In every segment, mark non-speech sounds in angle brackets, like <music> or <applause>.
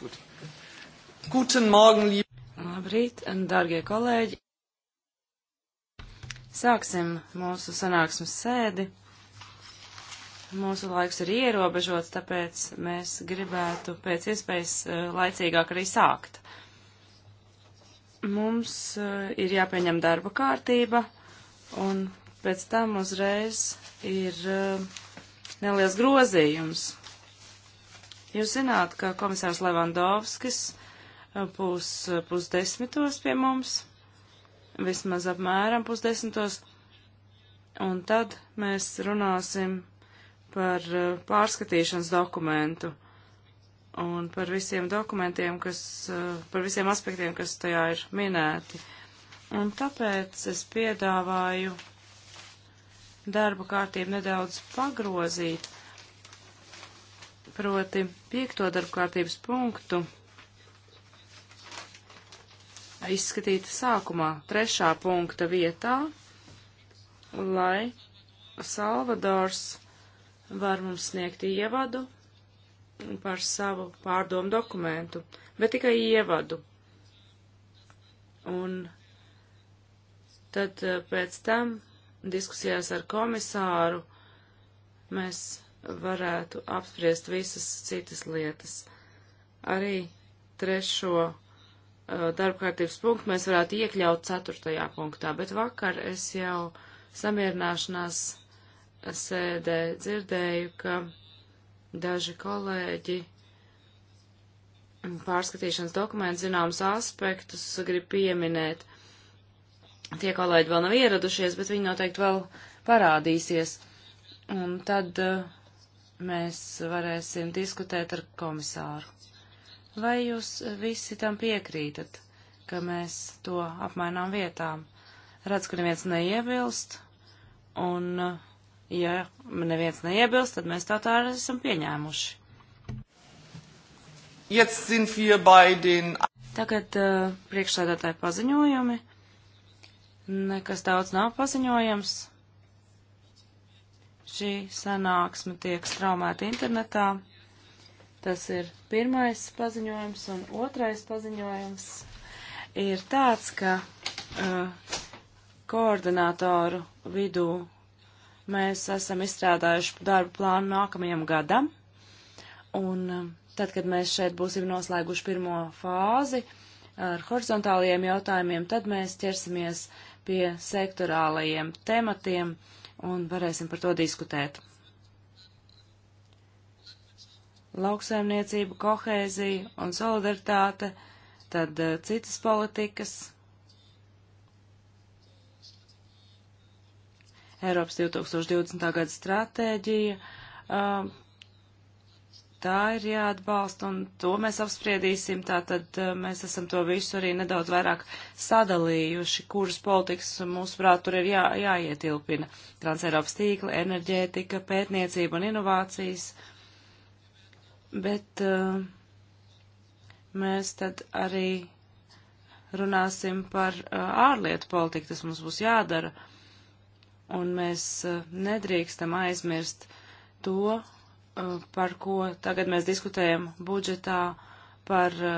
Gut. Guten Morgen, liebe. Labrīt, darbie kolēģi. Sāksim mūsu sanāksmes sēdi. Mūsu laiks ir ierobežots, tāpēc mēs gribētu pēc iespējas eh, laicīgāk arī sākt. Mums eh, ir jāpieņem darba kārtība, un pēc tam uzreiz ir eh, neliels grozījums Jūs zināt, ka komisārs Levandovskis būs uh, uh, pusdesmitos pie mums, vismaz apmēram pusdesmitos, un tad mēs runāsim par uh, pārskatīšanas dokumentu un par visiem dokumentiem, kas, par visiem aspektiem, kas tajā ir minēti. Un tāpēc es piedāvāju darba kārtību nedaudz pagrozīt, proti piekto darbu kārtības punktu izskatīt sākumā trešā punkta vietā, lai Salvadors var mums sniegt ievadu par savu pārdomu dokumentu, bet tikai ievadu. Un tad eh, pēc tam diskusijās ar komisāru mēs varētu apspriest visas citas lietas. Arī trešo uh, darbkārtības punktu mēs varētu iekļaut ceturtajā punktā, bet vakar es jau samierināšanās sēdē dzirdēju, ka daži kolēģi pārskatīšanas dokumentu zināmas aspektus grib pieminēt. Tie kolēģi vēl nav ieradušies, bet viņi noteikti vēl parādīsies. Un tad uh, mēs varēsim diskutēt ar komisāru. Vai jūs visi tam piekrītat, ka mēs to apmainām vietām? Redz, ka neviens neiebilst, un ja neviens neiebilst, tad mēs tā tā arī esam pieņēmuši. Jetzt sind wir bei den. Tagad uh, priekšsēdētāji paziņojumi. Nekas daudz nav paziņojams. Šī sanāksme tiek straumēta internetā. Tas ir pirmais paziņojums, un otrais paziņojums ir tāds, ka uh, koordinātoru vidū mēs esam izstrādājuši darbu plānu nākamajam gadam, un uh, tad, kad mēs šeit būsim noslēguši pirmo fāzi ar horizontālajiem jautājumiem, tad mēs ķersimies pie sektorālajiem tematiem. Uh, un varēsim par to diskutēt. Lauksaimniecība, kohēzija un solidaritāte, tad eh, citas politikas. Eiropas 2020. gada stratēģija, eh, tā ir jāatbalsta, un to mēs apspriedīsim. Tātad eh, mēs esam to visu arī nedaudz vairāk sadalījuši, kuras politikas eh, mūsuprāt tur ir jā, jāietilpina. Transeiropas tīkla, enerģētika, pētniecība un inovācijas. Bet uh, mēs tad arī runāsim par uh, ārlietu politiku, tas mums būs jādara. Un mēs uh, nedrīkstam aizmirst to, Eh, par ko tagad mēs diskutējam budžetā par eh,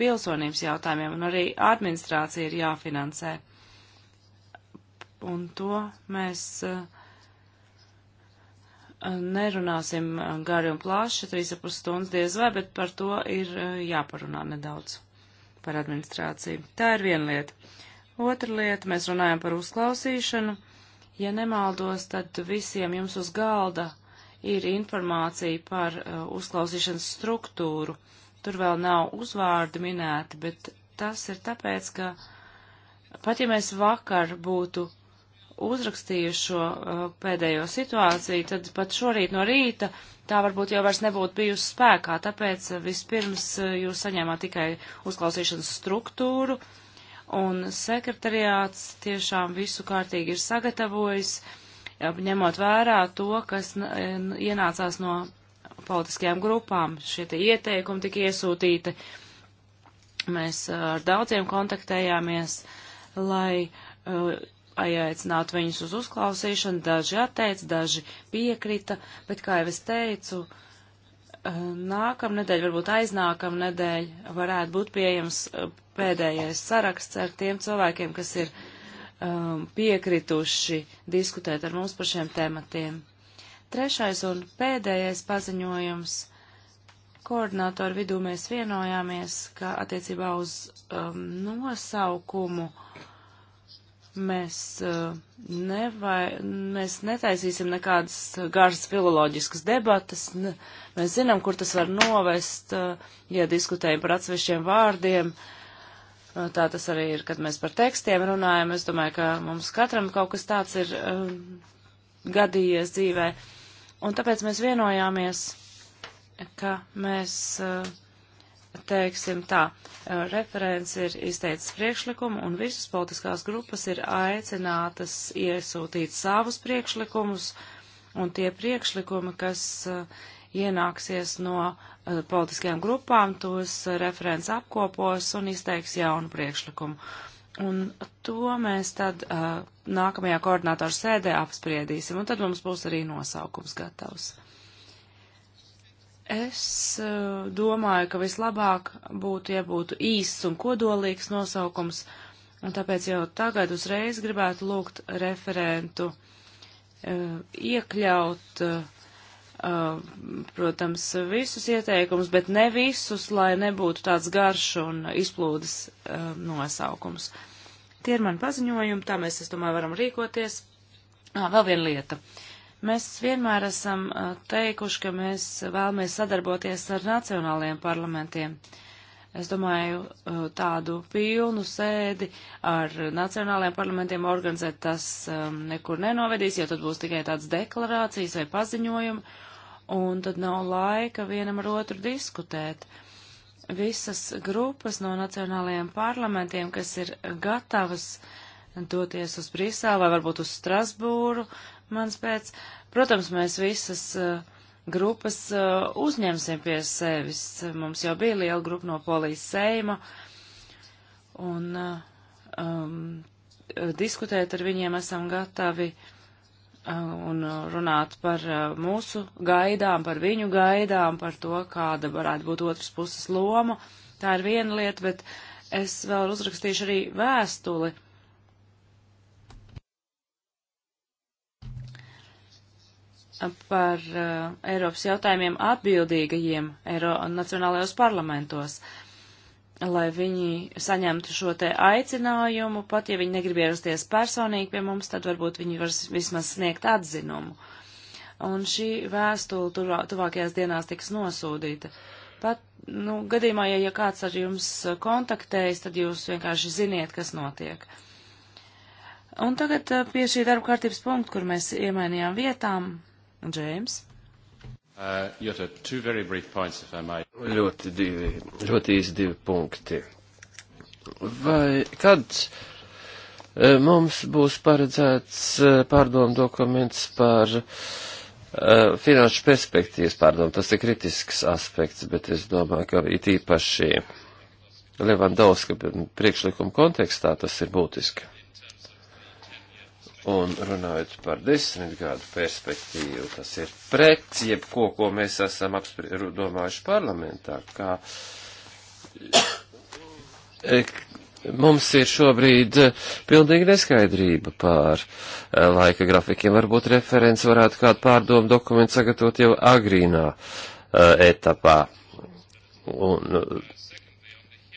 pilsonības jautājumiem, un arī administrācija ir jāfinansē. Un to mēs eh, nerunāsim gari un plaši, 3,5 stundas diez vai, bet par to ir jāparunā nedaudz par administrāciju. Tā ir viena lieta. Otra lieta, mēs runājam par uzklausīšanu. Ja nemaldos, tad visiem jums uz galda uh, ir informācija par uh, uzklausīšanas struktūru. Tur vēl nav uzvārdi minēti, bet tas ir tāpēc, ka pat ja mēs vakar būtu uzrakstījuši šo uh, pēdējo situāciju, tad pat šorīt no rīta tā varbūt jau vairs nebūtu bijusi spēkā. Tāpēc uh, vispirms uh, jūs saņēmāt tikai uzklausīšanas struktūru, un sekretariāts tiešām visu kārtīgi ir sagatavojis. Uh, ņemot vērā to, kas ienācās no politiskajām grupām. Šie te ieteikumi tika iesūtīti. Mēs uh, ar daudziem kontaktējāmies, lai uh, aicinātu viņus uz uzklausīšanu. Daži atteica, daži piekrita, bet, kā jau es teicu, uh, nākamnedēļ, varbūt aiznākamnedēļ, varētu būt pieejams pēdējais saraksts ar tiem cilvēkiem, kas ir um, piekrituši uh, diskutēt ar mums par šiem tematiem. Trešais un pēdējais paziņojums. Koordinātoru vidū mēs vienojāmies, ka attiecībā uz um, nosaukumu mēs, uh, nevai, mēs netaisīsim nekādas garas filoloģiskas debatas. Ne, mēs zinām, kur tas var novest, uh, ja diskutējam par atsevišķiem vārdiem. Uh, Nu, tā tas arī ir, kad mēs par tekstiem runājam. Es domāju, ka mums katram kaut kas tāds ir um, gadījies dzīvē. Un tāpēc mēs vienojāmies, ka mēs, uh, teiksim tā, uh, referents ir izteicis priekšlikumu un visas politiskās grupas ir aicinātas iesūtīt savus priekšlikumus un tie priekšlikumi, kas uh, ienāksies no uh, politiskajām grupām, tos eh, referents apkopos un izteiks jaunu priekšlikumu. Un to mēs tad uh, nākamajā koordinātoru sēdē apspriedīsim, un tad mums būs arī nosaukums gatavs. Es uh, domāju, ka vislabāk būtu, ja būtu īsts un kodolīgs nosaukums, un tāpēc jau tagad uzreiz gribētu lūgt referentu uh, iekļaut uh, Uh, protams, visus ieteikumus, bet ne visus, lai nebūtu tāds garš un izplūdes uh, nosaukums. Tie ir mani paziņojumi, tā mēs, es domāju, varam rīkoties. À, vēl viena lieta. Mēs vienmēr esam uh, teikuši, ka mēs vēlamies sadarboties ar nacionālajiem parlamentiem. Es domāju, tādu pilnu sēdi ar nacionālajiem parlamentiem organizēt tas um, nekur nenovedīs, jo tad būs tikai tāds deklarācijas vai paziņojumi un tad nav laika vienam ar otru diskutēt. Visas grupas no nacionālajiem parlamentiem, kas ir gatavas doties uz Brīselu vai varbūt uz Strasbūru, mans pēc, protams, mēs visas eh, grupas eh, uzņemsim pie sevis. Mums jau bija liela grupa no Polijas Seima, un eh, um, diskutēt ar viņiem esam gatavi. Uh, un runāt par uh, mūsu gaidām, par viņu gaidām, par to, kāda varētu būt otras puses loma. Tā ir viena lieta, bet es vēl uzrakstīšu arī vēstuli. par uh, Eiropas jautājumiem atbildīgajiem Eiro, nacionālajos parlamentos. Uh, lai viņi saņemtu šo te aicinājumu, pat ja viņi negrib ierasties personīgi pie mums, tad varbūt viņi var vismaz sniegt atzinumu. Un šī vēstule tuvā, tuvākajās dienās tiks nosūdīta. Pat, nu, gadījumā, ja, ja kāds ar jums kontaktējas, tad jūs vienkārši ziniet, kas notiek. Un tagad eh, pie šī darba kārtības punkta, kur mēs iemainījām vietām, Džēms. Uh, Jota, two very brief points, if I might. Ļoti divi, ļoti īsti divi punkti. Vai kad uh, mums būs paredzēts uh, pārdomu dokuments par uh, finanšu perspektīvas pārdomu? Tas ir kritisks aspekts, bet es domāju, ka it īpaši Levandauska priekšlikuma kontekstā tas ir būtiski. Un runājot par desmitgādu perspektīvu, tas ir pret jebko, ko mēs esam domājuši parlamentā, kā eh, mums ir šobrīd eh, pilnīgi neskaidrība pār eh, laika grafikiem. Varbūt referents varētu kādu pārdomu dokumentu sagatavot jau agrīnā etapā. Un,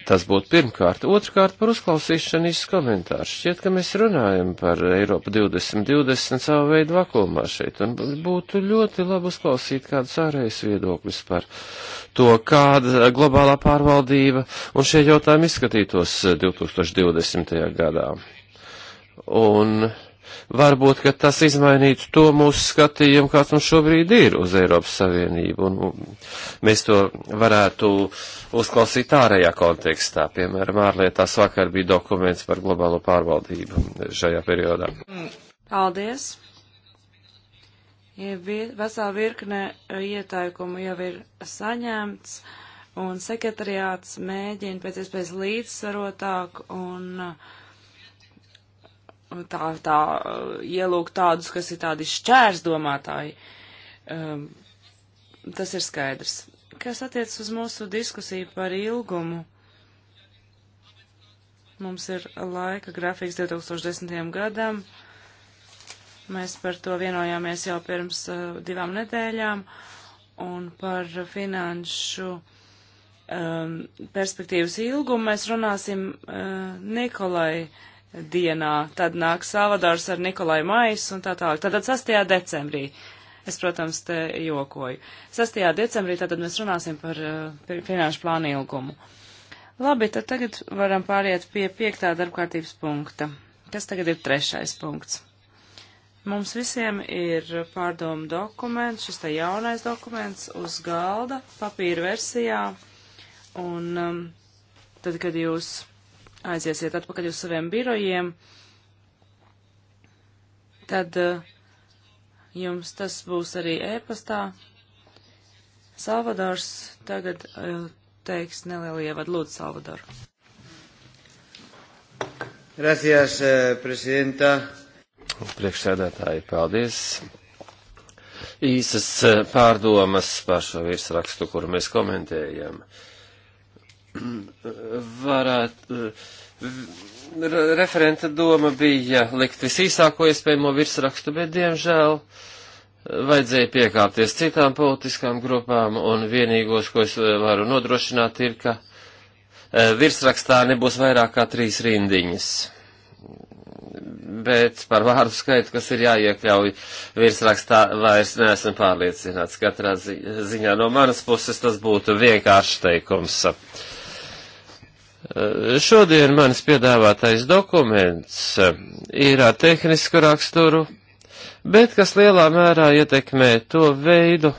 Tas būtu pirmkārt. Otrkārt par uzklausīšanu īsts komentārs. Šķiet, ka mēs runājam par Eiropu 2020 savu veidu vakumā šeit, un būtu ļoti labi uzklausīt kādus ārējus viedokļus par to, kāda globālā pārvaldība un šie jautājumi izskatītos 2020. gadā. Un varbūt, ka tas izmainītu to mūsu skatījumu, kāds mums šobrīd ir uz Eiropas Savienību, un mēs to varētu uzklausīt ārējā kontekstā. Piemēram, ārlietās vakar bija dokuments par globālo pārvaldību šajā periodā. Paldies! Ja vesela virkne e, ieteikumu jau ir saņemts, un sekretariāts mēģina pēc iespējas līdzsvarotāk un uh, tā, tā uh, ielūgt tādus, kas ir tādi šķērsdomātāji. Um, tas ir skaidrs. Kas attiec uz mūsu diskusiju par ilgumu? Mums ir laika grafiks 2010. gadam. Mēs par to vienojāmies jau pirms uh, divām nedēļām un par finanšu um, perspektīvas ilgumu mēs runāsim uh, Nikolai uh, dienā, tad nāk Salvadors ar Nikolai Mais un tā tālāk. Tātad 6. decembrī. Es, protams, te jokoju. 6. decembrī tātad mēs runāsim par uh, finanšu plānu ilgumu. Labi, tad tagad varam pāriet pie 5. darbkārtības punkta. Kas tagad ir trešais punkts? Mums visiem ir pārdomu dokuments, šis te jaunais dokuments uz galda, papīra versijā. Un um, tad, kad jūs aiziesiet atpakaļ uz saviem birojiem, tad eh, jums tas būs arī ēpastā. Salvadors tagad eh, teiks nelielu ievadu. Lūdzu, Salvador. Gracias, eh, prezidenta. Priekšsēdētāji, paldies. Īsas pārdomas par šo virsrakstu, kuru mēs komentējam. Uh, varētu. Referenta doma bija likt visīsāko iespējamo virsrakstu, bet, diemžēl, vajadzēja piekāpties citām politiskām grupām, un vienīgos, ko es varu nodrošināt, ir, ka e, virsrakstā nebūs vairāk kā trīs rindiņas. Bet par vārdu skaitu, kas ir jāiekļauj virsrakstā, vairs neesmu pārliecināts. Katrā ziņā no manas puses tas būtu vienkāršs teikums. Uh, Eh, šodien manis piedāvātais dokuments eh, ir ar tehnisku raksturu, bet kas lielā mērā ietekmē to veidu,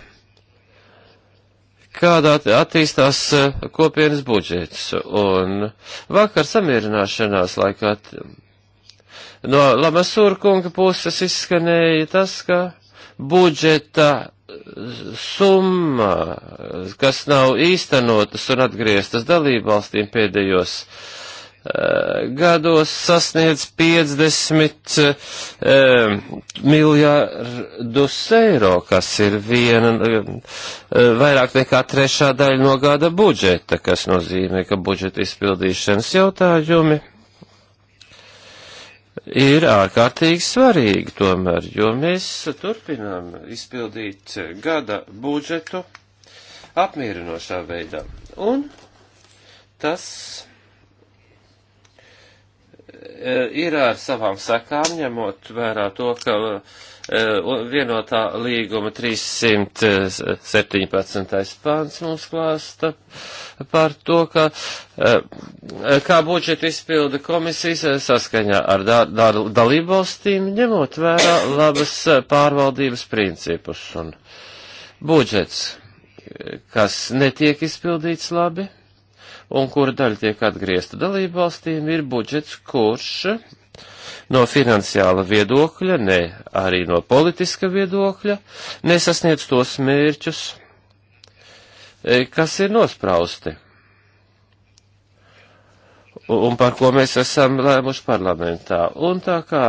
kādā attīstās eh, kopienas budžets. Un vakar samierināšanās laikā no Lamasūra kunga puses izskanēja tas, ka budžeta summa, kas nav īstenotas un atgrieztas dalībvalstīm pēdējos eh, gados sasniedz 50 eh, miljārdus eiro, kas ir viena, eh, vairāk nekā trešā daļa no gada budžeta, kas nozīmē, ka budžeta izpildīšanas jautājumi ir ārkārtīgi svarīgi tomēr, jo mēs turpinām izpildīt gada budžetu apmierinošā veidā. Un tas e, ir ar savām sakām, ņemot vērā to, ka Eh, vienotā līguma 317. pāns mums klāsta par to, ka eh, kā budžetu izpilda komisijas eh, saskaņā ar dalību valstīm, ņemot vērā labas pārvaldības principus un budžets, kas netiek izpildīts labi un kura daļa tiek atgriezta dalību valstīm, ir budžets, kurš no finansiāla viedokļa, ne arī no politiska viedokļa, nesasniedz tos mērķus, e, kas ir nosprausti un par ko mēs esam lēmuši parlamentā. Un tā kā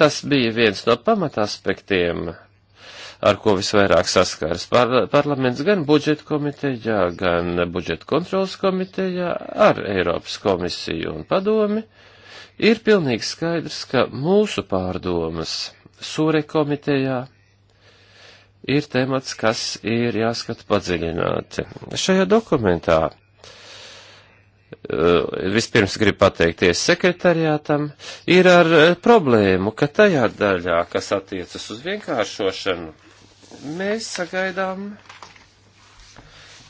tas bija viens no pamataspektiem, ar ko visvairāk saskaras par, parlaments gan budžeta komitejā, gan budžeta kontrolas komitejā, ar Eiropas komisiju un padomi, Ir pilnīgi skaidrs, ka mūsu pārdomas Sūre komitejā ir temats, kas ir jāskata padziļināti. Šajā dokumentā eh, vispirms gribu pateikties sekretariātam, ir ar eh, problēmu, ka tajā daļā, kas attiecas uz vienkāršošanu, mēs sagaidām,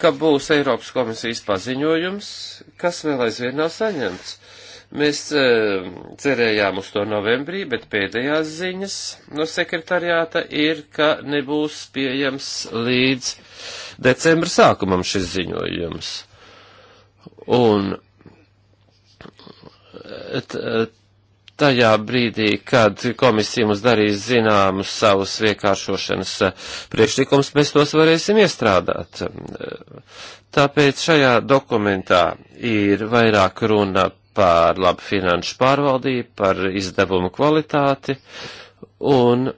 ka būs Eiropas komisijas paziņojums, kas vēl aizvien nav saņemts. Uh, Mēs eh, cerējām uz to novembrī, bet pēdējās ziņas no sekretariāta ir, ka nebūs pieejams līdz decembra sākumam šis ziņojums. Un eh, eh, tajā brīdī, kad komisija mums darīs zināmus savus vienkāršošanas priekšlikums, mēs tos varēsim iestrādāt. Tāpēc šajā dokumentā ir vairāk runa par labu finanšu pārvaldību, par izdevumu kvalitāti, un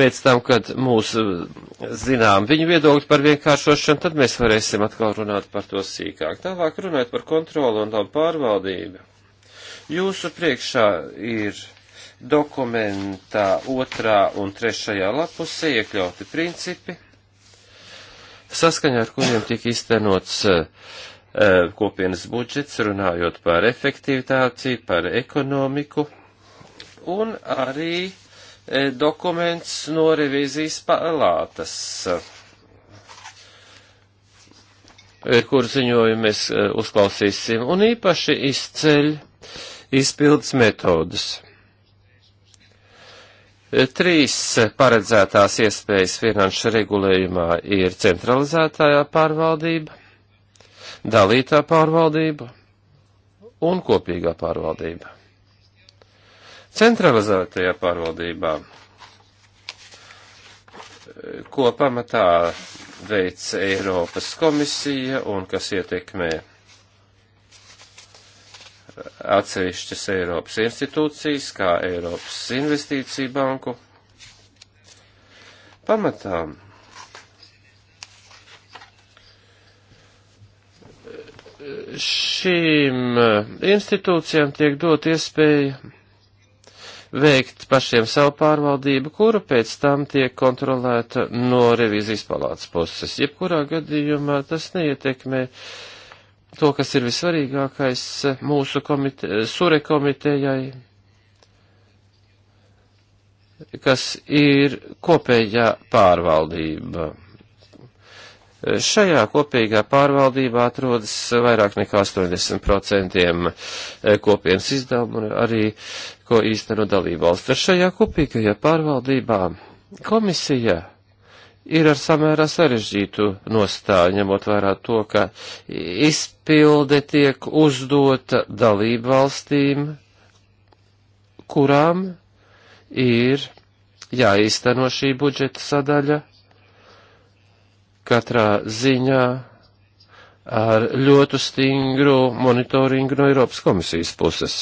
pēc tam, kad mūsu zinām viņu viedokļi par vienkāršošanu, tad mēs varēsim atkal runāt par to sīkāk. Tālāk runājot par kontroli un labu pārvaldību. Jūsu priekšā ir dokumentā otrā un trešajā lapusē iekļauti principi, saskaņā ar kuriem tika iztenots uh, Eh, kopienas budžets, runājot par efektivitāciju, par ekonomiku un arī eh, dokuments no revīzijas palātas, eh, kur ziņojumu mēs uzklausīsim, un īpaši izceļ izpildes metodas. Trīs paredzētās iespējas finanšu regulējumā ir centralizētājā pārvaldība, dalītā pārvaldība un kopīgā pārvaldība. Centralizētajā pārvaldībā, ko pamatā veic Eiropas komisija un kas ietekmē atsevišķas Eiropas institūcijas, kā Eiropas investīcija banku, pamatām šīm eh, institūcijām tiek dot iespēja veikt pašiem savu pārvaldību, kura pēc tam tiek kontrolēta no revīzijas palātas puses. Jebkurā gadījumā tas neietekmē to, kas ir visvarīgākais mūsu komite, sure komitejai, kas ir kopējā pārvaldība. Šajā kopīgā pārvaldībā atrodas vairāk nekā 80% eh, kopienas izdevumu un arī, ko īsteno dalībvalsts. Ar šajā kopīgajā pārvaldībā komisija ir ar samērā sarežģītu nostāju, ņemot vērā to, ka izpilde tiek uzdota dalību valstīm, kurām ir jāīsteno šī budžeta sadaļa katrā ziņā ar ļoti stingru monitoringu no Eiropas komisijas puses.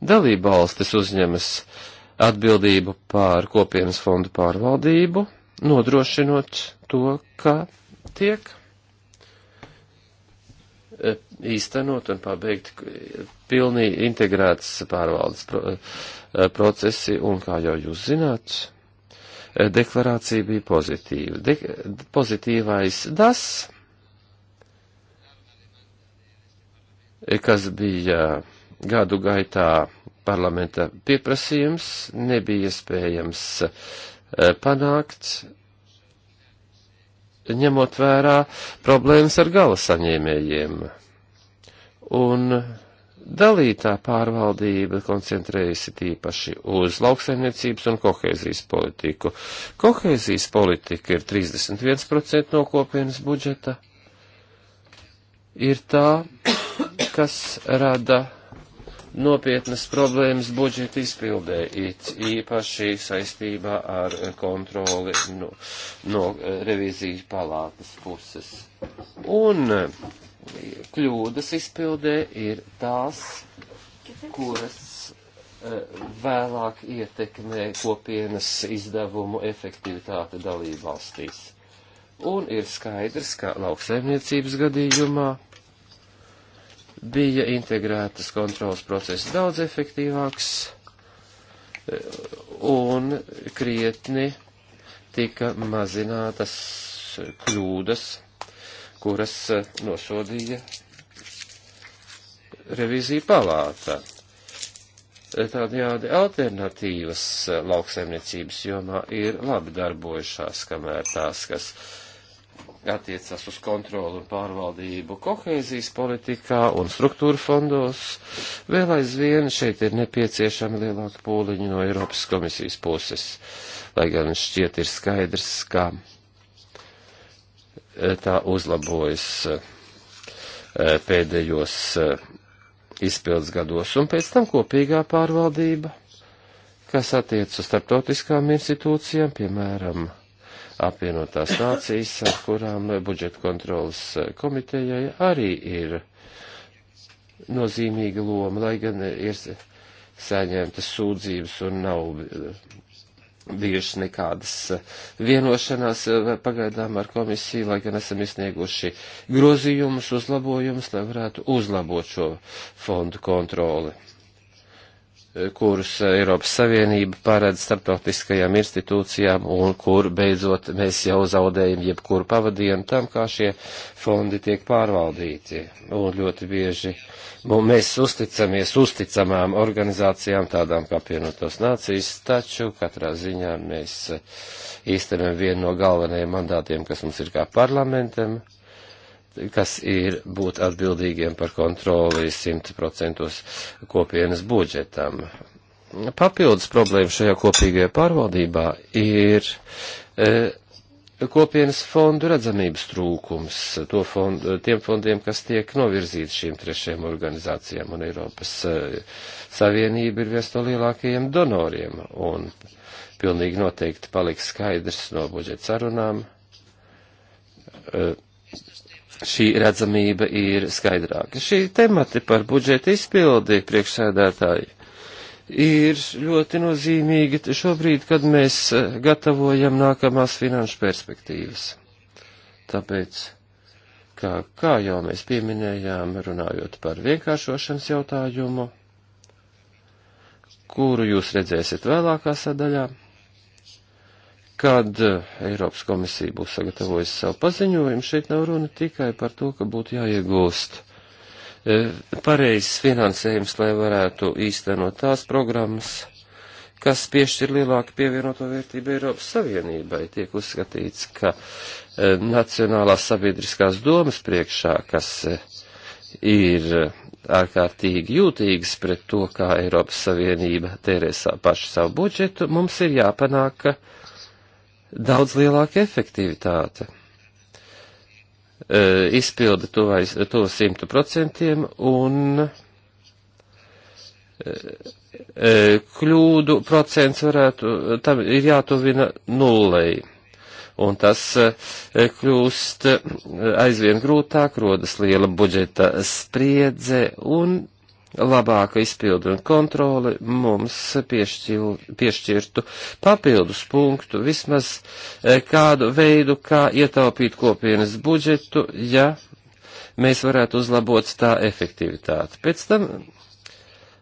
Dalība valstis uzņemas atbildību pār kopienas fondu pārvaldību, nodrošinot to, ka tiek e, īstenot un pabeigt pilnīgi integrētas pārvaldes e, procesi, un kā jau jūs zināt, deklarācija bija pozitīva. De pozitīvais tas, kas bija gadu gaitā parlamenta pieprasījums, nebija iespējams e, panākt, ņemot vērā problēmas ar gala saņēmējiem. Un Dalītā pārvaldība koncentrējusi tīpaši uz lauksaimniecības un kohēzijas politiku. Kohēzijas politika ir 31% no kopienas budžeta. Ir tā, <coughs> kas rada nopietnas problēmas budžeta izpildē, it īpaši saistībā ar kontroli no, no eh, revīzijas palātas puses. Un eh, kļūdas izpildē ir tās, kuras eh, vēlāk ietekmē kopienas izdevumu efektivitāte dalību valstīs. Un ir skaidrs, ka lauksaimniecības gadījumā bija integrētas kontrolas process daudz efektīvāks eh, un krietni tika mazinātas kļūdas kuras e, nosodīja revizija palāta. E, tādējādi alternatīvas e, lauksaimniecības jomā ir labi darbojušās, kamēr tās, kas attiecas uz kontroli un pārvaldību kohēzijas politikā un struktūra fondos, vēl aizvien šeit ir nepieciešama lielāka pūliņa no Eiropas komisijas puses, lai gan šķiet ir skaidrs, ka. Kā tā uzlabojas e, pēdējos e, izpildes gados, un pēc tam kopīgā pārvaldība, kas attiec uz starptautiskām institūcijām, piemēram, apvienotās nācijas, ar kurām budžeta kontrolas e, komitejai arī ir nozīmīga loma, lai gan ir saņemtas sūdzības un nav bijušas nekādas eh, vienošanās eh, pagaidām ar komisiju, lai gan esam izsnieguši grozījumus, uzlabojumus, lai varētu uzlabot šo fondu kontroli kurus Eiropas Savienība paredz starptautiskajām institūcijām un kur beidzot mēs jau zaudējam jebkuru pavadienu tam, kā šie fondi tiek pārvaldīti. Un ļoti bieži un mēs uzticamies uzticamām organizācijām, tādām kā pienotos nācijas, taču katrā ziņā mēs īstenam vienu no galvenajiem mandātiem, kas mums ir kā parlamentam, kas ir būt atbildīgiem par kontroli 100% kopienas budžetam. Papildus problēma šajā kopīgajā pārvaldībā ir e, kopienas fondu redzamības trūkums to fondu, tiem fondiem, kas tiek novirzīti šīm trešajām organizācijām, un Eiropas e, Savienība ir viens no lielākajiem donoriem, un pilnīgi noteikti paliks skaidrs no budžeta sarunām, e, šī redzamība ir skaidrāka. Šī temati par budžeta izpildi priekšsēdētāji ir ļoti nozīmīgi šobrīd, kad mēs eh, gatavojam nākamās finanšu perspektīvas. Tāpēc, kā, kā jau mēs pieminējām, runājot par vienkāršošanas jautājumu, kuru jūs redzēsiet vēlākā sadaļā, Kad eh, Eiropas komisija būs sagatavojusi savu paziņojumu, šeit nav runa tikai par to, ka būtu jāiegūst eh, pareizs finansējums, lai varētu īstenot tās programmas, kas piešķir lielāku pievienoto vērtību Eiropas Savienībai. Tiek uzskatīts, ka e, Nacionālās sabiedriskās domas priekšā, kas e, ir ārkārtīgi jūtīgas pret to, kā Eiropas Savienība tērē paši savu budžetu, mums ir jāpanāk, ka daudz lielāka efektivitāte. E, izpilda to, vai, to 100% un e, e, kļūdu procents varētu, tam ir jātuvina nulei. Un tas e, kļūst aizvien grūtāk, rodas liela budžeta spriedze un labāka izpildu un kontroli mums piešķil, piešķirtu papildus punktu, vismaz eh, kādu veidu, kā ietaupīt kopienas budžetu, ja mēs varētu uzlabot tā efektivitāti. Pēc tam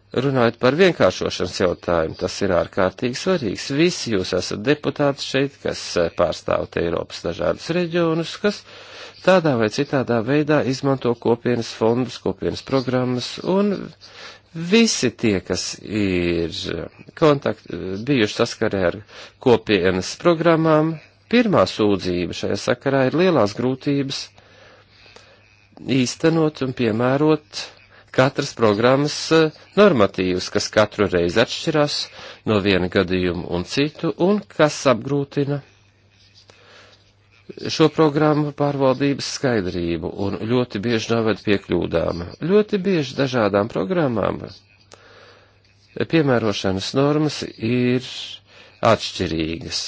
Runājot par vienkāršošanas jautājumu, tas ir ārkārtīgi svarīgs. Visi jūs esat deputāti šeit, kas eh, pārstāvat Eiropas dažādus reģionus, kas uh, tādā vai citādā veidā izmanto kopienas fondus, kopienas programmas un visi tie, kas ir kontakt, bijuši saskarē ar kopienas programmām, pirmā sūdzība šajā sakarā ir lielās grūtības īstenot un piemērot katras programmas eh, normatīvas, kas katru reizi atšķirās no viena gadījuma un citu, un kas apgrūtina šo programmu pārvaldības skaidrību un ļoti bieži noved pie kļūdām. Ļoti bieži dažādām programmām piemērošanas normas ir atšķirīgas.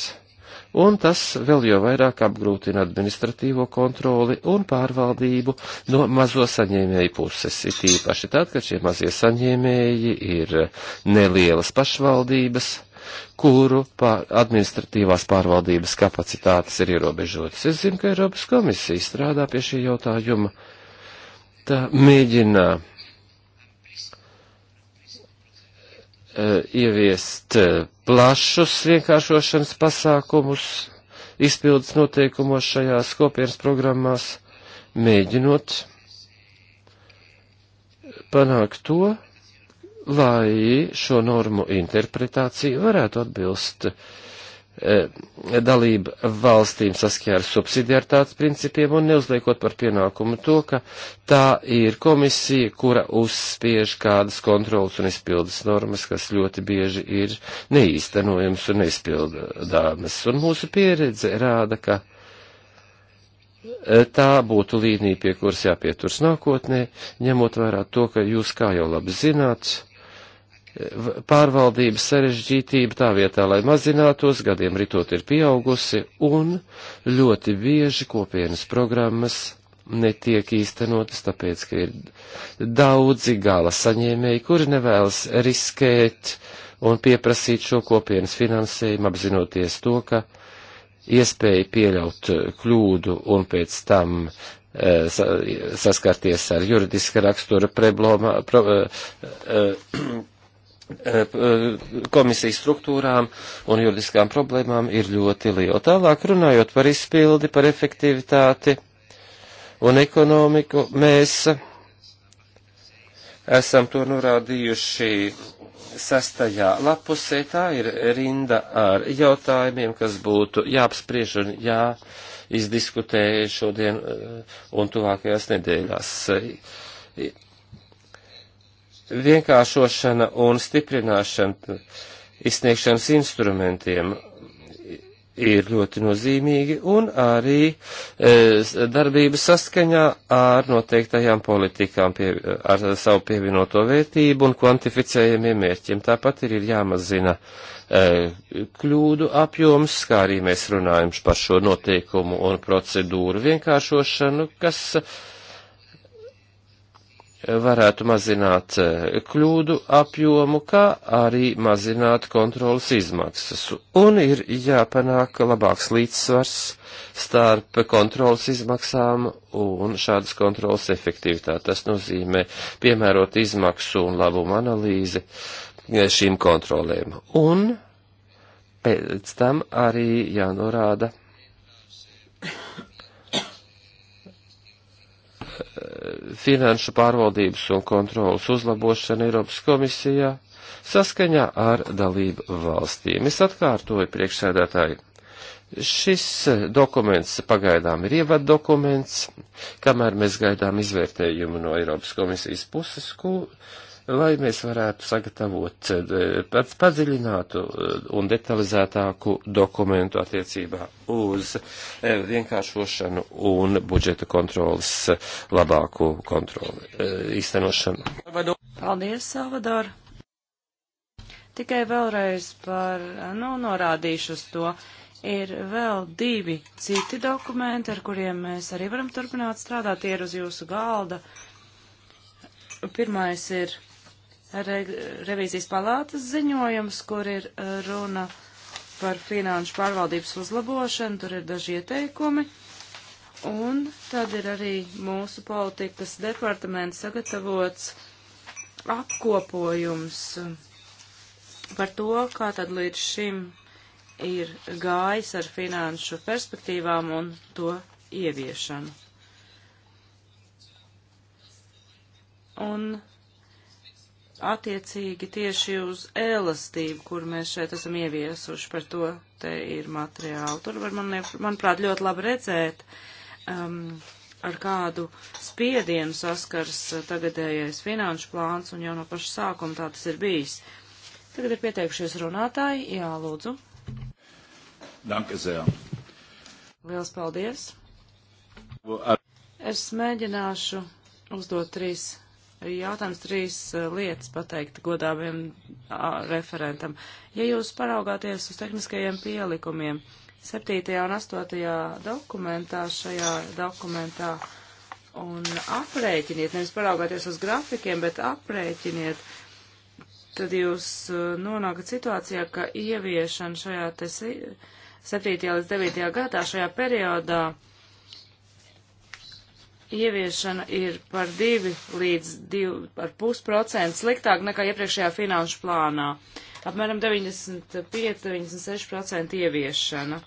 Un tas vēl jau vairāk apgrūtina administratīvo kontroli un pārvaldību no mazo saņēmēju puses. It īpaši tad, kad šie mazie saņēmēji ir nelielas pašvaldības, kuru pār administratīvās pārvaldības kapacitātes ir ierobežotas. Es zinu, ka Eiropas komisija strādā pie šī jautājuma. Tā mēģina e, ieviest e, plašus vienkāršošanas pasākumus, izpildes noteikumos šajās kopienas programmās, mēģinot panākt to, lai šo normu interpretācija varētu atbilst e, dalību valstīm saskajā ar subsidiartātes principiem un neuzliekot par pienākumu to, ka tā ir komisija, kura uzspiež kādas kontrolas un izpildas normas, kas ļoti bieži ir neīstenojams un neizpildāmas. Un mūsu pieredze rāda, ka e, tā būtu līnija, pie kuras jāpieturs nākotnē, ņemot vērā to, ka jūs, kā jau labi zināt, pārvaldības sarežģītība tā vietā, lai mazinātos, gadiem ritot ir pieaugusi, un ļoti bieži kopienas programmas netiek īstenotas, tāpēc, ka ir daudzi gala saņēmēji, kuri nevēlas riskēt un pieprasīt šo kopienas finansējumu, apzinoties to, ka iespēja pieļaut kļūdu un pēc tam eh, saskarties ar juridiska rakstura prebloma, pro, eh, eh, Eh, eh, komisijas struktūrām un juridiskām problēmām ir ļoti liela. Tālāk runājot par izpildi, par efektivitāti un ekonomiku, mēs esam to norādījuši sastajā lapusē. Tā ir rinda ar jautājumiem, kas būtu jāapspriež un jāizdiskutē šodien eh, un tuvākajās nedēļās vienkāršošana un stiprināšana izsniegšanas instrumentiem ir ļoti nozīmīgi un arī e, darbība saskaņā ar noteiktajām politikām, pie, ar savu pievienoto vērtību un kvantificējumiem mērķiem. Tāpat ir, ir jāmazina e, kļūdu apjoms, kā arī mēs runājam par šo noteikumu un procedūru vienkāršošanu, kas e, varētu mazināt e, kļūdu apjomu, kā arī mazināt kontrolas izmaksas. Un ir jāpanāk labāks līdzsvars starp kontrolas izmaksām un šādas kontrolas efektivitāti. Tas nozīmē piemērot izmaksu un labumu analīzi e, šīm kontrolēm. Un pēc tam arī jānorāda finanšu pārvaldības un kontrolas uzlabošana Eiropas komisijā saskaņā ar dalību valstīm. Es atkārtoju priekšsēdētāji. Šis dokuments pagaidām ir ievad dokuments, kamēr mēs gaidām izvērtējumu no Eiropas komisijas puses, ko lai mēs varētu sagatavot pats padziļinātu eh, un detalizētāku dokumentu attiecībā uz eh, vienkāršošanu un budžeta kontrolas eh, labāku kontroli īstenošanu. Paldies, Salvador! Tikai vēlreiz par, nu, norādīšu uz to ir vēl divi citi dokumenti, ar kuriem mēs arī varam turpināt strādāt. Tie ir uz jūsu galda. Pirmais ir re, revīzijas palātas ziņojums, kur ir uh, runa par finanšu pārvaldības uzlabošanu, tur ir daži ieteikumi. Un tad ir arī mūsu politikas departaments sagatavots apkopojums par to, kā tad līdz šim ir gājis ar finanšu perspektīvām un to ieviešanu. Un attiecīgi tieši uz elastību, kur mēs šeit esam ieviesuši, par to te ir materiāli. Tur var, man, manuprāt, ļoti labi redzēt, um, ar kādu spiedienu saskars uh, tagadējais finanšu plāns, un jau no paša sākuma tā tas ir bijis. Tagad ir pieteikušies runātāji. Jā, lūdzu. Danke sehr. Liels paldies. Es mēģināšu uzdot trīs Jautājums trīs eh, lietas pateikt godāviem referentam. Ja jūs paraugāties uz tehniskajiem pielikumiem, 7. un 8. dokumentā šajā dokumentā un aprēķiniet, nevis paraugāties uz grafikiem, bet aprēķiniet, tad jūs eh, nonākat situācijā, ka ieviešana šajā te 7. līdz 9. gadā šajā periodā ieviešana ir par 2 līdz 2,5% sliktāk nekā iepriekšējā finanšu plānā. Apmēram 95-96% ieviešana.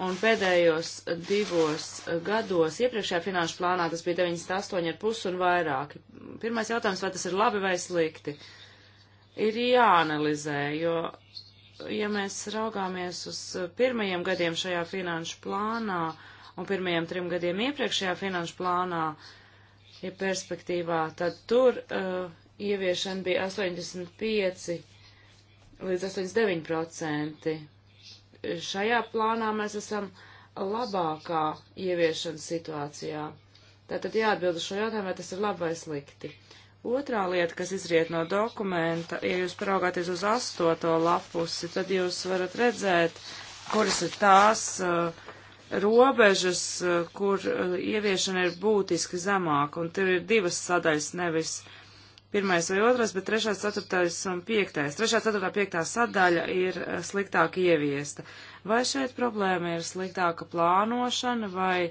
Un pēdējos divos gados, iepriekšējā finanšu plānā, tas bija 98,5 un vairāk. Pirmais jautājums, vai tas ir labi vai slikti, ir jāanalizē, jo, ja mēs raugāmies uz pirmajiem gadiem šajā finanšu plānā, uh, un pirmajiem trim gadiem iepriekšējā finanšu plānā, ja perspektīvā, tad tur uh, ieviešana bija 85 līdz 89%. Šajā plānā mēs esam labākā ieviešanas situācijā. Tātad jāatbild uz šo jautājumu, vai tas ir labi vai slikti. Otrā lieta, kas izriet no dokumenta, ja jūs paraugāties uz astoto lapusi, tad jūs varat redzēt, kuras ir tās uh, robežas, eh, kur eh, ieviešana ir būtiski zemāka, un tur ir divas sadaļas, nevis pirmais vai otrais, bet trešais, ceturtais un piektais. Trešā, ceturtā, piektā sadaļa ir eh, sliktāk ieviesta. Vai šeit problēma ir sliktāka plānošana vai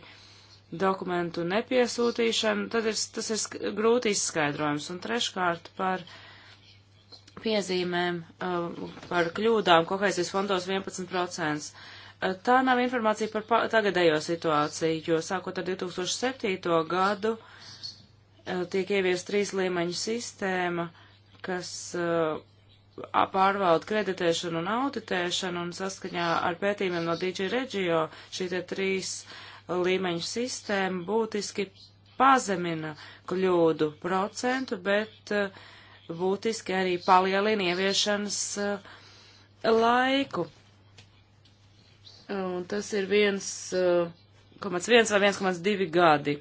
dokumentu nepiesūtīšana, tad ir, tas ir grūti izskaidrojums. Un treškārt par piezīmēm, par kļūdām kohēzijas fondos 11%. Tā nav informācija par tagadējo situāciju, jo sākot ar 2007. gadu eh, tiek ievies trīs līmeņu sistēma, kas eh, pārvalda kreditēšanu un auditēšanu, un saskaņā ar pētījumiem no DJ Regio šī te trīs līmeņu sistēma būtiski pazemina kļūdu procentu, bet eh, būtiski arī palielina ieviešanas laiku un tas ir 1,1 eh, vai 1,2 gadi.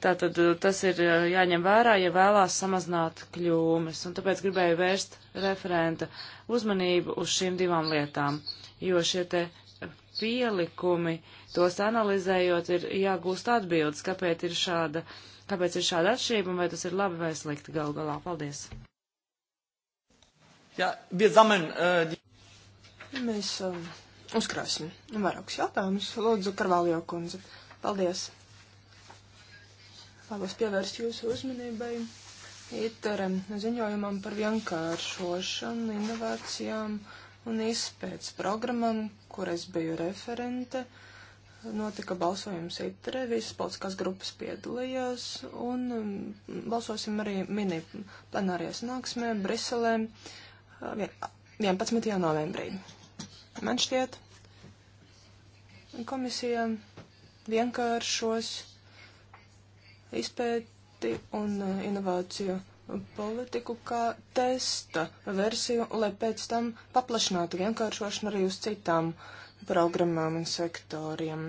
Tātad eh, tas ir eh, jāņem vērā, ja vēlās samazināt kļūmes, un tāpēc gribēju vērst referenta uzmanību uz šīm divām lietām, jo šie te pielikumi, tos analizējot, ir jāgūst atbildes, kāpēc ir šāda, kāpēc ir šāda atšķirība, un vai tas ir labi vai slikti gal galā. Paldies! Ja, wir sammeln, äh, die Mēs um, uzkrāsim vairākus jautājumus. Lūdzu, Karvaljo kundze. Paldies! Vēlos pievērst jūsu uzmanībai ITER ziņojumam par vienkāršošanu, inovācijām un izpētes programmam, kur es biju referente. Notika balsojums ITER, visas politiskās grupas piedalījās un balsosim arī mini plenārijas nāksmē Briselē 11. novembrī. Man šķiet, komisija vienkāršos izpēti un uh, inovāciju politiku kā testa versiju, lai pēc tam paplašinātu vienkāršošanu arī uz citām programmām un sektoriem.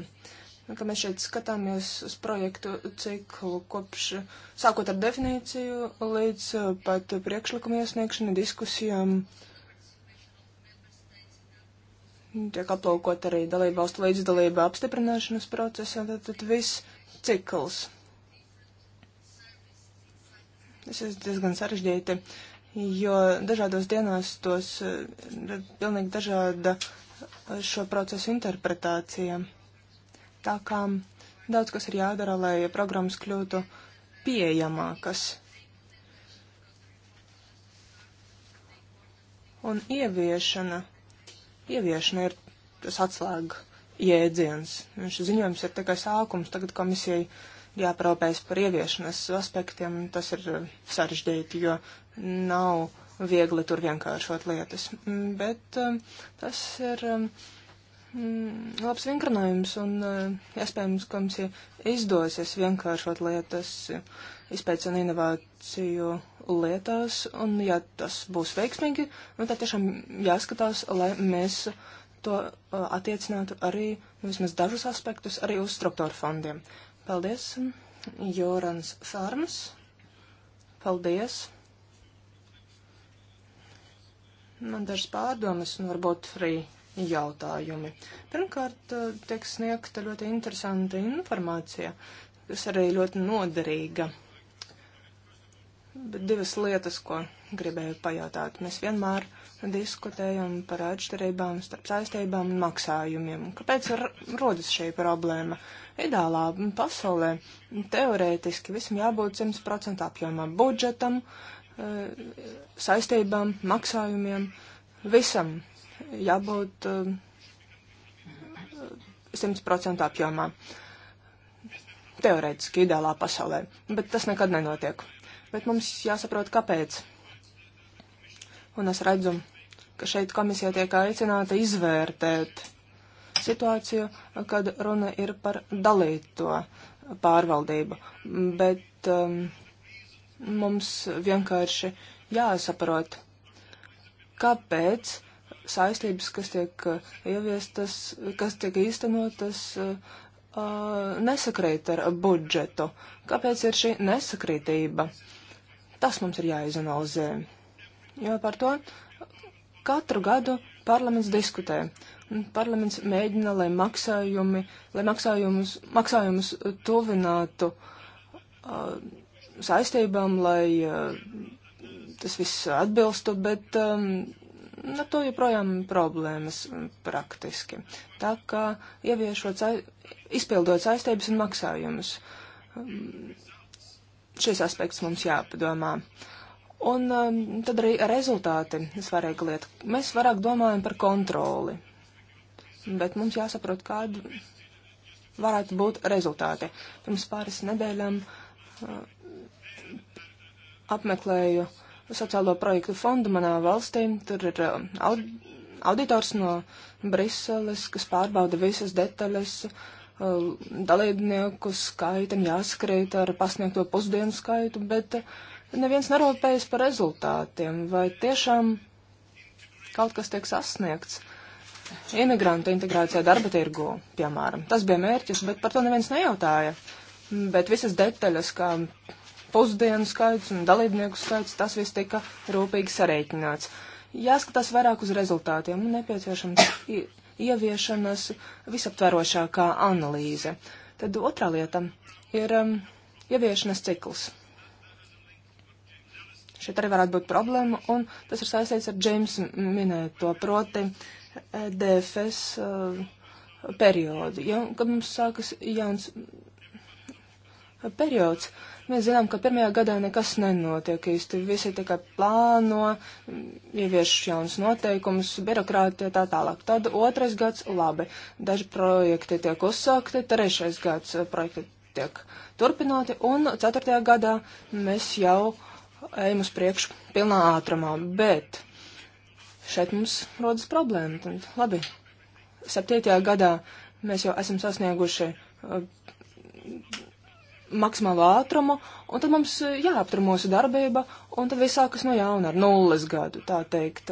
Nu, ka mēs šeit skatāmies uz projektu ciklu kopš, sākot ar definīciju, līdz uh, pat priekšlikumu iesniegšanu diskusijām. Uh, tiek aplūkot arī dalībvalstu līdzdalība apstiprināšanas procesā, tad, tad viss cikls. Tas ir diezgan sarežģīti, jo dažādos dienās tos ir eh, pilnīgi dažāda eh, šo procesu interpretācija. Tā kā daudz kas ir jādara, lai programmas kļūtu pieejamākas. Un ieviešana ieviešana ir tas atslēga jēdziens. Šis ziņojums ir tikai sākums, tagad komisijai jāpraupējas par ieviešanas aspektiem, tas ir eh, sarežģīti, jo nav viegli tur vienkāršot lietas. Mm, bet eh, tas ir eh, mm, labs vingrinājums un iespējams komisija izdosies vienkāršot lietas izpēc un inovāciju lietās, un ja tas būs veiksmīgi, nu, tad tiešām jāskatās, lai mēs to uh, attiecinātu arī nu, vismaz dažus aspektus arī uz struktūra fondiem. Paldies, Jorans Fārms. Paldies. Man dažas pārdomas un varbūt arī jautājumi. Pirmkārt, uh, tiek sniegta ļoti interesanta informācija, kas arī ļoti noderīga Bet divas lietas, ko gribēju pajautāt. Mēs vienmēr diskutējam par atšķirībām starp saistībām un maksājumiem. Kāpēc rodas šī problēma? Ideālā pasaulē teorētiski visam jābūt 100% apjomā budžetam, e, saistībām, maksājumiem, visam jābūt 100% e, apjomā. Teorētiski ideālā pasaulē, bet tas nekad nenotiek bet mums jāsaprot, kāpēc. Un es redzu, ka šeit komisija tiek aicināta izvērtēt situāciju, kad runa ir par dalīto pārvaldību, bet um, mums vienkārši jāsaprot, kāpēc saistības, kas tiek uh, ieviestas, kas tiek īstenotas, uh, nesakrīt ar budžetu. Kāpēc ir šī nesakrītība? Uh, Tas mums ir jāizanalizē. Jo par to katru gadu parlaments diskutē. Parlaments mēģina, lai, maksājumi, lai maksājumus, maksājumus tuvinātu uh, saistībām, lai uh, tas viss atbilstu, bet um, ar nu, to joprojām problēmas praktiski. Tā kā ieviešot, izpildot saistības un maksājumus. Um, šis aspekts mums jāpadomā. Un um, tad arī rezultāti svarīga lieta. Mēs vairāk domājam par kontroli, bet mums jāsaprot, kāda varētu būt rezultāti. Pirms pāris nedēļām uh, apmeklēju sociālo projektu fondu manā valstī. Tur ir uh, aud auditors no Briseles, kas pārbauda visas detaļas. Uh, Um, dalībnieku skaitam jāskrīt ar pasniegto pusdienu skaitu, bet uh, neviens nerūpējas par rezultātiem, vai tiešām kaut kas tiek sasniegts. Imigrantu integrācijā darba tirgu, piemēram, tas bija mērķis, bet par to neviens nejautāja. Bet visas detaļas, kā pusdienu skaits un dalībnieku skaits, tas viss tika rūpīgi sarēķināts. Jāskatās vairāk uz rezultātiem un nepieciešams ieviešanas visaptvarošākā analīze. Tad otrā lieta ir um, ieviešanas cikls. Šeit arī varētu būt problēma, un tas ir saistīts ar Džeimsa minēto, proti e DFS uh, periodu. Ja, kad mums sākas jauns periods. Mēs zinām, ka pirmajā gadā nekas nenotiek īsti. Visi tikai plāno, ievieš jaunas noteikumus, birokrātija tā tālāk. Tad otrais gads - labi. Daži projekti tiek uzsākti, trešais gads projekti tiek turpināti, un ceturtajā gadā mēs jau ejam uz priekšu pilnā ātrumā. Bet šeit mums rodas problēma. Tad, labi, septītajā gadā mēs jau esam sasnieguši. Uh, maksimālo ātrumu, un tad mums eh, jāaptur mūsu darbība, un tad viss sākas no jauna ar nulles gadu, tā teikt.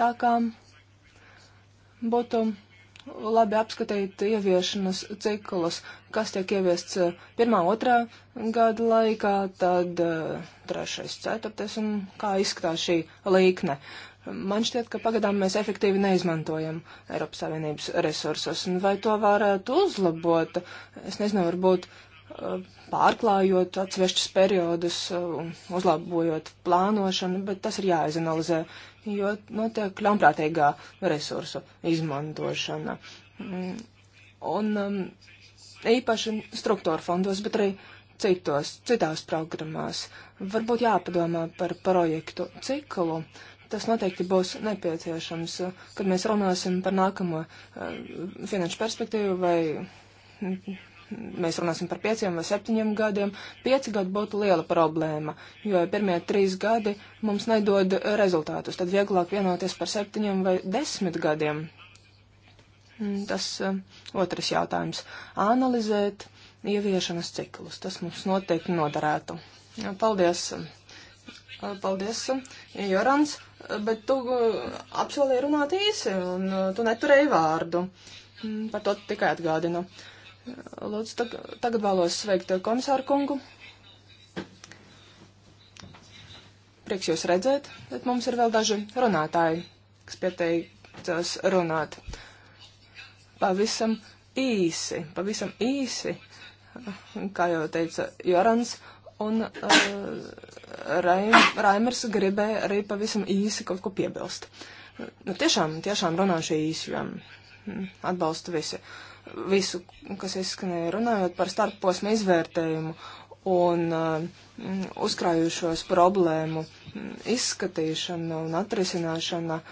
Tā kā būtu labi apskatīt ieviešanas ciklus, kas tiek ieviests eh, pirmā, otrā gada laikā, tad eh, trešais, ceturtais un kā izskatās šī līkne. Man šķiet, ka pagadām mēs efektīvi neizmantojam Eiropas Savienības resursus. Vai to varētu uzlabot? Es nezinu, varbūt uh, pārklājot atsevišķus periodus, uh, uzlabojot plānošanu, bet tas ir jāizanalizē, jo notiek ļaunprātīgā resursu izmantošana. Mm, un um, īpaši struktūra fondos, bet arī citos, citās programmās. Varbūt jāpadomā par projektu ciklu. Uh, Tas noteikti būs nepieciešams, uh, kad mēs runāsim par nākamo uh, finanšu perspektīvu vai mm, mēs runāsim par pieciem vai septiņiem gadiem, pieci gadi būtu liela problēma, jo pirmie trīs gadi mums nedod rezultātus, tad vieglāk vienoties par septiņiem vai desmit gadiem. Mm, tas uh, otrs jautājums - analizēt ieviešanas ciklus. Tas mums noteikti noderētu. Paldies! Eh, paldies, eh, Jorans, eh, bet tu apsolīji runāt īsi un tu neturēji vārdu. Mm, par to tikai atgādinu. Lūdzu, tag tagad vēlos sveikt komisāru kungu. Prieks jūs redzēt, bet mums ir vēl daži runātāji, kas pieteicās runāt. Pavisam īsi, pavisam īsi, kā jau teica Jorans, un uh, Raimers gribēja arī pavisam īsi kaut ko piebilst. Nu, tiešām, tiešām runāšu īsi, jo hm, atbalstu visi. Visu, kas izskanēja runājot par starpposmu izvērtējumu un um, uzkrājušos problēmu um, izskatīšana un atrisināšana uh,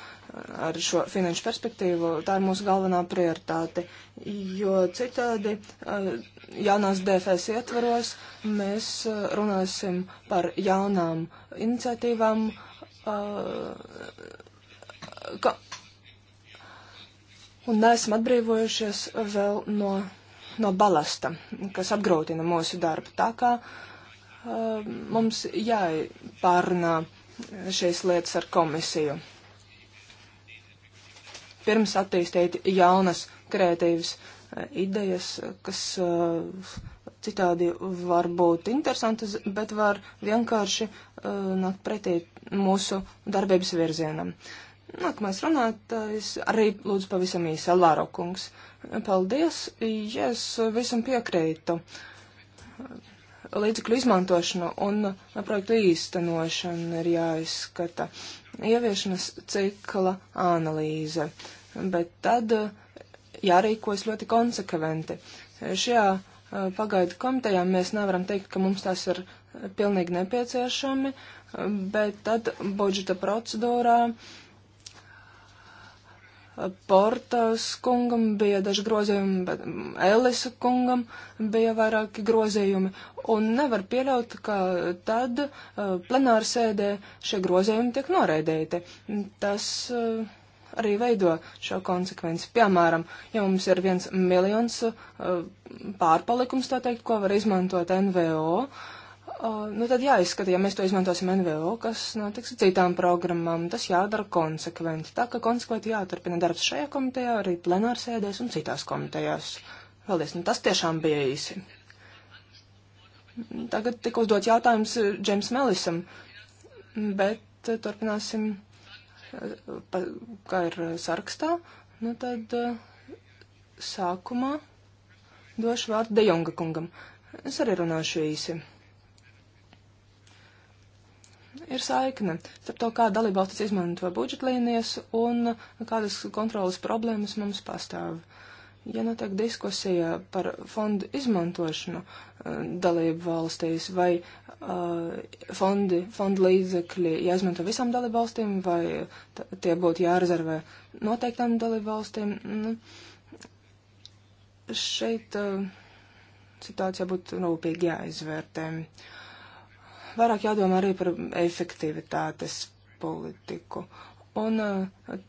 ar šo finanšu perspektīvu, tā ir mūsu galvenā prioritāte, jo citādi uh, jaunās DFS ietvaros mēs uh, runāsim par jaunām iniciatīvām, ka, un neesam atbrīvojušies vēl no no balasta, kas apgrūtina mūsu darbu. Tā kā uh, mums jāpārunā šīs lietas ar komisiju. Pirms attīstīt jaunas kreatīvas eh, idejas, kas uh, citādi var būt interesantas, bet var vienkārši uh, nākt pretī mūsu darbības virzienam. Uh, Nākamais runātājs arī lūdzu pavisam īsi Lāro kungs. Paldies, ja es visam piekrītu līdzekļu izmantošanu un projektu īstenošanu ir jāizskata ieviešanas cikla analīze, bet tad jārīkojas ļoti konsekventi. Šajā eh, pagaidu komitejā mēs nevaram teikt, ka mums tas ir pilnīgi nepieciešami, bet tad budžeta procedūrā uh, Portas kungam bija daži grozījumi, bet mm, Elisa kungam bija vairāki grozījumi. Un nevar pieļaut, ka tad uh, plenāra sēdē šie grozījumi tiek noraidīti. Tas uh, arī veido šo konsekvenci. Piemēram, ja mums ir viens miljons uh, pārpalikums, tā teikt, ko var izmantot NVO, Uh, nu tad jāizskata, ja mēs to izmantosim NVO, kas notiks citām programmām. Tas jādara konsekventi. Tā ka konsekventi jāturpina darbs šajā komitejā, arī plenārsēdēs un citās komitejās. Paldies, nu tas tiešām bija īsi. Tagad tik uzdot jautājums Džems Melisam, bet turpināsim, pa, kā ir sarakstā. Nu tad sākumā došu vārdu Dejonga kungam. Es arī runāšu īsi ir saikne starp to, kā dalībvalstis izmanto budžetlīnijas un kādas kontrolas problēmas mums pastāv. Ja notiek diskusija par fondu izmantošanu eh, dalību valstīs, vai uh, fondi, fondu līdzekļi jāizmanto visām dalību valstīm, vai tie būtu jārezervē noteiktām dalību valstīm, nu, šeit uh, situācija būtu rūpīgi jāizvērtē. Uh, vairāk jādomā arī par efektivitātes politiku. Un uh, uh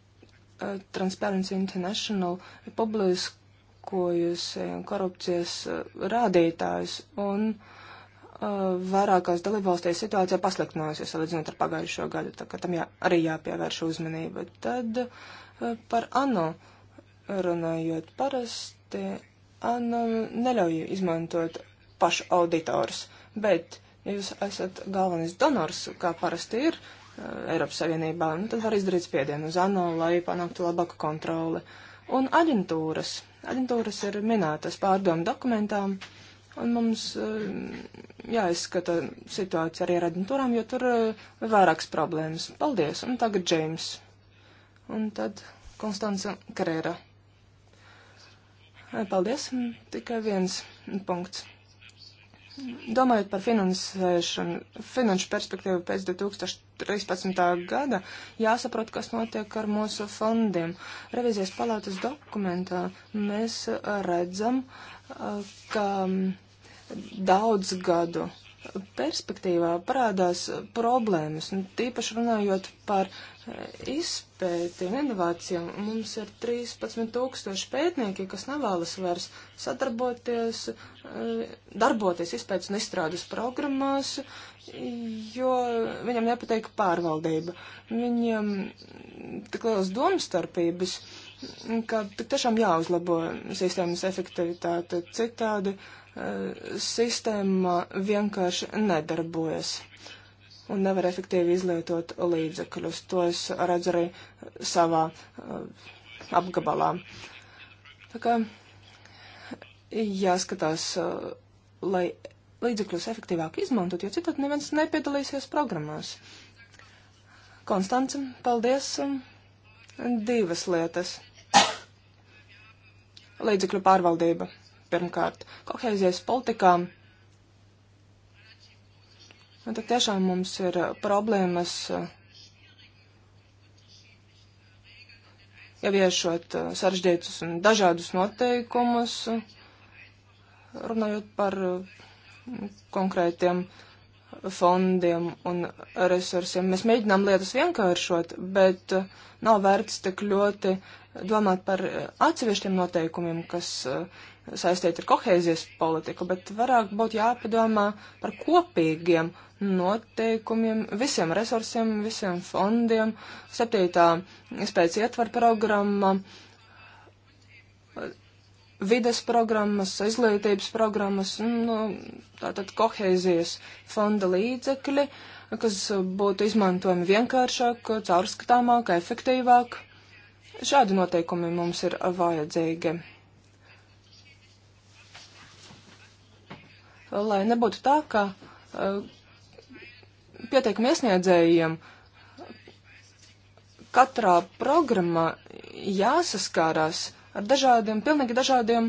Transparency International ir publiskojusi korupcijas uh, rādītājus, un uh, vairākās dalībvalstīs situācija pasliktinājusies, salīdzinot ar pagājušo gadu, tā ka tam jā, arī jāpievērš uzmanība. Tad uh, par ANO runājot parasti, ANO neļauj izmantot pašu auditorus, bet uh, Ja jūs esat galvenais donors, kā parasti ir eh, Eiropas Savienībā, nu, tad var izdarīt spiedienu uz ANO, lai panāktu labāku kontroli. Un aģentūras. Aģentūras ir minētas pārdomu dokumentām. Un mums eh, jāizskata situācija arī ar aģentūrām, jo tur eh, vairākas problēmas. Paldies! Un tagad Džeims. Un tad Konstance Karēra. Paldies! Tikai viens punkts. Domājot par finansēšanu, finanšu perspektīvu pēc 2013. gada, jāsaprot, kas notiek ar mūsu fondiem. Revizijas palātas dokumentā mēs redzam, ka daudz gadu perspektīvā parādās problēmas, un nu, tīpaši runājot par eh, izpēti un inovācijām, mums ir 13 tūkstoši pētnieki, kas nevēlas vairs sadarboties, eh, darboties izpētes un izstrādes programmās, jo viņam nepateik pārvaldība. Viņam tik lielas domstarpības, ka tik tiešām jāuzlabo sistēmas efektivitāte citādi. Uh, Eh, sistēma vienkārši nedarbojas un nevar efektīvi izlietot līdzekļus. To es redzu arī savā eh, apgabalā. Tā kā jāskatās, eh, lai līdzekļus efektīvāk izmantot, jo citādi neviens nepiedalīsies programmās. Konstance, paldies. Divas lietas. Līdzekļu pārvaldība. Pirmkārt, kohēzijas politikā. Un tad tiešām mums ir uh, problēmas uh, ieviešot uh, sarežģītus un dažādus noteikumus, runājot par konkrētiem uh, fondiem un resursiem. Mēs mēģinām lietas vienkāršot, bet eh, nav vērts tik ļoti domāt par eh, atsevišķiem noteikumiem, kas eh, saistīti ar kohēzijas politiku, bet varāk būtu jāpadomā par kopīgiem noteikumiem, visiem resursiem, visiem fondiem. Septītā spēc ietvar programma vides programmas, izglītības programmas, nu, tātad kohēzijas fonda līdzekļi, kas būtu izmantojami vienkāršāk, caurskatāmāk, efektīvāk. Šādi noteikumi mums ir vajadzīgi. Lai nebūtu tā, ka uh, pieteikumu iesniedzējiem katrā programmā jāsaskārās uh, ar dažādiem, pilnīgi dažādiem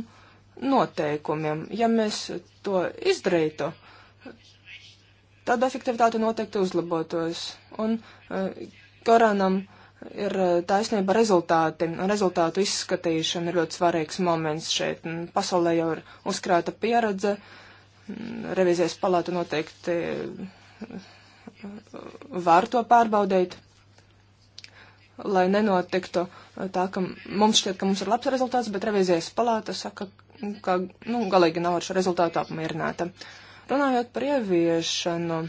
noteikumiem. Ja mēs to izdarītu, tad efektivitāte noteikti uzlabotos. Un uh, eh, Koranam ir eh, taisnība rezultāti, rezultātu izskatīšana ir ļoti svarīgs moments šeit. Un pasaulē jau ir uzkrāta pieredze, revizijas palāta noteikti eh, var to pārbaudīt lai nenotiktu eh, tā, ka mums šķiet, ka mums ir labs rezultāts, bet revizijas palāta saka, ka nu, galīgi nav ar šo rezultātu apmierināta. Runājot par ieviešanu,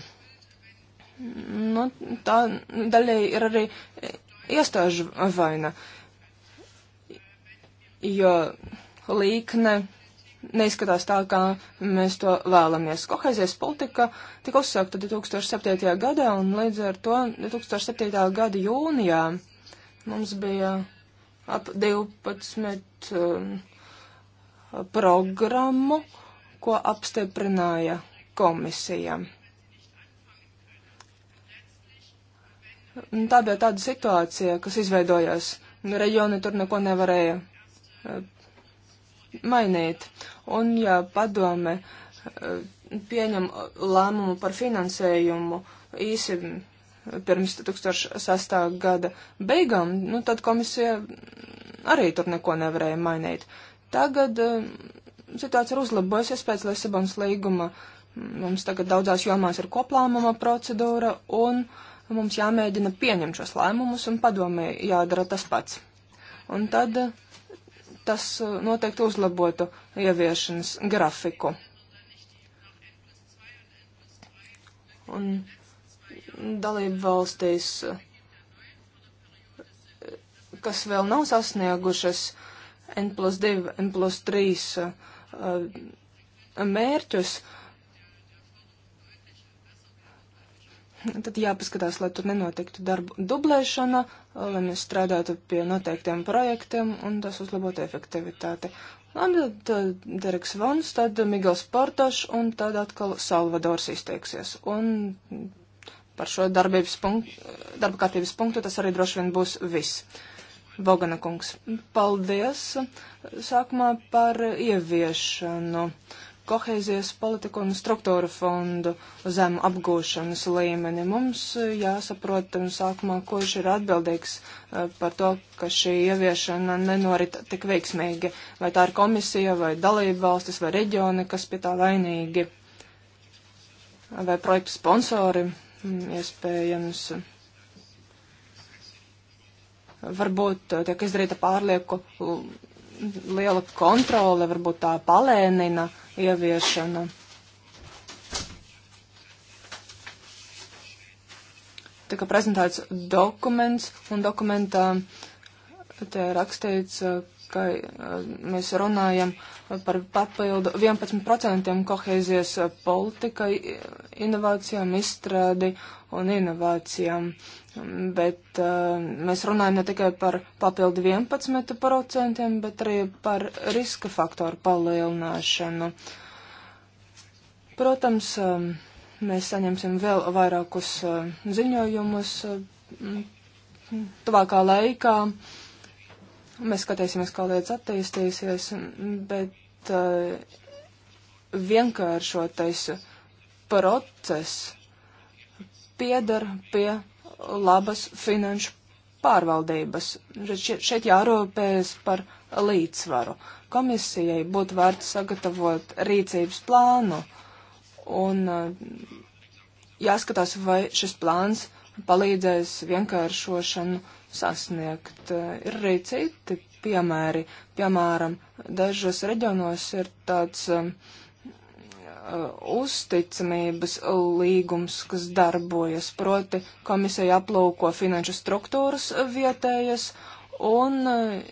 nu, tā daļai ir arī iestāžu vaina, jo līkne neizskatās tā, kā mēs to vēlamies. Kohēzijas politika tika uzsākta 2007. gadā, un līdz ar to 2007. gada jūnijā Mums bija ap 12 um, programmu, ko apstiprināja komisija. Un tā bija tāda situācija, kas izveidojās. Reģioni tur neko nevarēja uh, mainīt. Un ja padome uh, pieņem lēmumu par finansējumu īsi pirms 2006. gada beigām, nu, tad komisija arī tur neko nevarēja mainīt. Tagad eh, situācija ir uzlabojusies pēc Lisabonas līguma. Mums tagad daudzās jomās ir koplāmuma procedūra, un mums jāmēģina pieņemt šos lēmumus, un padomē jādara tas pats. Un tad eh, tas eh, noteikti uzlabotu ieviešanas grafiku. Un dalību valstīs, kas vēl nav sasniegušas N plus 2, N plus 3 eh, mērķus, tad jāpaskatās, lai tur nenotiktu darbu dublēšana, lai mēs strādātu pie noteiktiem projektiem un tas uzlabotu efektivitāti. Labi, tad Dereks Vans, tad Migels Portašs un tad atkal Salvadors izteiksies. Un par šo punktu, darba kārtības punktu. Tas arī droši vien būs viss. Bogana kungs, paldies sākumā par ieviešanu kohēzijas politiku un struktūru fondu zemu apgūšanas līmeni. Mums jāsaprot sākumā, kurš ir atbildīgs eh, par to, ka šī ieviešana nenorit tik veiksmīgi. Vai tā ir komisija, vai dalība valstis, vai reģioni, kas pie tā vainīgi, vai projektu sponsori Mm, iespējams. Varbūt uh, tiek izdarīta pārlieku mm, liela kontrole, varbūt tā palēnina ieviešana. Tika prezentēts dokuments, un dokumentā te rakstīts, uh, ka eh, mēs runājam par papildu 11% kohēzijas eh, politika eh, inovācijām, izstrādi un inovācijām. Bet mēs runājam ne tikai par papildu 11%, bet arī par riska faktoru palielināšanu. Protams, mēs saņemsim vēl vairākus ziņojumus tuvākā laikā. Uh, Mēs skatīsimies, kā lietas attīstīsies, bet uh, vienkāršotais process piedar pie labas finanšu pārvaldības. Šeit jārūpējas par līdzsvaru. Komisijai būtu vērts sagatavot rīcības plānu un eh, jāskatās, vai šis plāns uh, palīdzēs vienkāršošanu sasniegt. Ir arī citi piemēri. Piemēram, dažos reģionos ir tāds um, uh, uzticamības līgums, kas darbojas, proti komisija aplūko finanšu struktūras vietējas, un uh,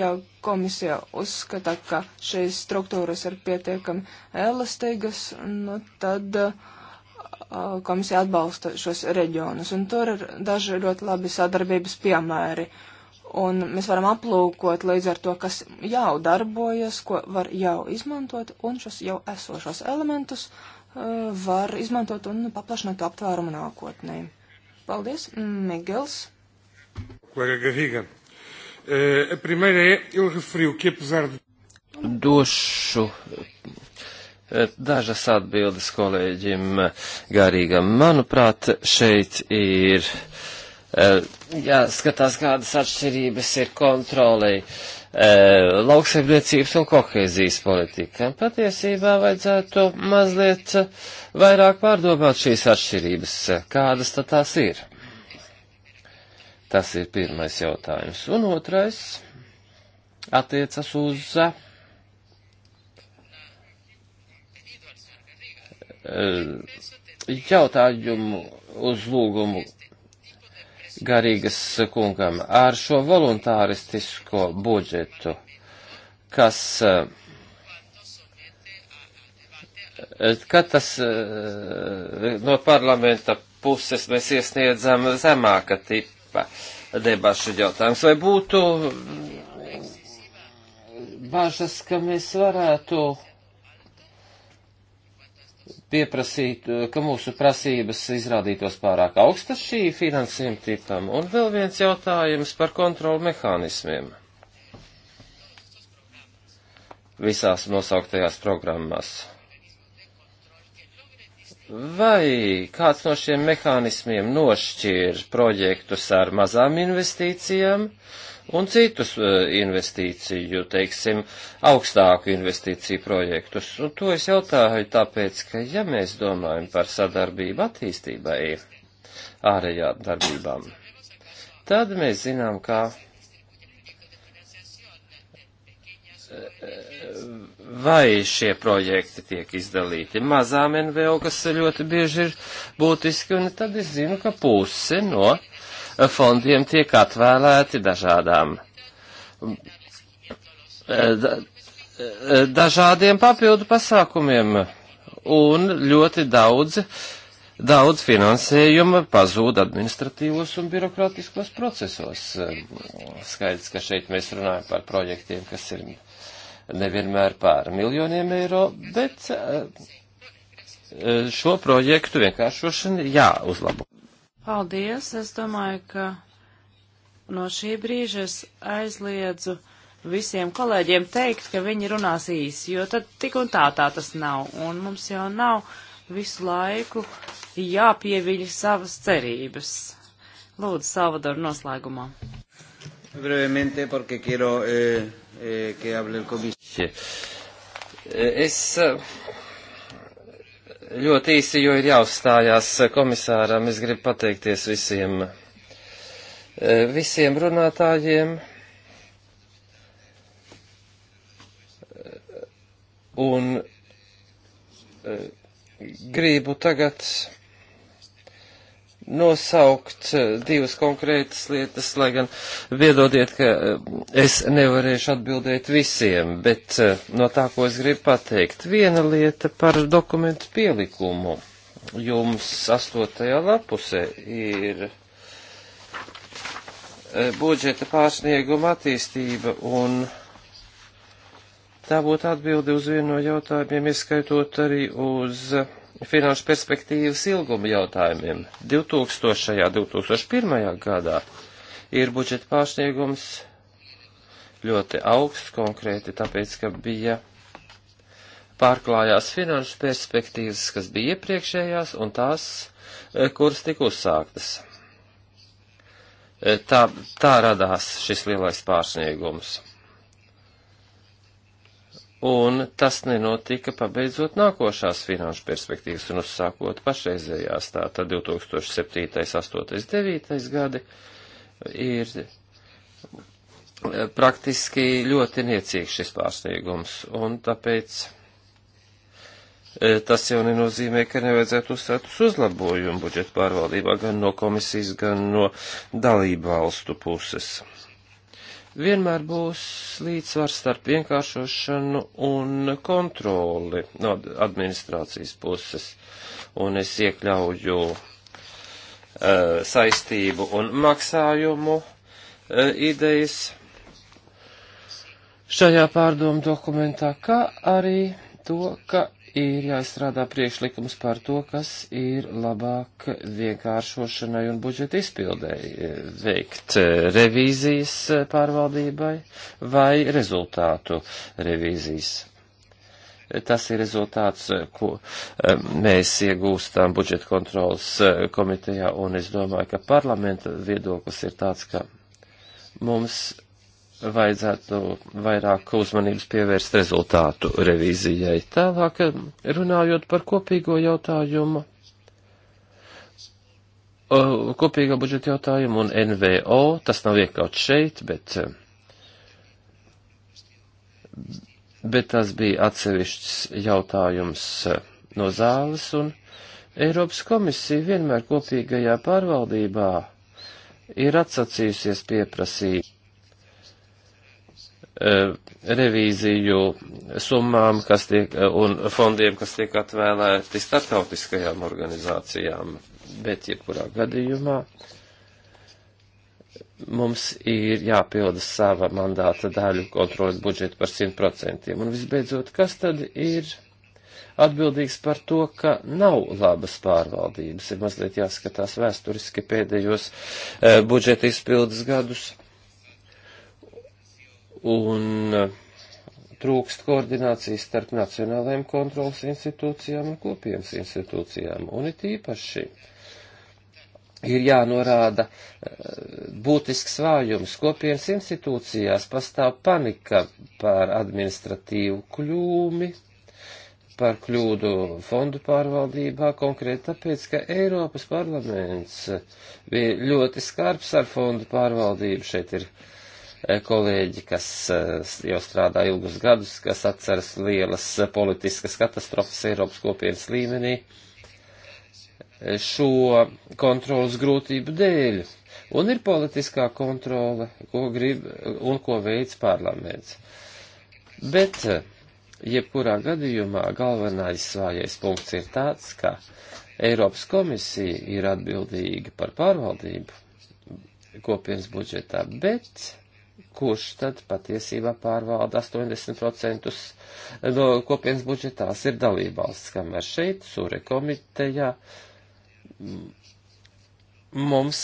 ja komisija uzskata, ka šīs struktūras ir pietiekami elastīgas, nu, tad uh, komisija atbalsta šos reģionus. Un tur ir daži ļoti labi sadarbības piemēri. Un mēs varam aplūkot līdz ar to, kas jau darbojas, ko var jau izmantot, un šos jau esošos elementus uh, var izmantot un paplašināt aptvērumu nākotnē. Paldies, Migels. Došu Dažas atbildes kolēģim garīgam. Manuprāt, šeit ir eh, jāskatās, kādas atšķirības ir kontrolei eh, lauksaimniecības un kohēzijas politikam. Patiesībā vajadzētu mazliet vairāk pārdomāt šīs atšķirības, kādas tad tās ir. Tas ir pirmais jautājums. Un otrais attiecas uz Eh, jautājumu uz lūgumu garīgas kungam ar šo voluntāristisko budžetu, kas, eh, eh, kad tas no parlamenta puses mēs iesniedzam zemāka tipa debašu jautājums, vai būtu mm, bažas, ka mēs varētu pieprasītu, eh, ka mūsu prasības izrādītos pārāk augstas šī finansējuma tipam. Un vēl viens jautājums par kontrolu mehānismiem. Visās nosauktajās programmās. Vai kāds no šiem mehānismiem nošķir projektus ar mazām investīcijām? Uh, un citus e, investīciju, teiksim, augstāku investīciju projektus. Un to es jautāju tāpēc, ka ja mēs domājam par sadarbību attīstībai ārējā darbībām, tad mēs zinām, ka e, vai šie projekti tiek izdalīti mazām NVO, kas ļoti bieži ir būtiski, un tad es zinu, ka puse no uh, fondiem tiek atvēlēti dažādām eh, eh, dažādiem papildu pasākumiem, un ļoti daudz, daudz finansējuma pazūd administratīvos un birokrātiskos procesos. Skaidrs, ka šeit mēs runājam par projektiem, kas ir nevienmēr pār miljoniem eiro, bet eh, šo projektu vienkāršošana jāuzlabo. Paldies! Es domāju, ka no šī brīža es aizliedzu visiem kolēģiem teikt, ka viņi runās īsi, jo tad tik un tā tā tas nav. Un mums jau nav visu laiku jāpieviļ savas cerības. Lūdzu, Salvador, noslēgumā. Brevemente, porque quiero eh, eh, que hable el comisario. Es. Eh, Ļoti īsi, jo ir jāuzstājās komisāram, es gribu pateikties visiem, e, visiem runātājiem. Un e, gribu tagad nosaukt eh, divas konkrētas lietas, lai gan viedodiet, ka eh, es nevarēšu atbildēt visiem, bet eh, no tā, ko es gribu pateikt, viena lieta par dokumentu pielikumu. Jums astotajā lapusē ir budžeta pārsnieguma attīstība un tā būtu atbildi uz vienu no jautājumiem, ieskaitot arī uz uh, finanšu perspektīvas ilguma jautājumiem. 2000. un 2001. gadā ir budžeta pārsniegums ļoti augsts konkrēti, tāpēc, ka bija pārklājās finanšu perspektīvas, kas bija iepriekšējās, un tās, e, kuras tika uzsāktas. E, tā, tā radās šis lielais pārsniegums un tas nenotika pabeidzot nākošās finanšu perspektīvas un uzsākot pašreizējās, tā tad 2007, 8, 9 gadi ir e, praktiski ļoti niecīgs šis pārsniegums, un tāpēc e, tas jau nenozīmē, ka nevajadzētu uzstāt uz uzlabojumu budžeta pārvaldībā gan no komisijas, gan no dalību valstu puses vienmēr būs līdzsvars starp vienkāršošanu un kontroli no administrācijas puses. Un es iekļauju uh, saistību un maksājumu uh, idejas šajā pārdomu dokumentā, kā arī to, ka ir jāizstrādā priekšlikums par to, kas ir labāk vienkāršošanai un budžeta izpildēji e, veikt e, revīzijas e, pārvaldībai vai rezultātu revīzijas. Tas ir rezultāts, ko mēs iegūstām budžeta kontrolas komitejā, un es domāju, ka parlamenta viedoklis ir tāds, ka mums vajadzētu vairāk uzmanības pievērst rezultātu revīzijai. Tālāk runājot par kopīgo jautājumu, kopīgo budžeta jautājumu un NVO, tas nav iekļauts šeit, bet, bet tas bija atsevišķs jautājums no zāles un Eiropas komisija vienmēr kopīgajā pārvaldībā ir atsacījusies pieprasīt E, revīziju summām kas tiek, e, un fondiem, kas tiek atvēlēti startautiskajām organizācijām. Bet jebkurā gadījumā mums ir jāpilda sava mandāta daļu kontrolēt budžetu par 100%. Un visbeidzot, kas tad ir atbildīgs par to, ka nav labas pārvaldības? Ir mazliet jāskatās vēsturiski pēdējos e, budžeta izpildes gadus un eh, trūkst koordinācijas starp nacionālajiem kontrolas institūcijām un kopienas institūcijām. Un it īpaši ir jānorāda eh, būtisks vājums. Kopienas institūcijās pastāv panika par administratīvu kļūmi, par kļūdu fondu pārvaldībā, konkrēti tāpēc, ka Eiropas parlaments bija eh, ļoti skarbs ar fondu pārvaldību. Šeit ir uh, Eh, kolēģi, kas eh, jau strādā ilgus gadus, kas atceras lielas eh, politiskas katastrofas Eiropas kopienas līmenī, šo kontrolas grūtību dēļ. Un ir politiskā kontrole, ko grib un ko veids parlaments. Bet jebkurā gadījumā galvenais svājais punkts ir tāds, ka Eiropas komisija ir atbildīga par pārvaldību kopienas budžetā, bet kurš tad patiesībā pārvalda 80% no kopienas budžetās ir dalībvalsts, kamēr šeit, Sūre komitejā, mums,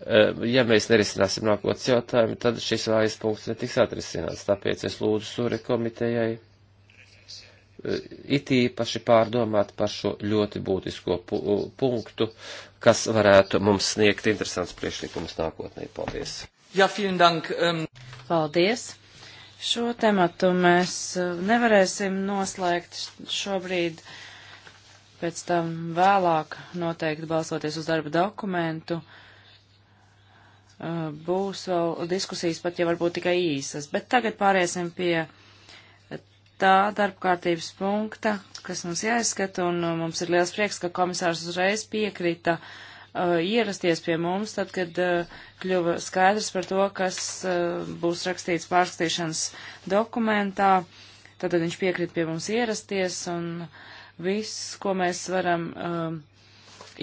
e, ja mēs nerisināsim nākotnes jautājumu, tad šis vājas punkts netiks atrisināts, tāpēc es lūdzu Sūre komitejai e, it īpaši pārdomāt par šo ļoti būtisko pu punktu, kas varētu mums sniegt interesants priekšlikums nākotnē. Paldies! Jā, vielen dank. Um... Paldies. Šo tematu mēs äh, nevarēsim noslēgt šobrīd, pēc tam vēlāk noteikti balsoties uz darba dokumentu. Äh, būs vēl diskusijas, pat ja varbūt tikai īsas, bet tagad pāriesim pie tā darba kārtības punkta, kas mums jāizskata, un äh, mums ir liels prieks, ka komisārs uzreiz piekrita uh, uh, ierasties pie mums, tad, kad uh, kļuva skaidrs par to, kas uh, būs rakstīts pārskatīšanas dokumentā, tad, tad viņš piekrita pie mums ierasties un viss, ko mēs varam um,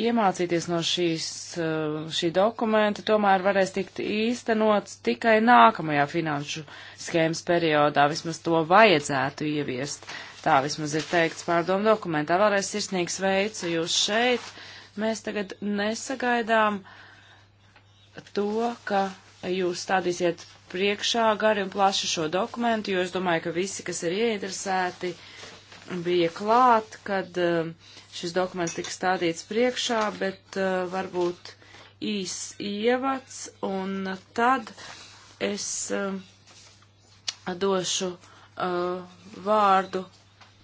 iemācīties no šīs, uh, šī dokumenta, tomēr varēs tikt īstenots tikai nākamajā finanšu schēmas periodā, vismaz to vajadzētu ieviest. Tā vismaz ir teikts pārdomu dokumentā. Vēlreiz sirsnīgs veicu jūs šeit Mēs tagad nesagaidām to, ka jūs stādīsiet priekšā gari un plaši šo dokumentu, jo es domāju, ka visi, kas ir ieinteresēti, bija klāt, kad um, šis dokuments tika stādīts priekšā, bet uh, varbūt īs ievads, un tad es um, došu uh, vārdu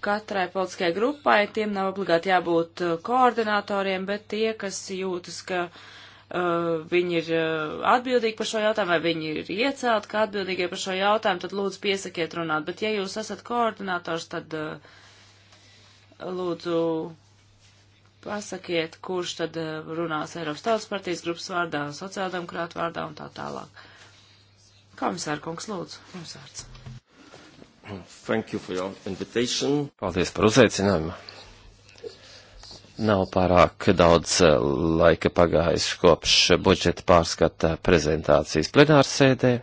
katrai politiskajai grupai, tiem nav obligāti jābūt uh, koordinatoriem, bet tie, kas jūtas, ka uh, viņi ir uh, atbildīgi par šo jautājumu, vai viņi ir iecelti kā atbildīgie par šo jautājumu, tad lūdzu piesakiet runāt. Bet ja jūs esat koordinators, tad uh, lūdzu pasakiet, kurš tad uh, runās Eiropas Tautas partijas grupas vārdā, sociāldemokrāta vārdā un tā tālāk. Komisāra kungs, lūdzu, jums vārds. Thank you for your invitation. Paldies par uzaicinājumu. Nav pārāk daudz eh, laika pagājis kopš budžeta pārskata prezentācijas plenārsēdē.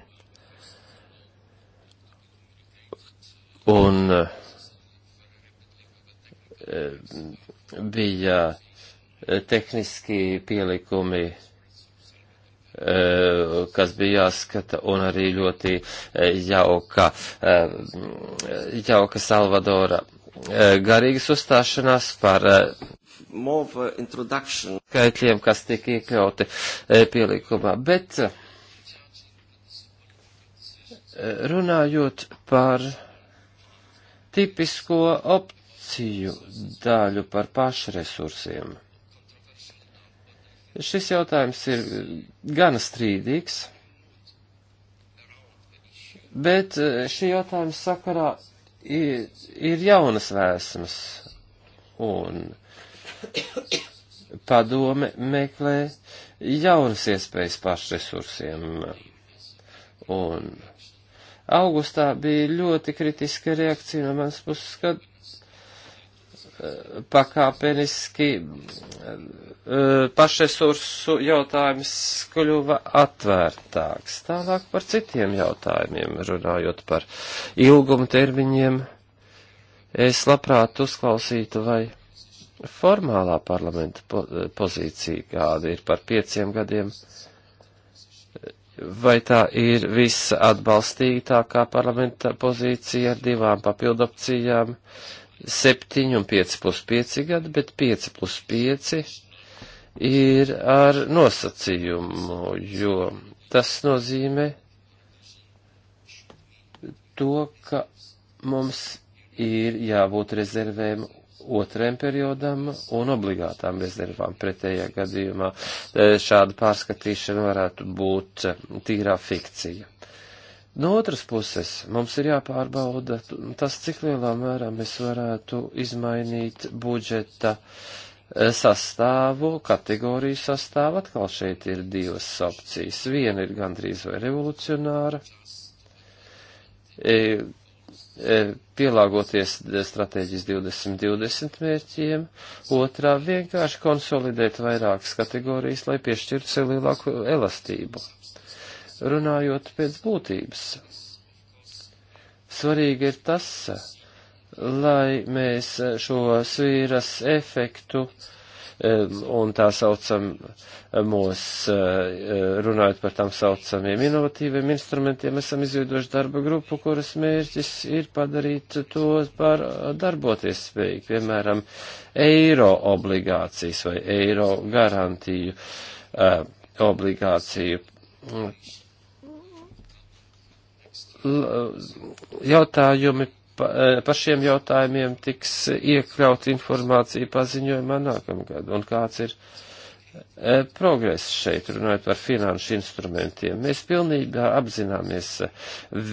Un eh, bija eh, tehniski pielikumi Eh, kas bija jāskata, un arī ļoti eh, jauka, eh, jauka Salvadora garīgas uzstāšanās par skaitļiem, kas tika iekļauti pielikumā. Bet runājot par tipisko opciju daļu par pašresursiem. Šis jautājums ir gana strīdīgs, bet e, šī jautājuma sakarā ir, ir jaunas vēsmas, un padome meklē jaunas iespējas pašresursiem, un augustā bija ļoti kritiska reakcija no manas puses, kad pakāpeniski eh, pašresursu jautājums kļuva atvērtāks. Tālāk par citiem jautājumiem, runājot par ilgumu termiņiem, es labprāt uzklausītu, vai formālā parlamenta po eh, pozīcija, kāda ir par pieciem gadiem, vai tā ir viss atbalstītākā parlamenta pozīcija ar divām papildopcijām, 7 un 5 plus 5 gadi, bet 5 plus 5 ir ar nosacījumu, jo tas nozīmē to, ka mums ir jābūt rezervēm otrajam periodam un obligātām rezervām. Pretējā gadījumā eh, šāda pārskatīšana varētu būt eh, tīrā fikcija. No otras puses, mums ir jāpārbauda tas, cik lielā mērā mēs varētu izmainīt budžeta e, sastāvu, kategoriju sastāvu. Atkal šeit ir divas opcijas. Viena ir gandrīz vai revolucionāra, e, e, pielāgoties stratēģijas 2020 mērķiem, otrā vienkārši konsolidēt vairākas kategorijas, lai piešķirtu sev lielāku elastību runājot pēc būtības. Svarīgi ir tas, lai mēs šo svīras efektu un tā saucam mūs, eh, eh, runājot par tam saucamiem inovatīviem instrumentiem, esam izveidojuši darba grupu, kuras mērķis ir padarīt to par darboties spējīgu, piemēram, eiro obligācijas vai eiro garantiju eh, obligāciju jautājumi e, par šiem jautājumiem tiks iekļaut informācija paziņojumā nākamgad un kāds ir e, progress šeit, runājot par finanšu instrumentiem. Mēs pilnībā apzināmies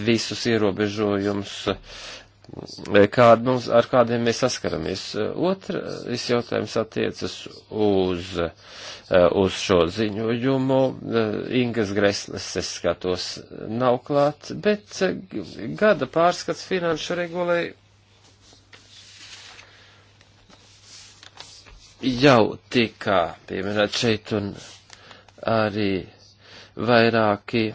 visus ierobežojumus kādu nu, mums, ar kādiem mēs saskaramies. Otrais jautājums attiecas uz, uz šo ziņojumu. Ingas Gresles, es skatos, nav klāt, bet gada pārskats finanšu regulai jau tika pieminēt šeit un arī vairāki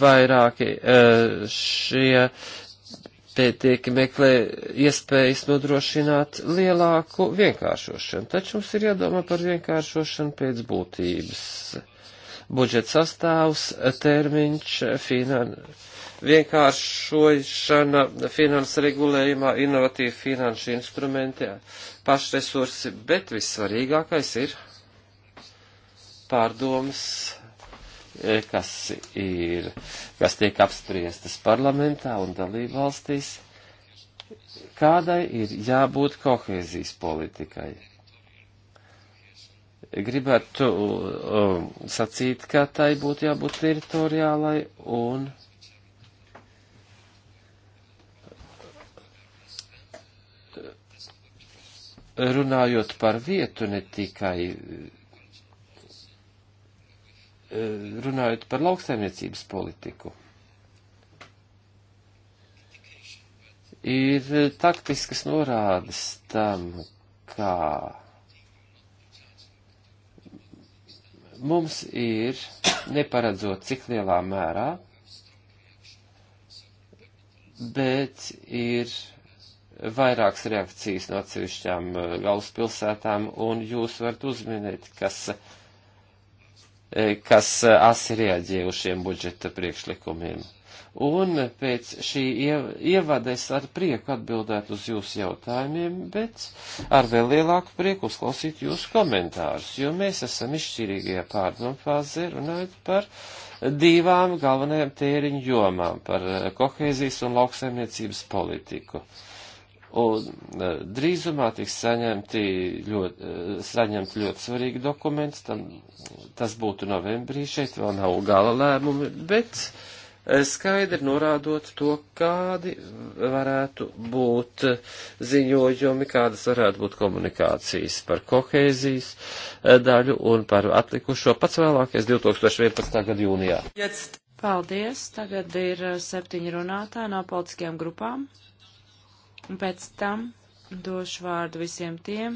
vairāki e, šie pētnieki meklē iespējas nodrošināt lielāku vienkāršošanu, taču mums ir jādomā par vienkāršošanu pēc būtības. Budžets sastāvs, termiņš, finan... vienkāršošana, finanses regulējumā, inovatīvi finanšu instrumenti, pašresursi, bet vissvarīgākais ir pārdomas, e, kas, ir, kas tiek apspriestas parlamentā un dalību valstīs, kādai ir jābūt kohēzijas politikai. Gribētu um, sacīt, ka tai būtu jābūt teritoriālai un runājot par vietu ne tikai Eh, runājot par lauksaimniecības politiku. Ir eh, taktiskas norādes tam, kā mums ir, neparedzot cik lielā mērā, bet ir vairākas reakcijas no atsevišķām eh, galvaspilsētām, un jūs varat uzminēt, kas uh, E, kas e, asi reaģējušiem budžeta priekšlikumiem. Un pēc šī ievades ar prieku atbildētu uz jūsu jautājumiem, bet ar vēl lielāku prieku uzklausīt jūsu komentārus, jo mēs esam izšķirīgajā pārdomu fāzē runājot par divām galvenajām tēriņu jomām - par e, kohēzijas un lauksaimniecības politiku. Uh, un e, drīzumā tiks saņemti ļoti, e, saņemt ļoti svarīgi dokumenti, tam, tas būtu novembrī, šeit vēl nav gala lēmumi, bet e, skaidri norādot to, kādi varētu būt ziņojumi, kādas varētu būt komunikācijas par kohēzijas daļu un par atlikušo pats vēlākais 2011. gada jūnijā. Paldies, tagad ir septiņi runātāji no politiskajām grupām. Un pēc tam došu vārdu visiem tiem,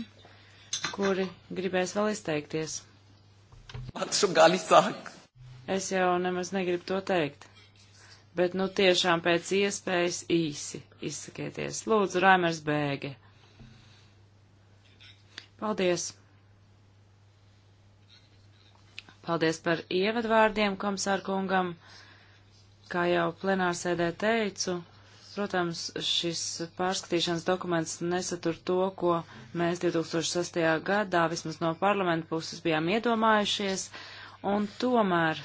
kuri gribēs vēl izteikties. Es jau nemaz negribu to teikt. Bet nu tiešām pēc iespējas īsi izsakieties. Lūdzu, Raimers Bēge. Paldies! Paldies par ievadvārdiem, komisārkungam. Kā jau plenārsēdē teicu, Protams, šis pārskatīšanas dokuments nesatur to, ko mēs 2006. gadā vismaz no parlamenta puses bijām iedomājušies, un tomēr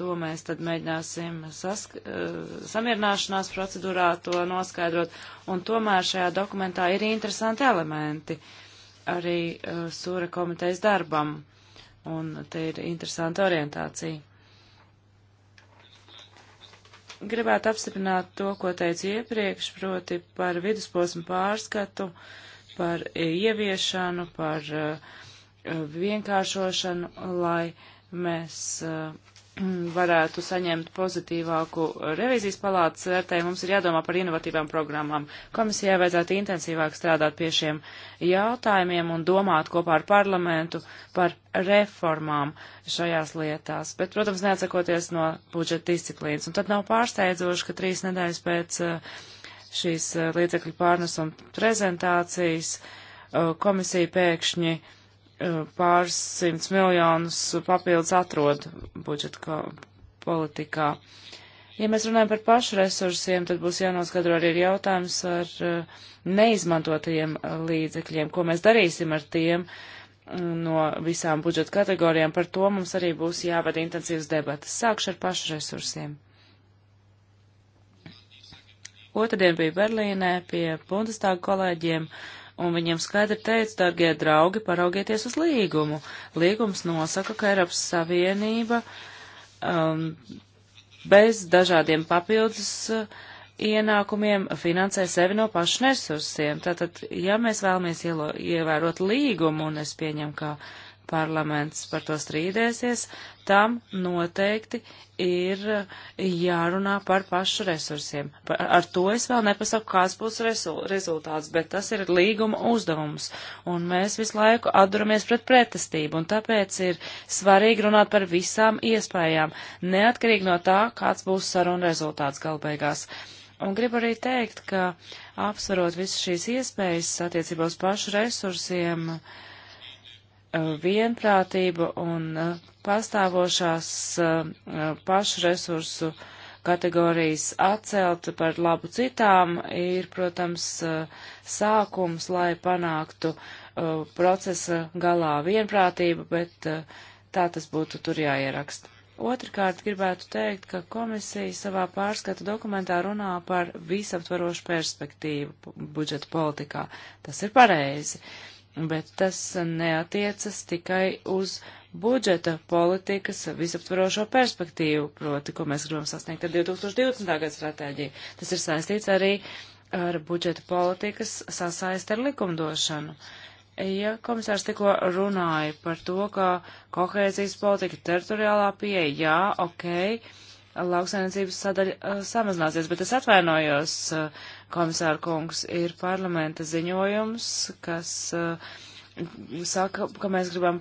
to mēs tad mēģināsim sask eh, samierināšanās procedūrā to noskaidrot, un tomēr šajā dokumentā ir interesanti elementi arī uh, Sūra komitejas darbam, un te ir interesanta orientācija gribētu apstiprināt to, ko teicu iepriekš, proti par vidusposmu pārskatu, par ieviešanu, par eh, vienkāršošanu, lai mēs eh, varētu saņemt pozitīvāku revīzijas palātas vērtējumu, mums ir jādomā par inovatīvām programmām. Komisijai vajadzētu intensīvāk strādāt pie šiem jautājumiem un domāt kopā ar parlamentu par reformām šajās lietās, bet, protams, neatsakoties no budžeta disciplīnas. Un tad nav pārsteidzoši, ka trīs nedēļas pēc eh, šīs eh, līdzekļu pārnesuma prezentācijas eh, komisija pēkšņi uh, Eh, pārsimts miljonus papildus atrod budžeta politikā. Ja mēs runājam par pašu resursiem, tad būs jānoskadro arī jautājums ar eh, neizmantotajiem eh, līdzekļiem, ko mēs darīsim ar tiem no visām budžeta kategorijām. Par to mums arī būs jāvada intensīvas debatas. Sākšu ar pašu resursiem. Otradien bija Berlīnē pie Bundestāga kolēģiem. Uh, un viņiem skaidri teica, dargie draugi, paraugieties uz līgumu. Līgums nosaka, ka Eiropas Savienība um, bez dažādiem papildus uh, ienākumiem finansē sevi no pašu resursiem. Tātad, ja mēs vēlamies ielo, ievērot līgumu, un es pieņemu, ka uh, parlaments par to strīdēsies, tam noteikti ir jārunā par pašu resursiem. Par, ar to es vēl nepasaku, kāds būs resu, rezultāts, bet tas ir līguma uzdevums, un mēs visu laiku atduramies pret pretestību, un tāpēc ir svarīgi runāt par visām iespējām, neatkarīgi no tā, kāds būs saruna rezultāts galbeigās. Un gribu arī teikt, ka apsverot visas šīs iespējas attiecībā uz pašu resursiem, uh, vienprātība un uh, pastāvošās uh, uh, pašu resursu kategorijas atcelt par labu citām ir, protams, sākums, lai panāktu procesa galā vienprātību, bet tā tas būtu tur jāieraksta. Otrakārt gribētu teikt, ka komisija savā pārskata dokumentā runā par visaptvarošu perspektīvu budžeta politikā. Tas ir pareizi. Uh, bet tas neatiecas tikai uz budžeta politikas visaptvarošo perspektīvu, proti, ko mēs gribam sasniegt ar 2020. gada stratēģiju. Tas ir saistīts arī ar budžeta politikas sasaist ar likumdošanu. Ja komisārs tikko runāja par to, ka kohēzijas politika, teritoriālā pieeja, jā, ok, lauksainicības sadaļa eh, samazināsies, bet es atvainojos, eh, komisāra kungs, ir parlamenta ziņojums, kas eh, saka, ka mēs gribam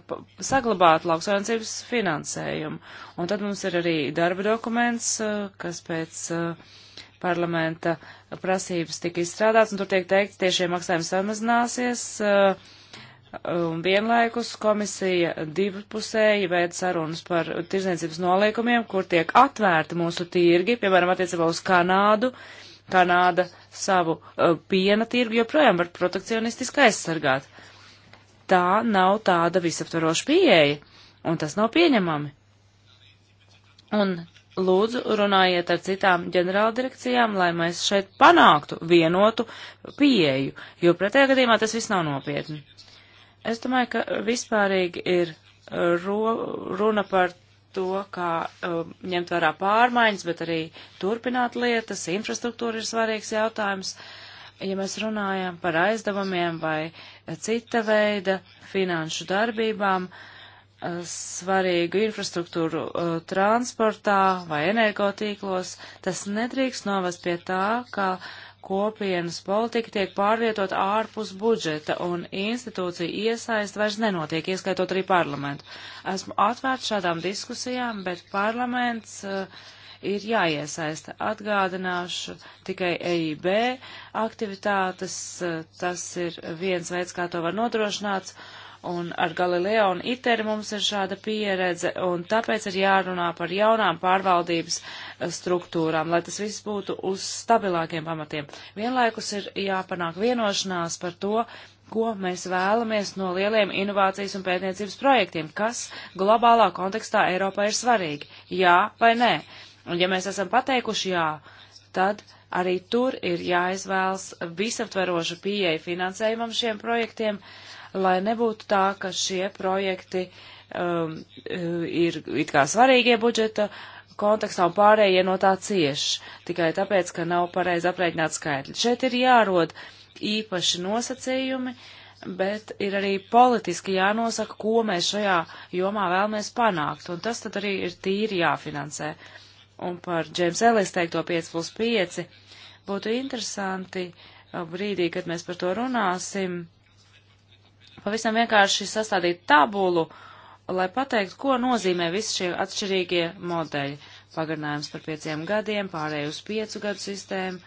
saglabāt lauksainicības finansējumu. Un tad mums ir arī darba dokuments, kas pēc parlamenta prasības tika izstrādāts, un tur tiek teikts, tiešie maksājumi samazināsies. Uh, Un um, vienlaikus komisija divpusēji veid sarunas par tirzniecības noliekumiem, kur tiek atvērti mūsu tirgi, piemēram, attiecībā uz Kanādu. Kanāda savu uh, piena tirgu joprojām var protekcionistiski aizsargāt. Tā nav tāda visaptvaroša pieeja, un tas nav pieņemami. Un lūdzu runājiet ar citām ģenerāldirekcijām, lai mēs šeit panāktu vienotu pieeju, jo pretējā gadījumā tas viss nav nopietni. Es domāju, ka vispārīgi ir eh, ro, runa par to, kā uh, ņemt vērā pārmaiņas, bet arī turpināt lietas, infrastruktūra ir svarīgs jautājums. Ja mēs runājam par aizdevumiem vai cita veida finanšu darbībām, uh, svarīgu infrastruktūru uh, transportā vai energotīklos, tas nedrīkst novest pie tā, ka kopienas politika tiek pārvietot ārpus budžeta un institūcija iesaist vairs nenotiek, ieskaitot arī parlamentu. Esmu atvērts šādām diskusijām, bet parlaments uh, ir jāiesaista. Atgādināšu tikai EIB aktivitātes, uh, tas ir viens veids, kā to var nodrošināt. Uh, Un ar Galileo un ITER mums ir šāda pieredze, un tāpēc ir jārunā par jaunām pārvaldības eh, struktūrām, lai tas viss būtu uz stabilākiem pamatiem. Vienlaikus ir jāpanāk vienošanās par to, ko mēs vēlamies no lieliem inovācijas un pētniecības projektiem, kas globālā kontekstā Eiropā ir svarīgi. Jā vai nē? Un ja mēs esam pateikuši jā, tad arī tur ir jāizvēlas visaptveroša pieeja finansējumam šiem projektiem, uh, lai nebūtu tā, ka šie projekti um, ir it kā svarīgie budžeta kontekstā un pārējie no tā cieš, tikai tāpēc, ka nav pareizi aprēķināt skaitļi. Šeit ir jārod īpaši nosacījumi, bet ir arī politiski jānosaka, ko mēs šajā jomā vēlamies panākt, un tas tad arī ir tīri jāfinansē. Un par Džeims Ellis teikto 5 plus 5 būtu interesanti uh, brīdī, kad mēs par to runāsim, pavisam vienkārši sastādīt tabulu, lai pateiktu, ko nozīmē visi šie atšķirīgie modeļi. Pagarinājums par pieciem gadiem, pārēj uz piecu gadu sistēmu.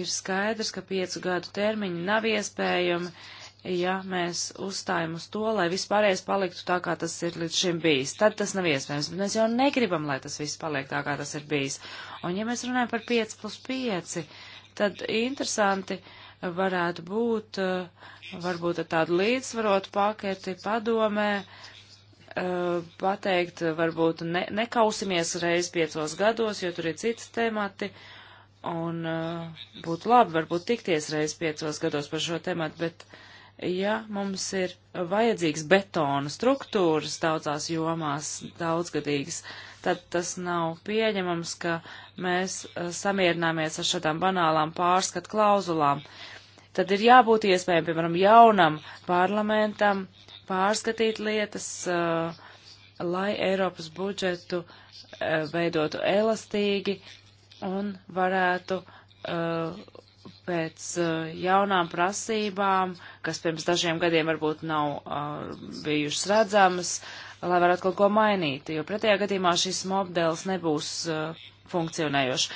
Ir skaidrs, ka piecu gadu termiņi nav iespējami, ja mēs uzstājam uz to, lai viss pārējais paliktu tā, kā tas ir līdz šim bijis. Tad tas nav iespējams, bet mēs jau negribam, lai tas viss paliek tā, kā tas ir bijis. Un ja mēs runājam par 5 plus 5, tad interesanti. Uh, varētu būt, eh, varbūt ar tādu līdzsvarotu paketi padomē, eh, pateikt, varbūt ne, nekausimies reiz piecos gados, jo tur ir citi temati, un eh, būtu labi varbūt tikties reiz piecos gados par šo tematu, bet ja mums ir vajadzīgs betona struktūras daudzās jomās, daudzgadīgas, tad tas nav pieņemams, ka mēs samierināmies ar šādām banālām pārskat klauzulām. Uh, tad ir jābūt iespējai, piemēram, jaunam parlamentam pārskatīt lietas, uh, lai Eiropas budžetu uh, veidotu elastīgi un varētu uh, pēc jaunām prasībām, kas pirms dažiem gadiem varbūt nav bijušas redzamas, lai varētu kaut ko mainīt, jo pretējā gadījumā šis modelis nebūs funkcionējošs.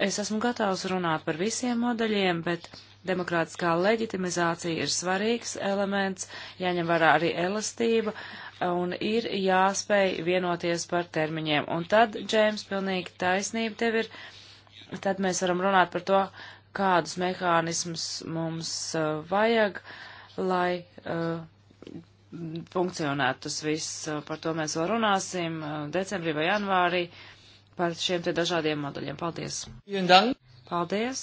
Es esmu gatavs runāt par visiem modeļiem, bet demokrātiskā leģitimizācija ir svarīgs elements, jāņem vērā arī elastība un ir jāspēj vienoties par termiņiem. Un tad, Džēms, pilnīgi taisnība tev ir, tad mēs varam runāt par to, kādus mehānismus mums uh, vajag, lai uh, funkcionētu tas viss. Uh, par to mēs vēl runāsim uh, decembrī vai janvārī. Uh, par šiem te dažādiem moduļiem. Paldies! Paldies!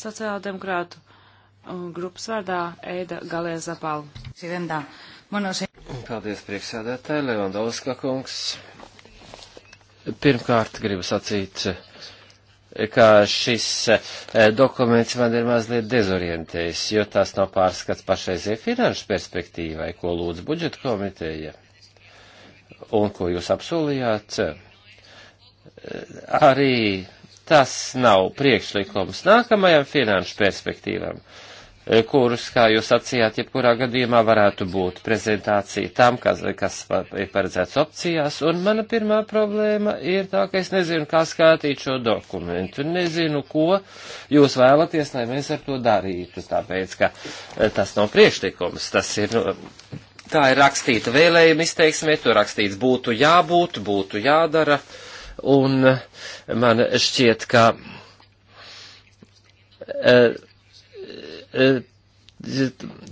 Sociāldemokrātu um, grupas vārdā Eida Galies Zapal. Paldies, priekšsēdētāji, Levandovska kungs. Pirmkārt, gribu sacīt, ka šis eh, dokuments man ir mazliet dezorientējis, jo tas nav pārskats pašreizē finanšu perspektīvai, ko lūdz budžeta komiteja un ko jūs apsolījāt arī tas nav priekšlikums nākamajam finanšu perspektīvam, e, kurus, kā jūs sacījāt, jebkurā gadījumā varētu būt prezentācija tam, kas, kas ir paredzēts opcijās, un mana pirmā problēma ir tā, ka es nezinu, kā skatīt šo dokumentu, nezinu, ko jūs vēlaties, lai mēs ar to darītu, tāpēc, ka e, tas nav priekšlikums, tas ir. Nu, Tā ir rakstīta vēlējuma izteiksmē, tur rakstīts būtu jābūt, būtu jādara. Uh, un eh, man šķiet, ka eh, eh,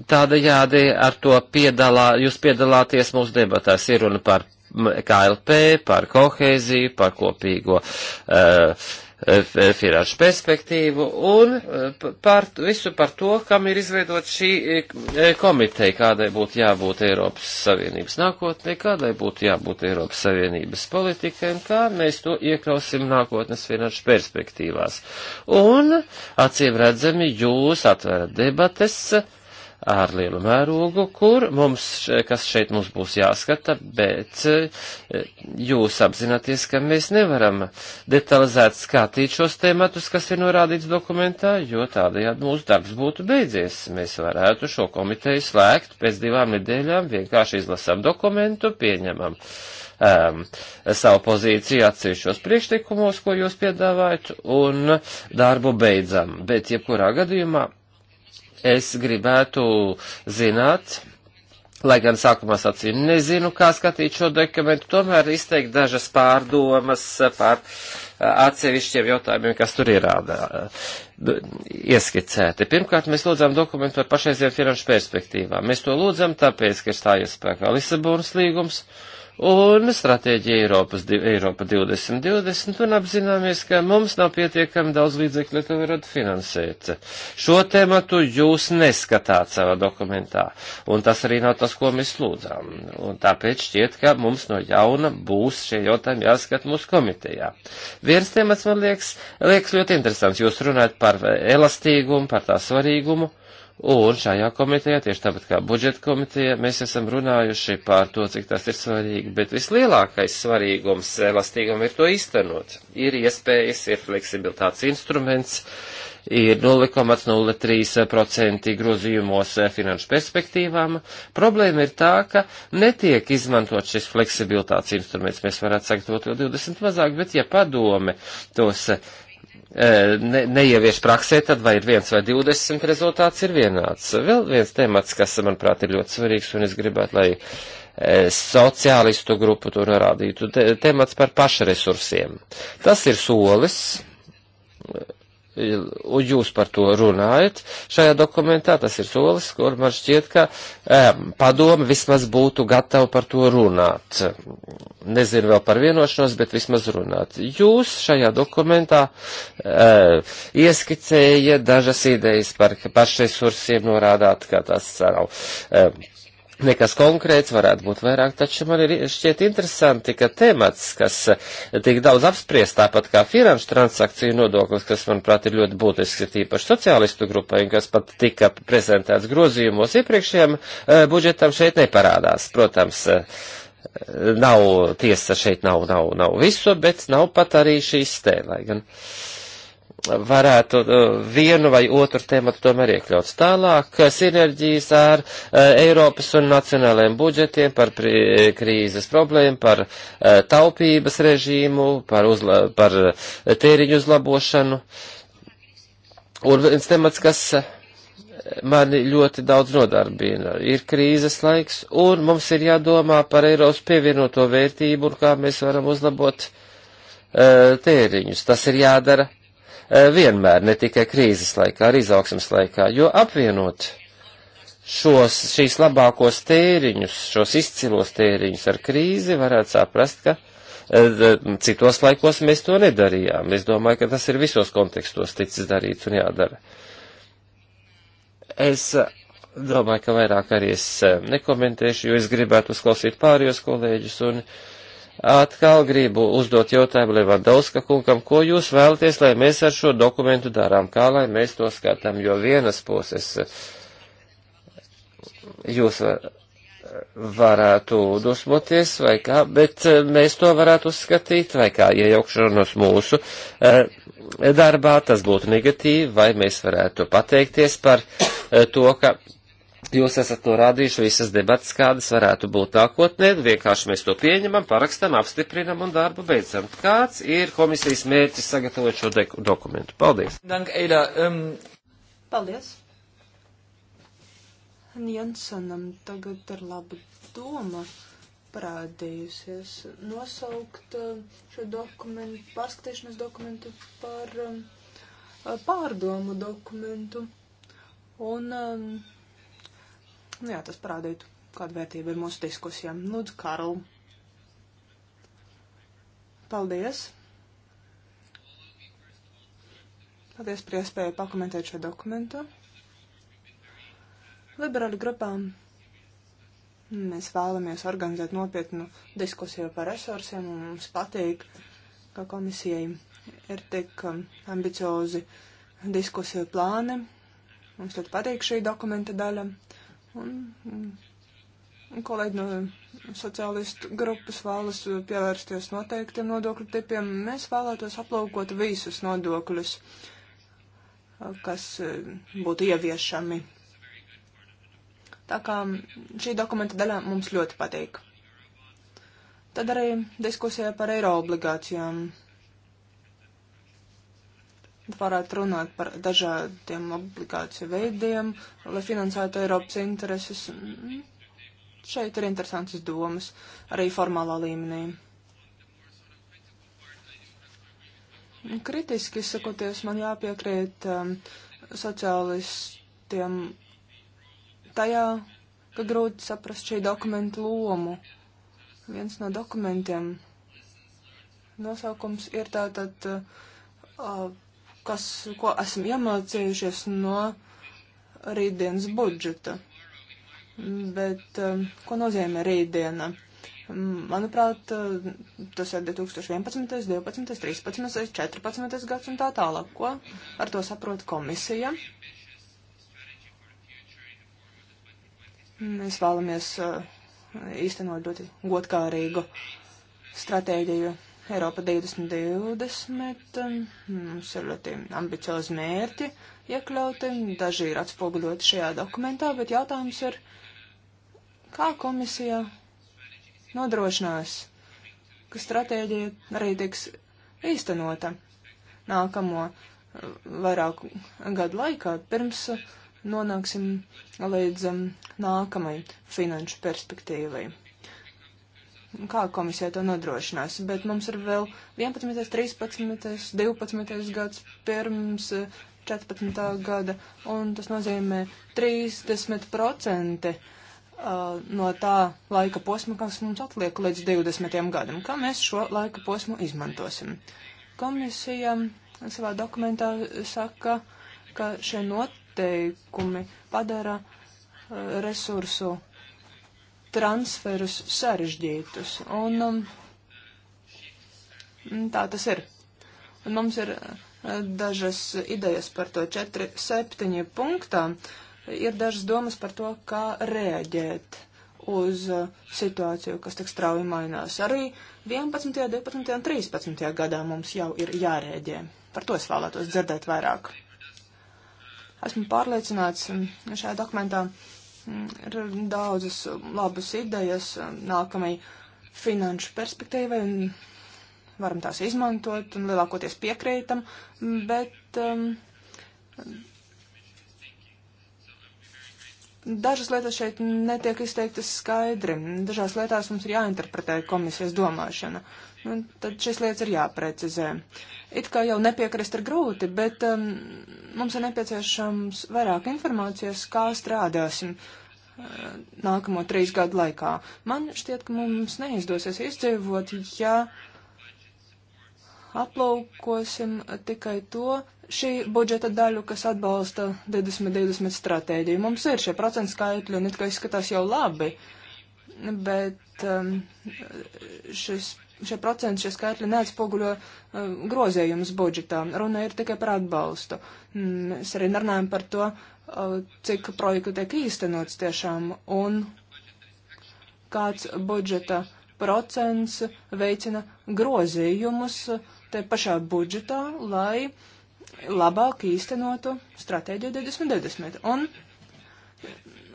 tādajādi ar to piedalā, jūs piedalāties mūsu debatās, ir runa par KLP, par kohēziju, par kopīgo uh, finanšu perspektīvu un eh, par visu par to, kam ir izveidot šī eh, komiteja, kādai būtu jābūt Eiropas Savienības nākotnē, kādai būtu jābūt Eiropas Savienības politikai un kā mēs to iekļausim nākotnes finanšu perspektīvās. Un, acīm redzami, jūs atverat debates ar lielu mērogu, kur mums, kas šeit mums būs jāskata, bet eh, jūs apzināties, ka mēs nevaram detalizēt skatīt šos tēmatus, kas ir norādīts dokumentā, jo tādējādi mūsu darbs būtu beidzies. Mēs varētu šo komiteju slēgt pēc divām nedēļām, vienkārši izlasām dokumentu, pieņemam um, savu pozīciju atsevišķos priekšlikumos, ko jūs piedāvājat, un darbu beidzam. Bet jebkurā gadījumā es gribētu zināt, lai gan sākumā sacīju, nezinu, kā skatīt šo dokumentu, tomēr izteikt dažas pārdomas par eh, atsevišķiem jautājumiem, kas tur ierādā, eh, ieskicēti. Pirmkārt, mēs lūdzām dokumentu par pašreizējām finanšu perspektīvām. Mēs to lūdzam tāpēc, ka ir stājies spēkā Lisabonas līgums. Uh, un stratēģija Eiropas, Eiropa 2020, un apzināmies, ka mums nav pietiekami daudz līdzekļu, lai to varētu finansēt. Šo tēmatu jūs neskatāt savā dokumentā, un tas arī nav tas, ko mēs lūdzām. Un tāpēc šķiet, ka mums no jauna būs šie jautājumi jāskat mūsu komitejā. Viens tēmats man liekas, liekas ļoti interesants. Jūs runājat par elastīgumu, par tā svarīgumu. Un šajā komitejā, tieši tāpat kā budžeta komitejā, mēs esam runājuši par to, cik tas ir svarīgi, bet vislielākais svarīgums elastīgam ir to iztenot. Ir iespējas, ir fleksibilitātes instruments, ir 0,03% grozījumos eh, finanšu perspektīvām. Problēma ir tā, ka netiek izmantot šis fleksibilitātes instruments. Mēs varētu sagatavot vēl 20 mazāk, bet ja padome tos eh, ne, neievieš praksē, tad vai ir viens vai divdesmit rezultāts ir vienāds. Vēl viens temats, kas, manuprāt, ir ļoti svarīgs, un es gribētu, lai sociālistu grupu to norādītu, temats par pašresursiem. Tas ir solis un jūs par to runājat šajā dokumentā, tas ir solis, kur man šķiet, ka um, padoma vismaz būtu gatava par to runāt. Nezinu vēl par vienošanos, bet vismaz runāt. Jūs šajā dokumentā uh, ieskicējat dažas idejas par pašresursiem, norādāt, ka tas nav. Uh, Nekas konkrēts varētu būt vairāk, taču man ir šķiet interesanti, ka temats, kas tik daudz apspriest, tāpat kā finanšu transakciju nodoklis, kas, manuprāt, ir ļoti būtisks, ir tīpaši sociālistu grupai, un kas pat tika prezentēts grozījumos iepriekšējiem eh, budžetam, šeit neparādās. Protams, eh, nav tiesa, šeit nav, nav, nav visu, bet nav pat arī šīs tē, lai gan. Uh, varētu uh, vienu vai otru tematu tomēr iekļaut. Tālāk uh, sinerģijas ar uh, Eiropas un nacionālajiem budžetiem par krīzes problēmu, par taupības režīmu, par, uzla, par tēriņu uzlabošanu. Un viens temats, kas mani ļoti daudz nodarbina. Ir krīzes laiks, un mums ir jādomā par Eiropas pievienoto vērtību un kā mēs varam uzlabot uh, tēriņus. Tas ir jādara Eh, vienmēr, ne tikai krīzes laikā, arī izaugsmas laikā, jo apvienot šos, šīs labākos tēriņus, šos izcilos tēriņus ar krīzi, varētu saprast, ka eh, eh, citos laikos mēs to nedarījām. Es domāju, ka tas ir visos kontekstos ticis darīts un jādara. Es domāju, ka vairāk arī es nekomentēšu, jo es gribētu uzklausīt pārējos kolēģus un uh, Atkal gribu uzdot jautājumu Levandauska kungam, ko jūs vēlaties, lai mēs ar šo dokumentu darām, kā lai mēs to skatām, jo vienas puses jūs varētu dusmoties vai kā, bet eh, mēs to varētu uzskatīt vai kā iejaukšanos mūsu eh, darbā, tas būtu negatīvi, vai mēs varētu pateikties par eh, to, ka Jūs esat norādījuši visas debatas, kādas varētu būt nākotnē, vienkārši mēs to pieņemam, parakstam, apstiprinam un darbu beidzam. Kāds ir komisijas mērķis sagatavot šo dokumentu? Paldies! Dank, Eida, um... Paldies! Jansonam tagad ir laba doma parādījusies nosaukt um, šo dokumentu, pārskatīšanas dokumentu par um, pārdomu dokumentu. Un um, Nu, jā, tas parādītu, kāda vērtība ir mūsu diskusijām. Lūdzu, Karl. Paldies. Paldies par iespēju pakomentēt šo dokumentu. Liberāļu grupām mēs vēlamies organizēt nopietnu diskusiju par resursiem, un mums patīk, ka komisijai ir tik um, ambiciozi diskusiju plāni. Mums ļoti patīk šī dokumenta daļa. Un, un kolēģi no sociālistu grupas vēlas pievērsties noteiktiem nodokļu tipiem. Mēs vēlētos aplaukot visus nodokļus, kas eh, būtu ieviešami. Tā kā šī dokumenta daļa mums ļoti patīk. Tad arī diskusija par eiro obligācijām varētu runāt par dažādiem obligāciju veidiem, lai finansētu Eiropas intereses. Šeit ir interesantas domas arī formālā līmenī. Kritiski sakoties, man jāpiekrīt um, sociālistiem tajā, ka grūti saprast šī dokumenta lomu. Viens no dokumentiem nosaukums ir tātad uh, kas, ko esam iemācījušies no rītdienas budžeta. Bet um, ko nozīmē rītdiena? Manuprāt, uh, tas ir 2011, 12, 13, 14 gads un tā tālāk. Ko ar to saprot komisija? Mēs vēlamies uh, īstenot ļoti godkārīgu stratēģiju Eiropa 2020, um, mums ir ļoti ambiciozi mērķi iekļauti, daži ir atspoguļoti šajā dokumentā, bet jautājums ir, kā komisija nodrošinās, ka stratēģija arī tiks īstenota nākamo uh, vairāku gadu laikā, pirms uh, nonāksim līdz um, nākamai finanšu perspektīvai kā komisija to nodrošinās. Bet mums ir vēl 11, 13, 12 gads pirms 14. Eh, gada, un tas nozīmē 30% eh, no tā laika posma, kas mums atliek līdz 20. gadam. Kā mēs šo laika posmu izmantosim? Komisija savā dokumentā saka, ka šie noteikumi padara eh, resursu transferus sarežģītus. Un um, tā tas ir. Un mums ir uh, dažas idejas par to 4, 7 punktā. Ir dažas domas par to, kā reaģēt uz uh, situāciju, kas tik strauji mainās. Arī 11., 12. un 13. gadā mums jau ir jārēģē. Par to es vēlētos dzirdēt vairāk. Esmu pārliecināts um, šajā dokumentā Mm, ir daudzas labas idejas um, nākamajai finanšu perspektīvai, un varam tās izmantot, un lielākoties piekrītam, bet um, Dažas lietas šeit netiek izteiktas skaidri. Dažās lietās mums ir jāinterpretē komisijas domāšana. Un nu, tad šīs lietas ir jāprecizē. It kā jau nepiekrist ir grūti, bet um, mums ir nepieciešams vairāk informācijas, kā strādāsim uh, nākamo trīs gadu laikā. Man šķiet, ka mums neizdosies izdzīvot, ja aplaukosim tikai to, šī budžeta daļu, kas atbalsta 2020 stratēģiju. Mums ir šie procentu skaitļi un it kā izskatās jau labi, bet um, šis, šie procenti, šie skaitļi neatspoguļo uh, um, grozējumus budžetā. Runa ir tikai par atbalstu. Mm, mēs arī nerunājam par to, uh, cik projektu tiek īstenots tiešām un kāds budžeta procents veicina grozījumus te pašā budžetā, lai uh, labāk īstenotu stratēģiju 2020. Un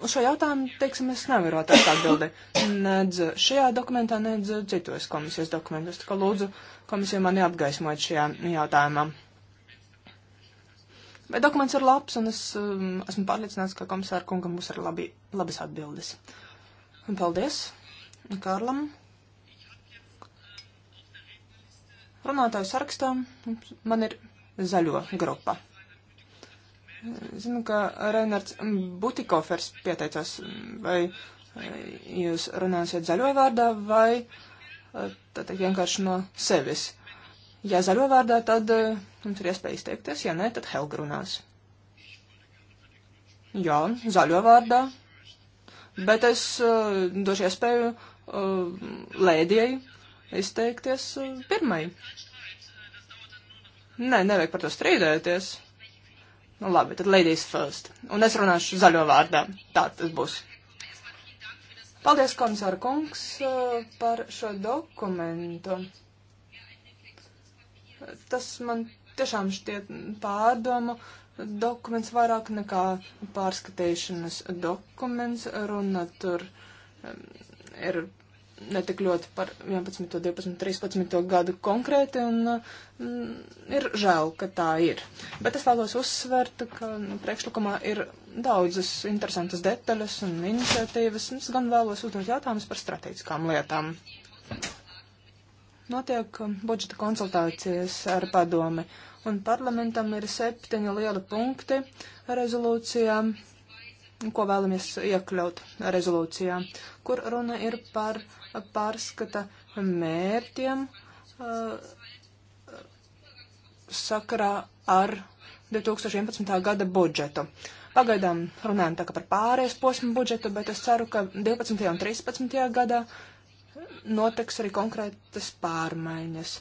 uz šo jautājumu, teiksim, es nevaru atrast atbildi. Nedz šajā dokumentā, nedz citos komisijas dokumentos. Tā kā lūdzu komisiju mani apgaismot šajā jautājumā. Bet dokuments ir labs, un es um, esmu pārliecināts, ka komisāra kungam būs arī labi, labas atbildes. Un paldies Kārlam. Runātāju sarakstā man ir zaļo grupa. Zinu, ka Reinards Butikofers pieteicās, vai eh, jūs runāsiet zaļo vārdā, vai eh, tātad vienkārši no sevis. Ja zaļo vārdā, tad eh, jums ir iespēja izteikties, ja nē, tad Helga runās. Jā, zaļo vārdā. Bet es uh, došu iespēju uh, lēdieji izteikties uh, pirmai. Nē, nevajag par to strīdēties. Nu, labi, tad ladies first. Un es runāšu zaļo vārdā. Tā tas būs. Paldies, komisāra kungs, eh, par šo dokumentu. Tas man tiešām šķiet pārdomu dokuments vairāk nekā pārskatīšanas dokuments. Runa tur ir ne tik ļoti par 11, 12, 13 gadu konkrēti, un mm, ir žēl, ka tā ir. Bet es vēlos uzsvert, ka nu, priekšlikumā ir daudzas interesantas detaļas un iniciatīvas, un es gan vēlos uzdot jautājumus par strateģiskām lietām. Notiek um, budžeta konsultācijas ar padomi, un parlamentam ir septiņi lieli punkti rezolūcijām ko vēlamies iekļaut rezolūcijā, kur runa ir par uh, pārskata mērķiem uh, sakarā ar 2011. gada budžetu. Pagaidām runājam tā kā par pārējais posmu budžetu, bet es ceru, ka 12. un 13. gadā notiks arī konkrētas pārmaiņas.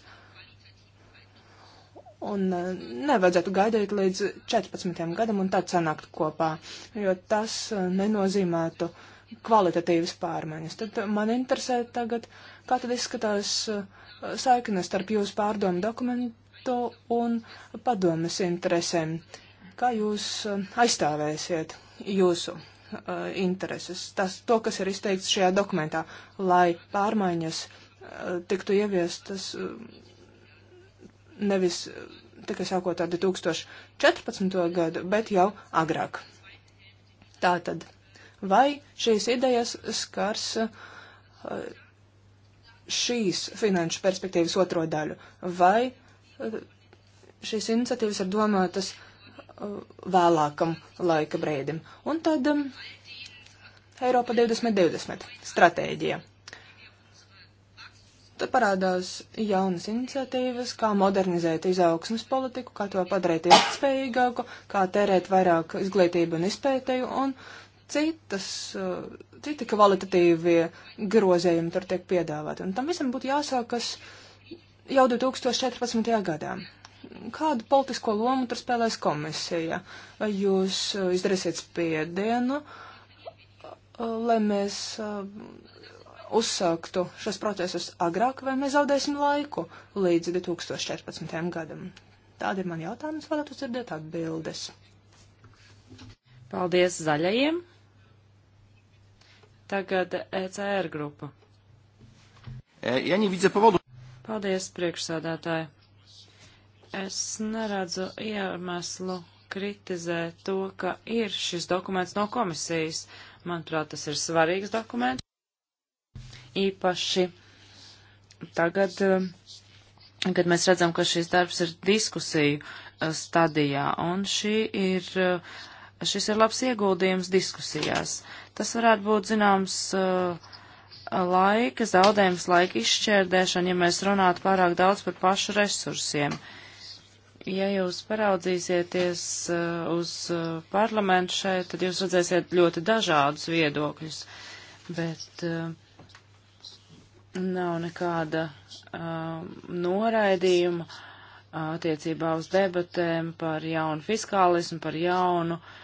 Un uh, nevajadzētu gaidīt līdz 14. gadam un tad sanākt kopā, jo tas uh, nenozīmētu uh, kvalitatīvas pārmaiņas. Tad man interesē tagad, kā tad izskatās uh, saiknes starp jūsu pārdomu dokumentu un padomas interesēm. Kā jūs uh, aizstāvēsiet jūsu uh, intereses, tas, to, kas ir izteikts šajā dokumentā, lai pārmaiņas tiktu ieviestas nevis tikai sākot ar 2014. gadu, bet jau agrāk. Tātad vai šīs idejas skars eh, šīs finanšu perspektīvas otro daļu, vai eh, šīs iniciatīvas ir domātas eh, vēlākam laika brīdim. Un tad um, Eiropa 2020 stratēģija. Te parādās jaunas iniciatīvas, kā modernizēt izaugsmas politiku, kā to padarīt ilgspējīgāku, kā tērēt vairāk izglītību un izpētēju un citas, eh, citi kvalitatīvie grozējumi tur tiek piedāvāti. Un tam visam būtu jāsākas jau 2014. gadā. Kādu politisko lomu tur spēlēs komisija? Jūs eh, izdarīsiet spiedienu, eh, lai mēs uzsāktu šos procesus agrāk, vai mēs zaudēsim laiku līdz 2014. gadam? Tāda ir man jautājums, vēlētu dzirdēt atbildes. Paldies zaļajiem! Tagad ECR grupa. E, Jaņi vicepovodu. Paldies, priekšsādātāji. Es neredzu iemeslu kritizē to, ka ir šis dokuments no komisijas. Manuprāt, tas ir svarīgs dokuments. Īpaši tagad, um, kad mēs redzam, ka šis darbs ir diskusiju uh, stadijā, un šī ir uh, Šis ir labs ieguldījums diskusijās. Tas varētu būt zināms uh, laika, zaudējums laika izšķērdēšana, ja mēs runātu pārāk daudz par pašu resursiem. Ja jūs paraudzīsieties uh, uz uh, parlamentu šeit, tad jūs redzēsiet ļoti dažādus viedokļus, bet nav nekāda noraidījuma attiecībā uz debatēm par jaunu fiskālismu, par jaunu uh,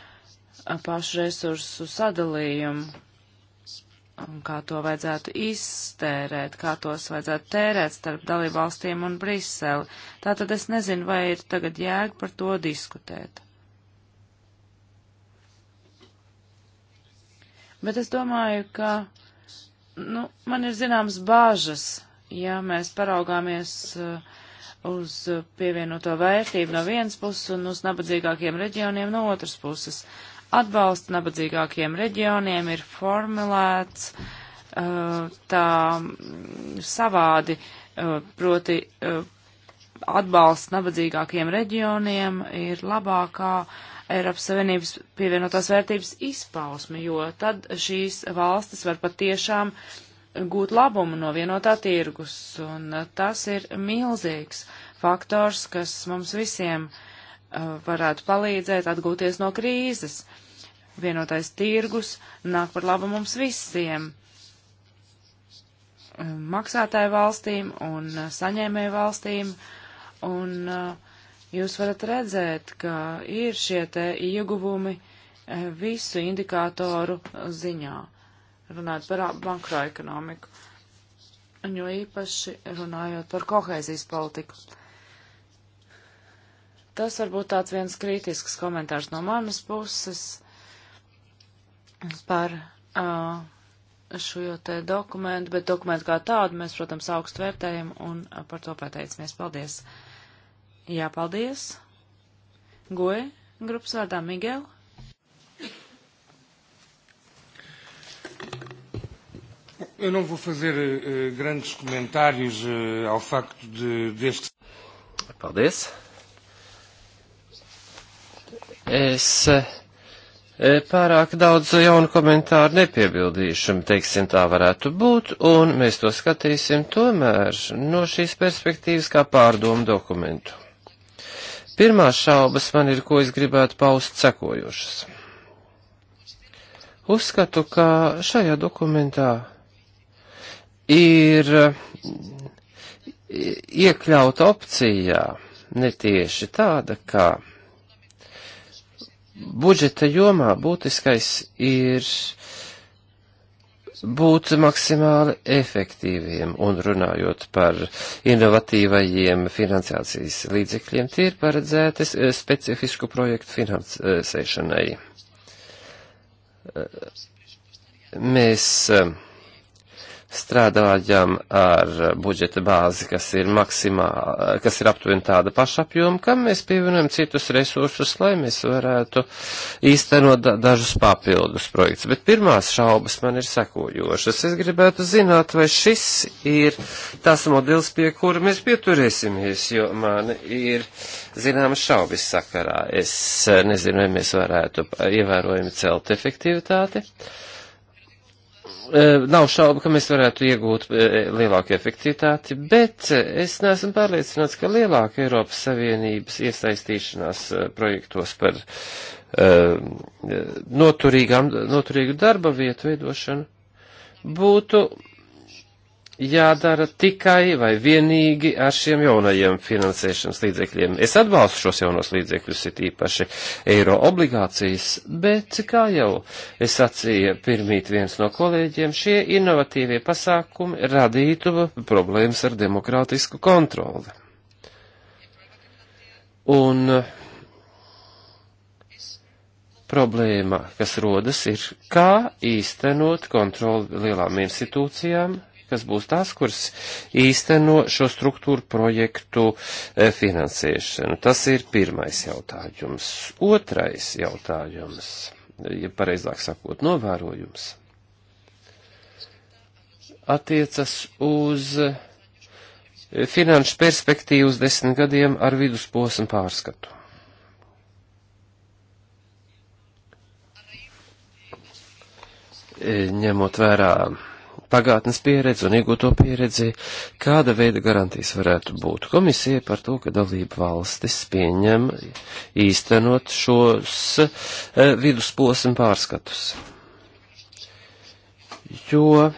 pašu resursu sadalījumu un kā to vajadzētu iztērēt, kā tos vajadzētu tērēt starp dalībvalstīm un Briseli. Tātad es nezinu, vai ir tagad jēga par to diskutēt. Bet es domāju, ka, nu, man ir zināms bāžas, ja mēs paraugāmies uh, uz pievienoto vērtību no vienas puses un uz nabadzīgākiem reģioniem no otras puses. Uh, Atbalsts nabadzīgākiem reģioniem ir formulēts uh, tā mm, savādi, uh, proti uh, atbalsts nabadzīgākiem reģioniem ir labākā Eiropas Savienības pievienotās vērtības izpausme, jo tad šīs valstis var patiešām gūt labumu no vienotā tirgus, un tas ir milzīgs faktors, kas mums visiem uh, Uh, varētu palīdzēt atgūties no krīzes. Vienotais tirgus nāk par labu mums visiem uh, - maksātāju valstīm un uh, saņēmēju valstīm. Un jūs varat redzēt, ka ir šie te ieguvumi visu indikātoru ziņā, runājot par makroekonomiku, un jo īpaši runājot par kohēzijas politiku. Tas varbūt tāds viens kritisks komentārs no manas puses par uh, šo te dokumentu, bet dokumentu kā tādu mēs, protams, augstu vērtējam un par to pateicamies. Paldies! Jā, paldies! Goe, grupas vārdā Migel. Eu não vou fazer uh, grandes comentários uh, ao facto de, deste. Paldies! Es e, pārāk daudz jaunu komentāru nepiebildīšu, teiksim, tā varētu būt, un mēs to skatīsim tomēr no šīs perspektīvas kā pārdomu dokumentu. Pirmās šaubas man ir, ko es gribētu paust sekojošas. Uzskatu, ka šajā dokumentā ir iekļauta opcijā netieši tāda, kā ka budžeta jomā būtiskais ir būt maksimāli efektīviem un runājot par inovatīvajiem finansācijas līdzekļiem, tie ir paredzēti e, specifisku projektu finansēšanai. E, mēs uh, strādājam ar budžeta bāzi, kas ir maksimāli, kas ir aptuveni tāda paša apjoma, kam mēs pievienojam citus resursus, lai mēs varētu īstenot dažus papildus projektus. Bet pirmās šaubas man ir sekojošas. Es gribētu zināt, vai šis ir tas modelis, pie kura mēs pieturēsimies, jo man ir zināmas šaubas sakarā. Es nezinu, vai mēs varētu ievērojami celt efektivitāti. Uh, Eh, nav šaubu, ka mēs varētu iegūt eh, lielāku efektivitāti, bet eh, es neesmu pārliecināts, ka lielāka Eiropas Savienības iesaistīšanās projektos par noturīgām, noturīgu darba vietu veidošanu būtu jādara tikai vai vienīgi ar šiem jaunajiem finansēšanas līdzekļiem. Es atbalstu šos jaunos līdzekļus, it īpaši eiro obligācijas, bet, kā jau es sacīju pirmīt viens no kolēģiem, šie inovatīvie pasākumi radītu problēmas ar demokrātisku kontroli. Un problēma, kas rodas, ir, kā īstenot kontroli lielām institūcijām, kas būs tās, kuras īsteno šo struktūru projektu e, finansēšanu. Tas ir pirmais jautājums. Otrais jautājums, ja pareizāk sakot, novērojums, attiecas uz e, finanšu perspektīvu uz desmit gadiem ar vidusposmu pārskatu. E, ņemot vērā pagātnes pieredzi un iegūto pieredzi, kāda veida garantijas varētu būt komisija par to, ka dalība valstis pieņem īstenot šos eh, vidusposmu pārskatus. Jo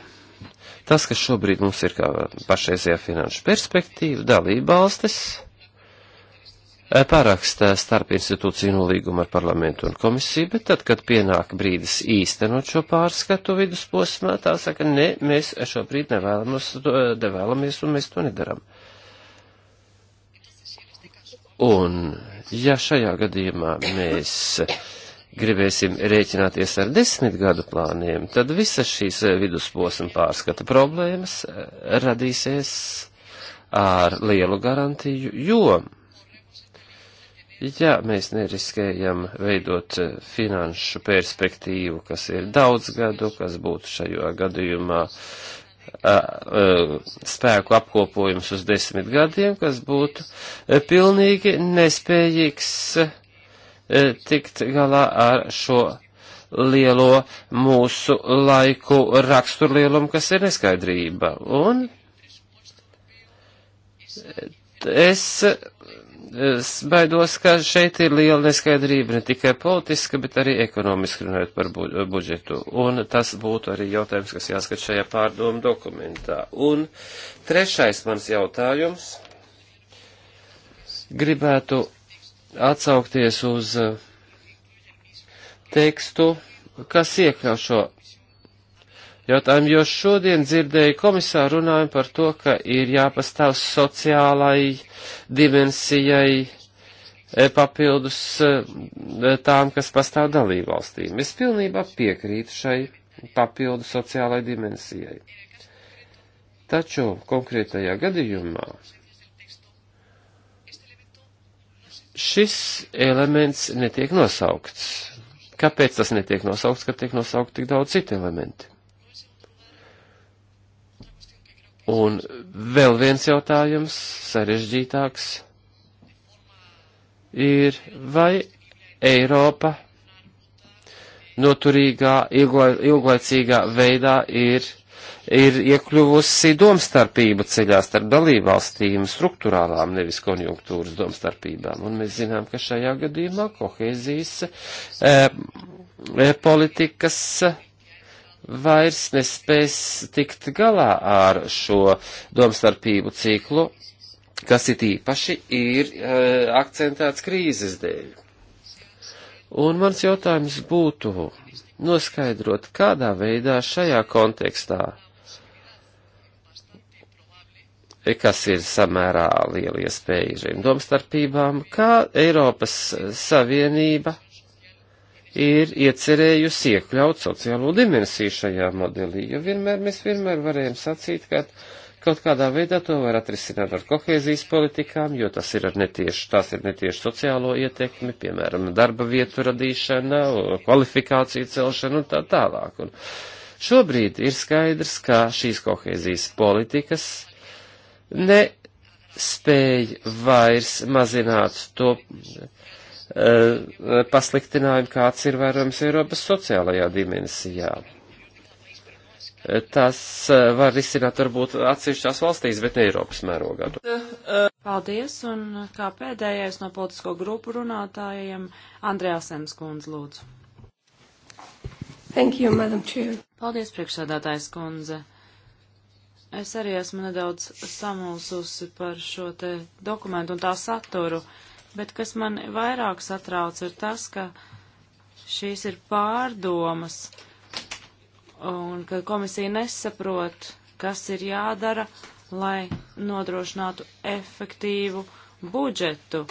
tas, kas šobrīd mums ir kā pašreizajā finanšu perspektīva, dalība valstis Eh, paraksta starp institūciju nolīgumu ar parlamentu un komisiju, bet tad, kad pienāk brīdis īstenot šo pārskatu vidusposmā, tā saka, ne, mēs šobrīd nevēlamies, eh, nevēlamies un mēs to nedaram. Un, ja šajā gadījumā mēs gribēsim rēķināties ar desmit gadu plāniem, tad visas šīs eh, vidusposma pārskata problēmas radīsies ar lielu garantiju, jo Ja mēs neriskējam veidot eh, finanšu perspektīvu, kas ir daudz gadu, kas būtu šajā gadījumā spēku apkopojums uz desmit gadiem, kas būtu e, pilnīgi nespējīgs e, tikt galā ar šo lielo mūsu laiku raksturlielumu, kas ir neskaidrība. Un es Es baidos, ka šeit ir liela neskaidrība ne tikai politiska, bet arī ekonomiski runājot par budžetu. Un tas būtu arī jautājums, kas jāskat šajā pārdomu dokumentā. Un trešais mans jautājums. Gribētu atsaukties uz tekstu, kas iekļauj šo jautājumu, jo šodien dzirdēju komisāru runājumu par to, ka ir jāpastāv sociālai dimensijai e, papildus e, tām, kas pastāv dalībvalstīm. Es pilnībā piekrītu šai papildu sociālai dimensijai. Taču konkrētajā gadījumā šis elements netiek nosaukts. Kāpēc tas netiek nosaukts, kad tiek nosaukt tik daudz citu elementu? Un vēl viens jautājums, sarežģītāks, ir vai Eiropa noturīgā, ilgla, ilglaicīgā veidā ir, ir iekļuvusi domstarpību ceļā starp dalībvalstīm, struktūrālām, nevis konjunktūras domstarpībām. Un mēs zinām, ka šajā gadījumā kohēzijas e, eh, politikas e, vairs nespēs tikt galā ar šo domstarpību ciklu, kas it īpaši ir e, akcentēts krīzes dēļ. Un mans jautājums būtu noskaidrot, kādā veidā šajā kontekstā e, kas ir samērā liela iespēja šīm domstarpībām, kā Eiropas Savienība ir iecerējusi iekļaut sociālo dimensiju šajā modelī, jo vienmēr mēs vienmēr varējām sacīt, ka kaut kādā veidā to var atrisināt ar kohēzijas politikām, jo tas ir ar netieši, tās ir netieši sociālo ietekmi, piemēram, darba vietu radīšana, kvalifikāciju celšana un tā tālāk. Un šobrīd ir skaidrs, ka šīs kohēzijas politikas ne spēj vairs mazināt to Eh, pasliktinājumu, kāds ir vērojams Eiropas sociālajā dimensijā. Eh, tas eh, var risināt varbūt atsevišķās valstīs, bet ne Eiropas mērogā. Paldies, un kā pēdējais no politisko grupu runātājiem, Andrēsens kundze, lūdzu. Thank you, Madam Chair. Paldies, priekšsādātājs kundze. Es arī esmu nedaudz samulsusi par šo te dokumentu un tā saturu. Uh, bet kas man vairāk satrauc ir tas, ka šīs ir pārdomas un ka komisija nesaprot, kas ir jādara, lai nodrošinātu efektīvu budžetu.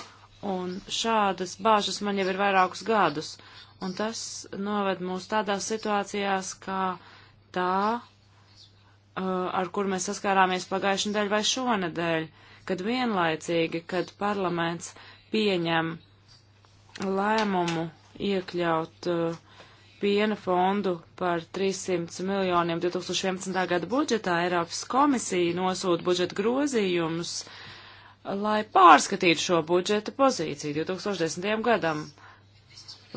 Un šādas bāžas man jau ir vairākus gadus. Un tas noved mūs tādās situācijās, kā tā, uh, ar kur mēs saskārāmies pagājušajā nedēļ vai šonadēļ, kad vienlaicīgi, kad parlaments pieņem lēmumu iekļaut uh, piena fondu par 300 miljoniem 2011. gada budžetā, Eiropas komisija nosūta budžeta grozījumus, lai pārskatītu šo budžeta pozīciju 2010. gadam,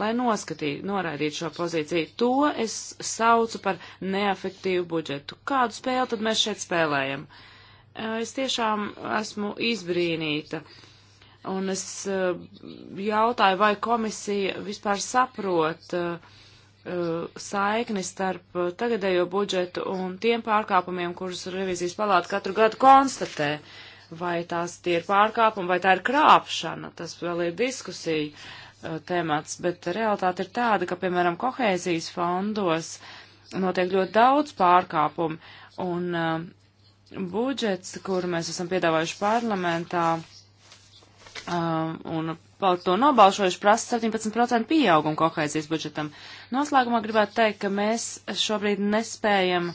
lai noskatītu, noraidītu šo pozīciju. To es saucu par neefektīvu budžetu. Kādu spēli tad mēs šeit spēlējam? Es tiešām esmu izbrīnīta. Uh, Un es eh, jautāju, vai komisija vispār saprot eh, eh, saikni starp tagadējo budžetu un tiem pārkāpumiem, kurus revizijas palāta katru gadu konstatē. Vai tās tie ir pārkāpumi, vai tā ir krāpšana, tas vēl ir diskusija temats, bet realitāte ir tāda, ka, piemēram, kohēzijas fondos notiek ļoti daudz pārkāpumu, un budžets, kuru mēs esam piedāvājuši parlamentā, uh, Um, un par to nobalsojuši prasa 17% pieaugumu kohēzijas budžetam. Noslēgumā gribētu teikt, ka mēs šobrīd nespējam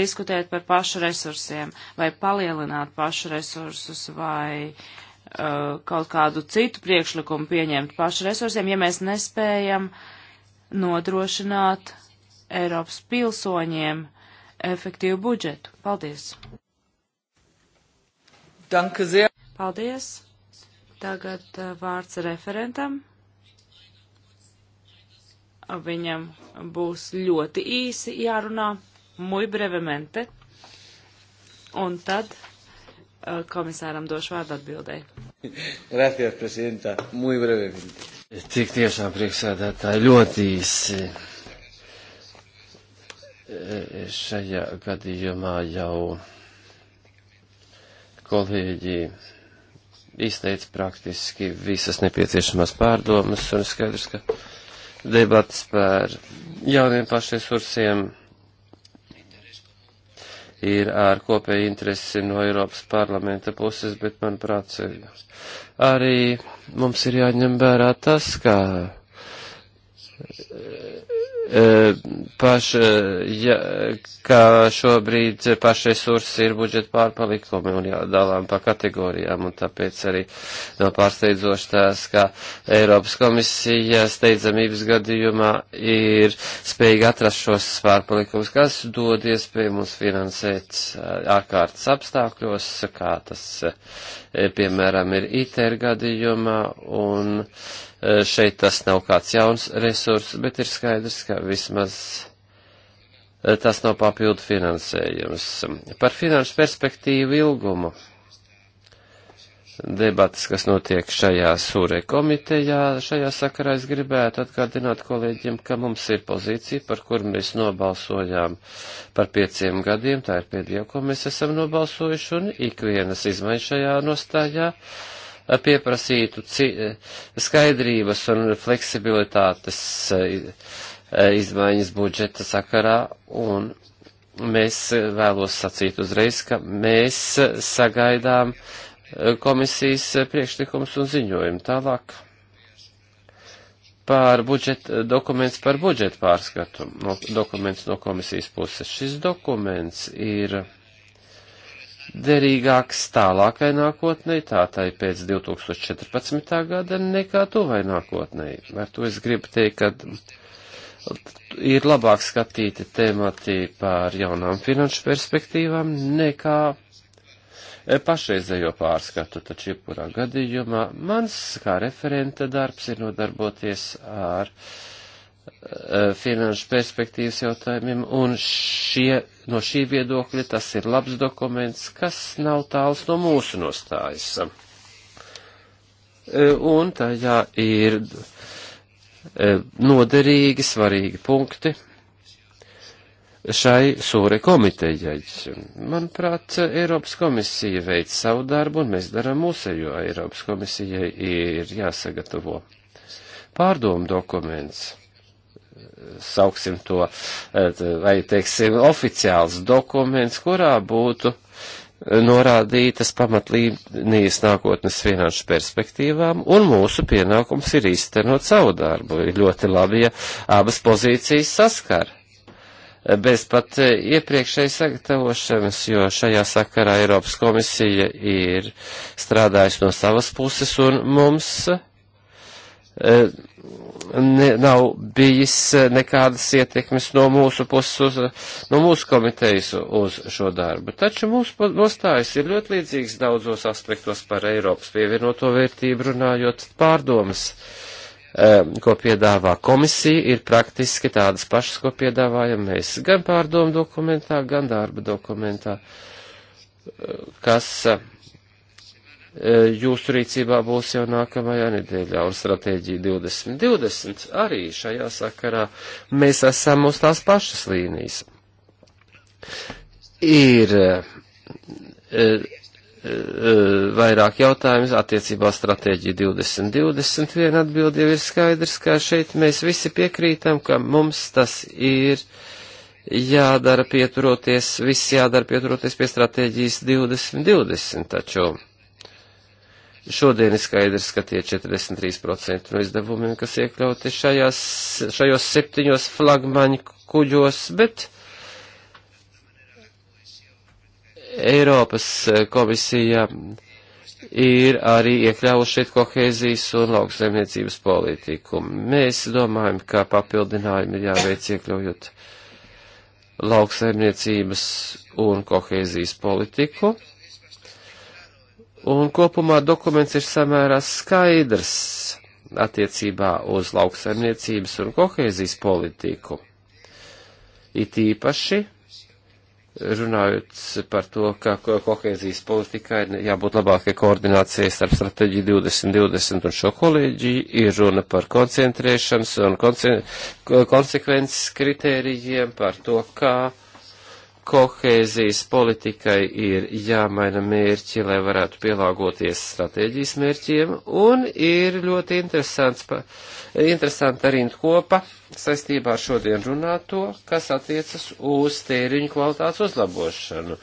diskutēt par pašu resursiem vai palielināt pašu resursus vai uh, kaut kādu citu priekšlikumu pieņemt pašu resursiem, ja mēs nespējam nodrošināt Eiropas pilsoņiem efektīvu budžetu. Paldies! Danke sehr. Paldies! Tagad uh, vārds referentam. Viņam būs ļoti īsi jārunā, muy brevemente, un tad uh, komisāram došu vārdu atbildēji. Gracias, presidenta, muy brevemente. Tik tiešām priekšsēdētāji ļoti īsi. E, šajā gadījumā jau kolēģi izteica praktiski visas nepieciešamās pārdomas un skaidrs, ka debatas par jauniem pašresursiem ir ar kopēju interesi no Eiropas parlamenta puses, bet, manuprāt, arī mums ir jāņem vērā tas, ka Eh, paša, ja, kā šobrīd pašresursi ir budžeta pārpalikumi un jādalām pa kategorijām, un tāpēc arī nav pārsteidzoši tās, ka Eiropas komisija steidzamības gadījumā ir spējīga atrast šos pārpalikumus, kas dod iespēju mums finansēt eh, ārkārtas apstākļos, kā tas, eh, piemēram, ir ITER gadījumā, un uh, Eh, šeit tas nav kāds jauns resurs, bet ir skaidrs, ka vismaz eh, tas nav papildu finansējums. Par finanšu perspektīvu ilgumu debatas, kas notiek šajā sūrē komitejā, šajā sakarā es gribētu atgādināt kolēģiem, ka mums ir pozīcija, par kur mēs nobalsojām par pieciem gadiem, tā ir pēdējā, ko mēs esam nobalsojuši, un ikvienas izmaiņas šajā nostājā uh, pieprasītu skaidrības un fleksibilitātes e, e, izmaiņas budžeta sakarā, un mēs vēlos sacīt uzreiz, ka mēs sagaidām e, komisijas priekšlikums un ziņojumu tālāk par budžeta, dokuments par budžeta pārskatu, no, dokuments no komisijas puses. Šis dokuments ir derīgāks tālākai nākotnē, tātai pēc 2014. gada, nekā tuvai nākotnē. Ar to es gribu teikt, ka ir labāk skatīti temati par jaunām finanšu perspektīvām nekā pašreizējo pārskatu, taču jebkurā gadījumā mans kā referenta darbs ir nodarboties ar uh, Eh, finanšu perspektīvas jautājumiem, un šie, no šī viedokļa tas ir labs dokuments, kas nav tāls no mūsu nostājas. Eh, un tajā ir eh, noderīgi, svarīgi punkti šai sūre komitejai. Manuprāt, Eiropas komisija veic savu darbu, un mēs darām mūsu, jo Eiropas komisijai ir jāsagatavo pārdomu dokuments sauksim to, eh, vai teiksim, oficiāls dokuments, kurā būtu eh, norādītas pamatlīnijas nākotnes finanšu perspektīvām, un mūsu pienākums ir īstenot savu darbu. Ir ļoti labi, ja abas pozīcijas saskara. Bez pat eh, iepriekšēji sagatavošanas, jo šajā sakarā Eiropas komisija ir strādājusi no savas puses, un mums uh, Eh, ne, nav bijis eh, nekādas ietekmes no mūsu puses, uz, no mūsu komitejas uz šo darbu. Taču mūsu nostājas ir ļoti līdzīgas daudzos aspektos par Eiropas pievienoto vērtību runājot pārdomas, eh, ko piedāvā komisija, ir praktiski tādas pašas, ko piedāvājam mēs gan pārdomu dokumentā, gan darba dokumentā, kas E, jūsu rīcībā būs jau nākamajā nedēļā un stratēģija 2020. Arī šajā sakarā mēs esam uz tās pašas līnijas. Ir e, e, vairāk jautājums attiecībā stratēģija 2020. Viena atbildi jau ir skaidrs, ka šeit mēs visi piekrītam, ka mums tas ir jādara pieturoties, viss jādara pieturoties pie stratēģijas 2020. Taču Šodien ir skaidrs, ka tie 43% no izdevumiem, kas iekļauti šajās, šajos septiņos flagmaņu kuģos, bet Eiropas komisija ir arī iekļāvuši šeit kohēzijas un lauksaimniecības politiku. Mēs domājam, ka papildinājumi ir jāveic iekļaujot lauksaimniecības un kohēzijas politiku. Un kopumā dokuments ir samērā skaidrs attiecībā uz lauksaimniecības un kohēzijas politiku. It īpaši runājot par to, ka kohēzijas politikā ir jābūt labākai koordinācijai starp strateģiju 2020 un šo kolēģiju, ir runa par koncentrēšanas un konse konsekvences kritērijiem, par to, kā kohēzijas politikai ir jāmaina mērķi, lai varētu pielāgoties stratēģijas mērķiem, un ir ļoti interesants, pa, interesanti arī kopa saistībā ar šodien runāto, kas attiecas uz tēriņu kvalitātes uzlabošanu.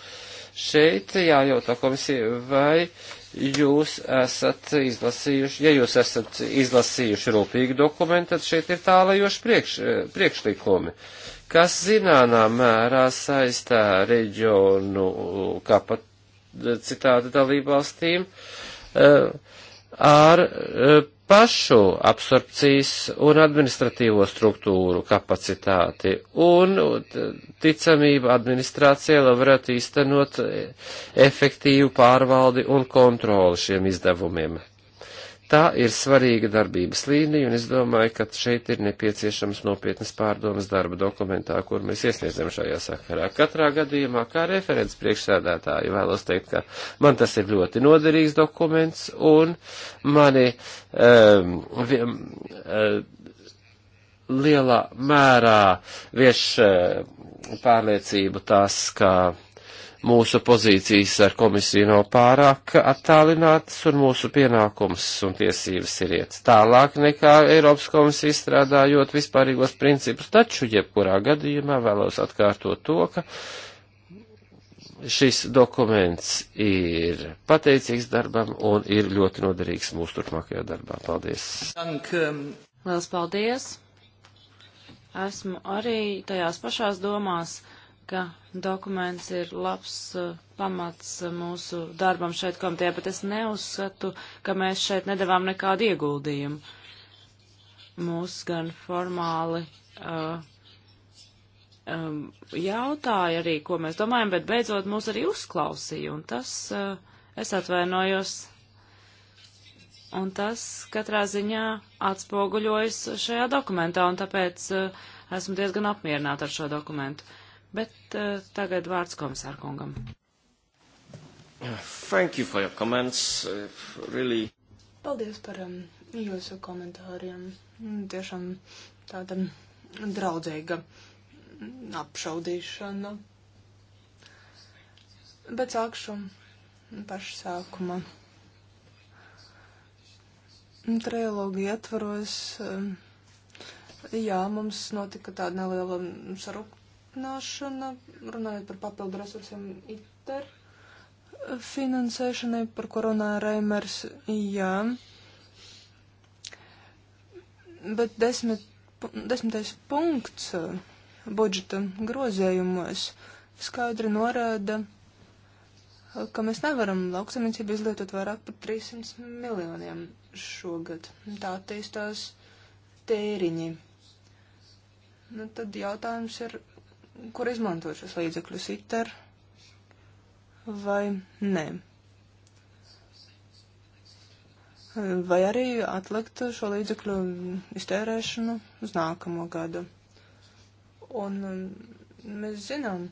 Šeit jājautā komisija, vai jūs esat izlasījuši, ja jūs esat izlasījuši rūpīgi dokumentu, tad šeit ir tālajoši priekš, priekšlikumi. Uh, kas zināmā mērā saistā reģionu kapacitāti e, dalībvalstīm e, ar e, pašu absorpcijas un administratīvo struktūru kapacitāti un ticamību administrācijai, lai varētu īstenot efektīvu pārvaldi un kontroli šiem izdevumiem. Tā ir svarīga darbības līnija, un es domāju, ka šeit ir nepieciešams nopietnas pārdomas darba dokumentā, kur mēs iesniedzam šajā sakarā. Katrā gadījumā, kā referents priekšsēdētāji, vēlos teikt, ka man tas ir ļoti noderīgs dokuments, un mani um, ehm, vi, uh, ehm, lielā mērā vieš uh, pārliecību tās, ka. Kā mūsu pozīcijas ar komisiju nav pārāk attālinātas un mūsu pienākums un tiesības ir iet tālāk nekā Eiropas komisija izstrādājot vispārīgos principus. Taču, jebkurā gadījumā vēlos atkārtot to, ka šis dokuments ir pateicīgs darbam un ir ļoti noderīgs mūsu turpmākajā darbā. Paldies! Um, Liels paldies! Esmu arī tajās pašās domās ka dokuments ir labs uh, pamats uh, mūsu darbam šeit komitē, bet es neuzskatu, ka mēs šeit nedavām nekādu ieguldījumu. Mūs gan formāli uh, um, jautāja arī, ko mēs domājam, bet beidzot mūs arī uzklausīja, un tas, uh, es atvainojos, un tas katrā ziņā atspoguļojas šajā dokumentā, un tāpēc uh, esmu diezgan apmierināta ar šo dokumentu. Uh, Bet uh, tagad vārds komisārkungam. Thank you for your comments. Uh, really. Paldies par um, jūsu komentāriem. Mm, tiešām tāda draudzīga apšaudīšana. Bet sākšu pašu sākuma. Trilogu ietvaros, um, jā, mums notika tāda neliela saruk, apstiprināšana, runājot par papildu resursiem ITER finansēšanai, par ko runāja Reimers, jā. Bet desmit, desmitais punkts budžeta grozējumos skaidri norāda, ka mēs nevaram lauksamniecību izlietot vairāk par 300 miljoniem šogad. Tā attīstās tēriņi. Nu, tad jautājums ir, kur izmantot šos līdzekļus ITER vai nē. Vai arī atlikt šo līdzekļu iztērēšanu uz nākamo gadu. Un um, mēs zinām,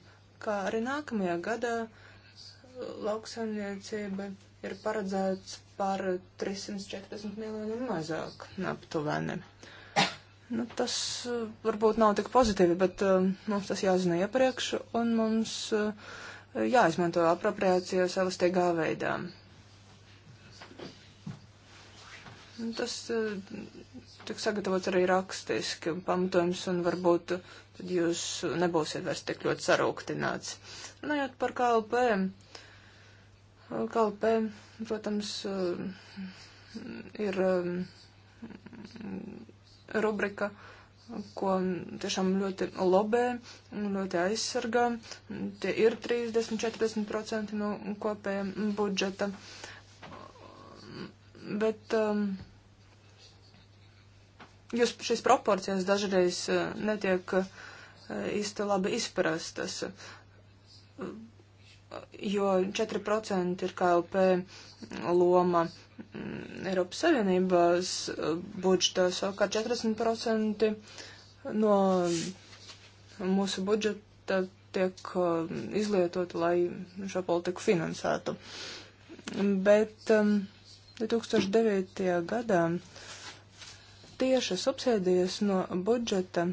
ka arī nākamajā gadā lauksaimniecība ir paredzēts par 340 miljoniem mazāk aptuveni. Uh, Nu, tas eh, varbūt nav tik pozitīvi, bet uh, mums tas jāzina iepriekš, un mums uh, jāizmanto apropriācijas elastīgā veidā. Tas uh, tik sagatavots arī rakstiski pamatojums, un varbūt tad jūs nebūsiet vairs tik ļoti sarūktināts. Runājot nu, par KLP, KLP, protams, ir. Um, rubrika, ko tiešām ļoti lobē, ļoti aizsargā. Tie ir 30-40% no kopējiem budžeta. Bet um, jūs šīs proporcijas dažreiz uh, netiek uh, īsti labi izprastas, jo 4% ir KLP loma Eiropas Savienības eh, budžeta, savukārt 40% no mūsu budžeta tiek eh, izlietota, lai šo politiku finansētu. Bet 2009. gadā tieši subsēdijas no budžeta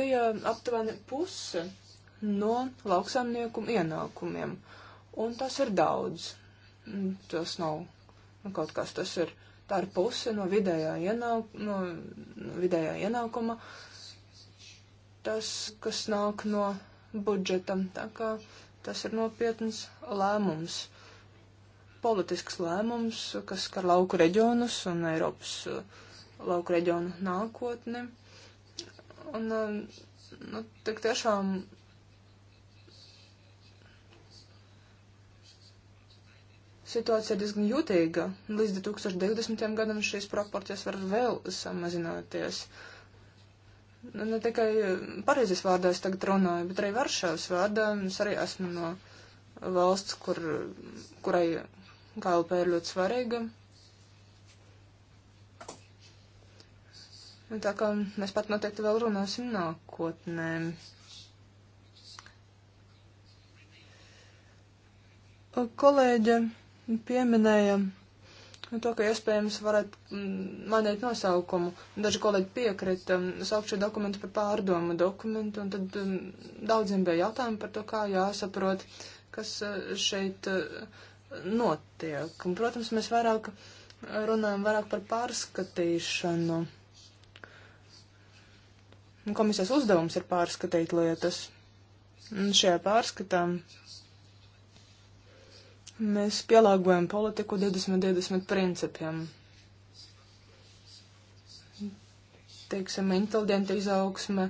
bija aptuveni puse no lauksaimnieku ienākumiem. Uh, un tas ir daudz. Mm, tas nav nu, kaut kas, tas ir tā ir puse no vidējā, ienāk, no, no vidējā ienākuma, tas, kas nāk no budžetam. Tā kā tas ir nopietns lēmums, politisks lēmums, kas skar lauku reģionus un Eiropas uh, lauku reģionu nākotni. Un, uh, nu, tik tiešām situācija ir diezgan jūtīga. Līdz 2020. gadam šīs proporcijas var vēl samazināties. Nu, ne tikai Parīzes vārdā es tagad runāju, bet arī Varšavas vārdā. Es arī esmu no valsts, kur, kurai KLP ir ļoti svarīga. Un tā kā mēs pat noteikti vēl runāsim nākotnē. Kolēģe pieminēja to, ka iespējams varētu mm, mainīt nosaukumu. Daži kolēģi piekrita mm, saukt šo dokumentu par pārdomu dokumentu, un tad mm, daudziem bija jautājumi par to, kā jāsaprot, kas eh, šeit eh, notiek. Un, protams, mēs vairāk runājam vairāk par pārskatīšanu. Komisijas uzdevums ir pārskatīt lietas. Un šajā pārskatām Mēs pielāgojam politiku 2020 principiem. Teiksim, inteliģenta izaugsme,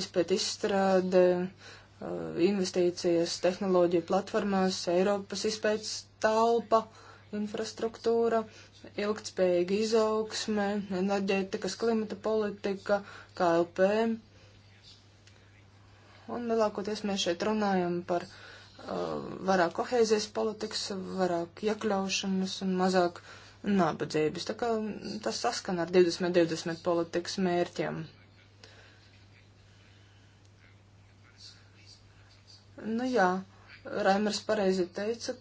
izpēt izstrāde, uh, investīcijas tehnoloģiju platformās, Eiropas izpētes talpa, infrastruktūra, ilgtspējīga izaugsme, enerģētikas, klimata politika, KLP. Un lielākoties mēs šeit runājam par uh, Uh, vairāk kohēzijas politikas, vairāk iekļaušanas un mazāk nabadzības. Tā kā tas saskan ar 2020 politikas mērķiem. Nu jā, Raimers pareizi teica,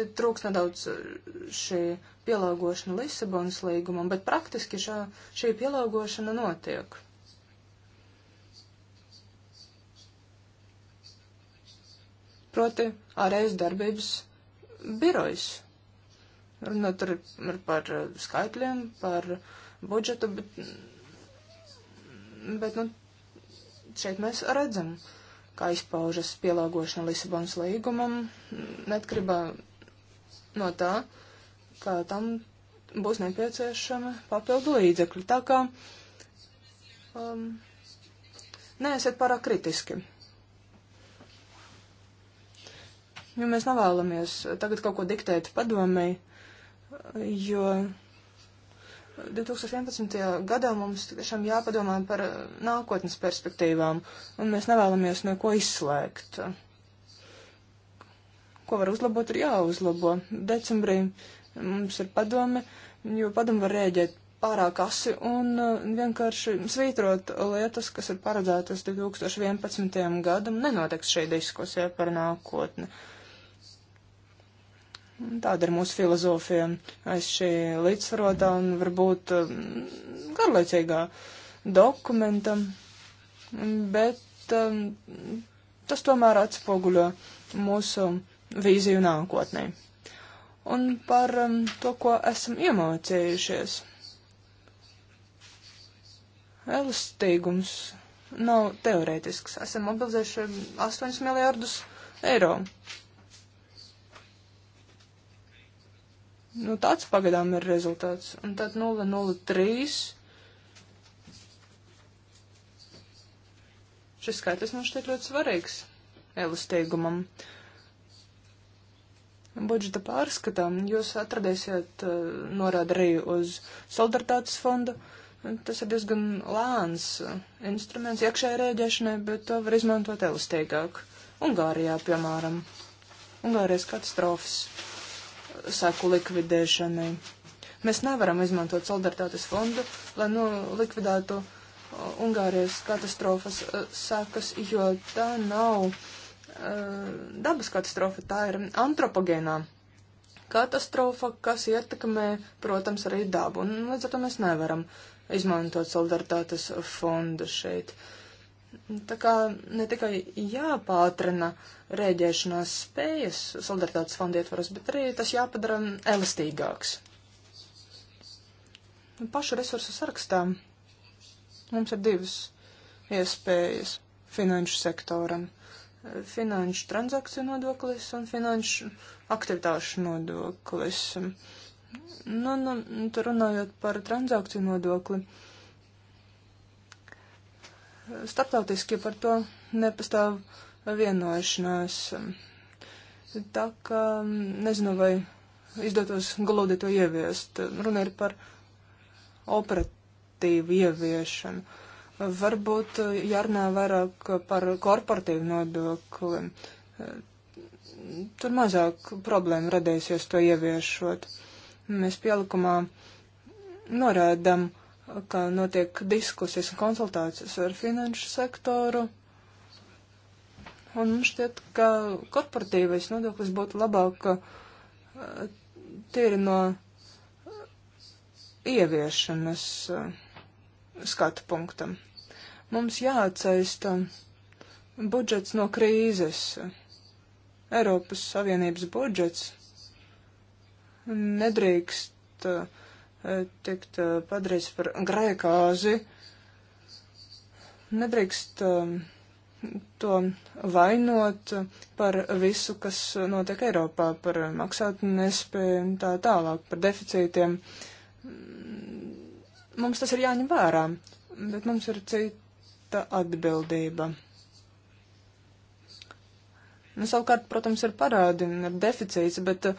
te trūks nedaudz šī pielāgošana Lisabonas līgumam, bet praktiski šā, šī pielāgošana notiek. proti ārējas darbības birojs. Runa tur ir par skaitļiem, par budžetu, bet, bet nu, šeit mēs redzam, kā izpaužas pielāgošana Lisabonas līgumam, netkarībā no tā, ka tam būs nepieciešama papildu līdzekļi. Tā kā um, neesiet pārāk kritiski jo mēs nevēlamies tagad kaut ko diktēt padomēji, jo 2011. gadā mums tiešām jāpadomā par nākotnes perspektīvām, un mēs nevēlamies neko izslēgt. Ko var uzlabot, ir jāuzlabo. Decembrī mums ir padome, jo padome var rēģēt pārāk asi un uh, vienkārši svītrot lietas, kas ir paredzētas 2011. gadam, nenotiks šī diskusija par nākotni. Uh, Tāda ir mūsu filozofija aiz šī līdzsvarotā un varbūt um, garlaicīgā dokumenta, bet um, tas tomēr atspoguļo mūsu vīziju nākotnē. Un par um, to, ko esam iemācījušies. Elastīgums nav teorētisks. Esam mobilizējuši 8 miljārdus eiro Nu, tāds pagaidām ir rezultāts. Un tad 003. Šis skaitlis mums šķiet ļoti svarīgs elastīgumam. Budžeta pārskatām jūs atradīsiet uh, norādi arī uz solidaritātes fondu. Tas ir diezgan lēns eh, instruments iekšējai rēģēšanai, bet to var izmantot elastīgāk. Ungārijā, piemēram. Ungārijas katastrofas seku likvidēšanai. Mēs nevaram izmantot solidaritātes fondu, lai nu, likvidētu uh, Ungārijas katastrofas uh, sekas, jo tā nav uh, dabas katastrofa, tā ir antropogēnā katastrofa, kas ietekmē, protams, arī dabu. Un līdz ar to mēs nevaram izmantot solidaritātes fondu šeit. Uh, Tā kā ne tikai jāpātrina rēģēšanās spējas solidaritātes fonda ietvaros, bet arī tas jāpadara elastīgāks. Pašu resursu sarakstā mums ir divas iespējas finanšu sektoram - finanšu transakciju nodoklis un finanšu aktivitāšu nodoklis. Nu, nu, tur runājot par transakciju nodokli. Uh, starptautiski par to nepastāv vienošanās. Tā kā mm, nezinu, vai izdotos gludi to ieviest. Runa ir par operatīvu ieviešanu. Varbūt eh, jārunā vairāk par korporatīvu nodokli. Tur mazāk problēmu radīsies to ieviešot. Mēs pielikumā norādām, uh, ka notiek diskusijas un konsultācijas ar finanšu sektoru. Un mums šķiet, ka korporatīvais nodoklis būtu labāk eh, tīri no eh, ieviešanas eh, skatu punktam. Mums jāatsaista budžets no krīzes. Eiropas Savienības budžets nedrīkst uh, tikt eh, padarīts par grēkāzi. Nedrīkst eh, to vainot par visu, kas notiek Eiropā, par maksātu nespēju un tā tālāk, par deficītiem. Mums tas ir jāņem vērā, bet mums ir cita atbildība. Nu, savukārt, protams, ir parādi un ir deficīts, bet uh,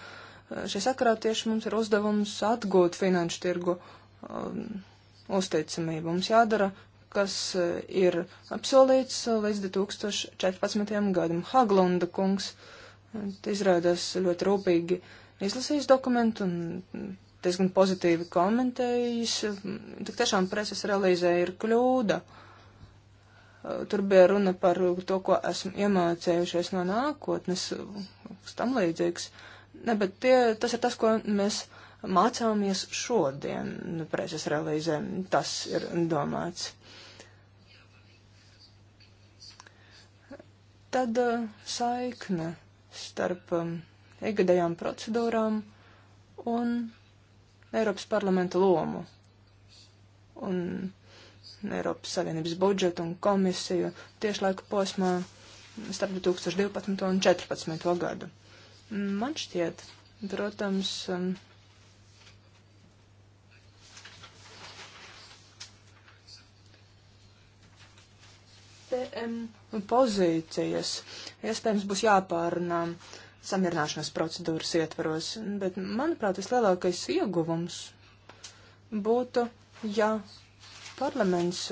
šī sakarā tieši mums ir uzdevums atgūt finanšu tirgu um, uzticamību. Mums jādara, kas eh, ir apsolīts eh, līdz 2014. gadam. Haglunda kungs eh, izrādās ļoti rūpīgi izlasījis dokumentu un diezgan pozitīvi komentējis. Tik tiešām preses relīzē ir kļūda. Tur bija runa par to, ko esmu iemācējušies no nākotnes, kas tam līdzīgs. Uh, Ne, bet tie, tas ir tas, ko mēs mācāmies šodien nu, preces relīzē. Tas ir domāts. Tad eh, saikne starp um, ikgadējām procedūrām un Eiropas parlamenta lomu un Eiropas Savienības budžetu un komisiju tieši laika posmā starp 2012 un 2014 gadu. Man šķiet, protams, um, PM pozīcijas iespējams būs jāpārunā samierināšanās procedūras ietvaros, bet, manuprāt, vislielākais ieguvums būtu, ja parlaments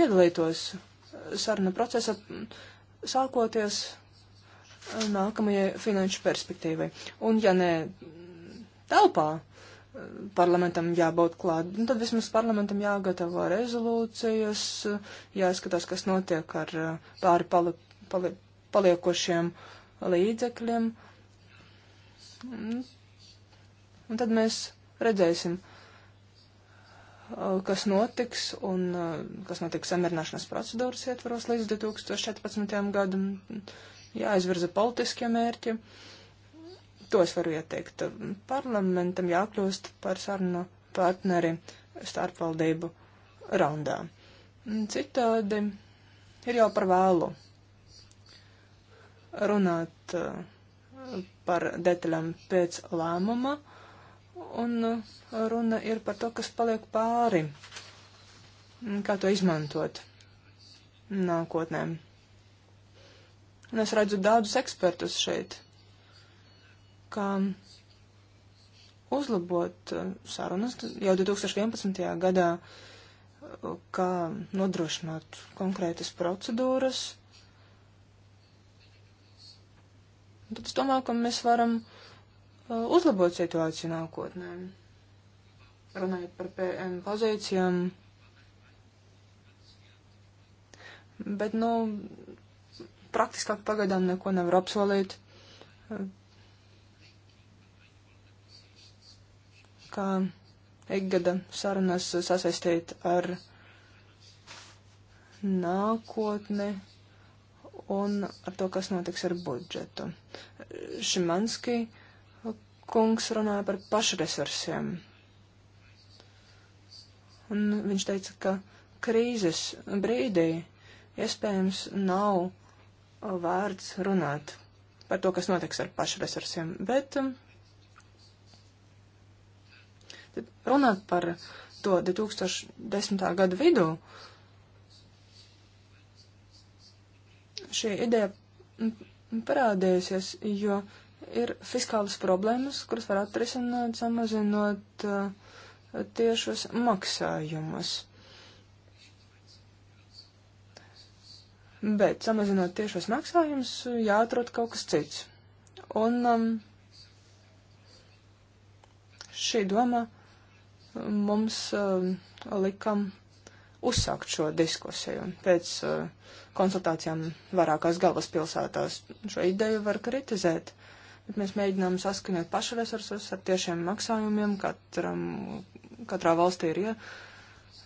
piedalītos saruna procesa sākoties nākamajai finanšu perspektīvai. Un ja ne telpā parlamentam jābūt klāt, nu, tad vismaz parlamentam jāgatavo rezolūcijas, jāskatās, kas notiek ar uh, pāri pali, pali, paliekošiem līdzekļiem. Un tad mēs redzēsim, uh, kas notiks un uh, kas notiks samierināšanas procedūras ietvaros līdz 2014. gadam jāizvirza politiskie mērķi. To es varu ieteikt. Parlamentam jākļūst par sarunu partneri starpvaldību raundā. Citādi ir jau par vēlu runāt uh, par detaļām pēc lēmuma, un uh, runa ir par to, kas paliek pāri, kā to izmantot nākotnēm. Un es redzu daudzus ekspertus šeit, kā uzlabot uh, sarunas jau 2011. gadā, uh, kā nodrošināt konkrētas procedūras. Un tad es domāju, ka mēs varam uh, uzlabot situāciju nākotnē. Runājot par PM pozīcijām. Bet, nu, praktiskāk pagaidām neko nevar apsolīt. Kā ikgada sarunas sasaistīt ar nākotni un ar to, kas notiks ar budžetu. Šimanski kungs runāja par pašresursiem. Un viņš teica, ka krīzes brīdī iespējams nav vārds runāt par to, kas notiks ar pašresursiem, bet um, runāt par to 2010. gada vidū, šī ideja parādījusies, jo ir fiskālas problēmas, kuras var atrisināt, samazinot uh, tiešus maksājumus. Bet samazinot tiešos maksājumus, jāatrod kaut kas cits. Un um, šī doma mums um, likam uzsākt šo diskusiju. Pēc uh, konsultācijām vairākās galvaspilsētās šo ideju var kritizēt, bet mēs mēģinām saskaņot pašu resursus ar tiešiem maksājumiem, katram, katrā valstī ir ielikumi. Ja,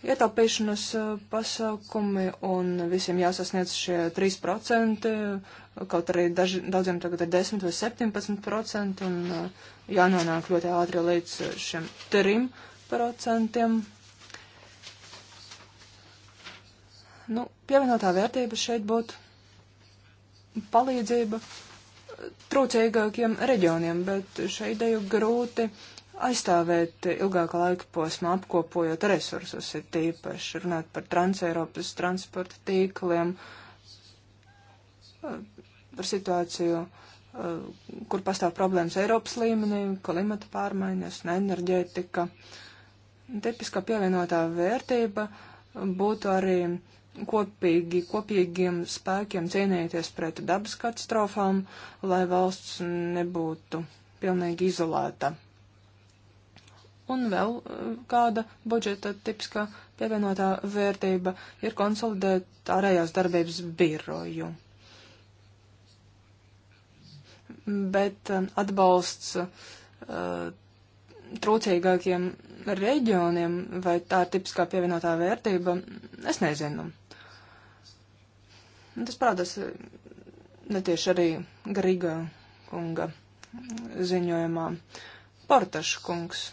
ietaupīšanas uh, pasākumi un visiem jāsasniedz šie 3%, uh, kaut arī daži, daudziem tagad ir 10 vai 17% un uh, jānonāk ļoti ātri līdz šiem 3%. Nu, pievienotā vērtība šeit būtu palīdzība trūcīgākiem reģioniem, bet šai ideju grūti uh, aizstāvēt ilgāka laika posmā, apkopojot resursus, ir tīpaši runāt par transeiropas transporta tīkliem, eh, par situāciju, eh, kur pastāv problēmas Eiropas līmenī, klimata pārmaiņas un enerģētika. Tipiskā pievienotā vērtība būtu arī kopīgi, kopīgiem spēkiem cīnīties pret dabas katastrofām, lai valsts nebūtu pilnīgi izolēta Un vēl eh, kāda budžeta tipska pievienotā vērtība ir konsolidēt ārējās darbības biroju. Bet eh, atbalsts uh, trūcīgākiem reģioniem, vai tā ir tipiskā pievienotā vērtība, es nezinu. Tas parādās netieši arī Grīga kunga ziņojumā. Portaškungs. kungs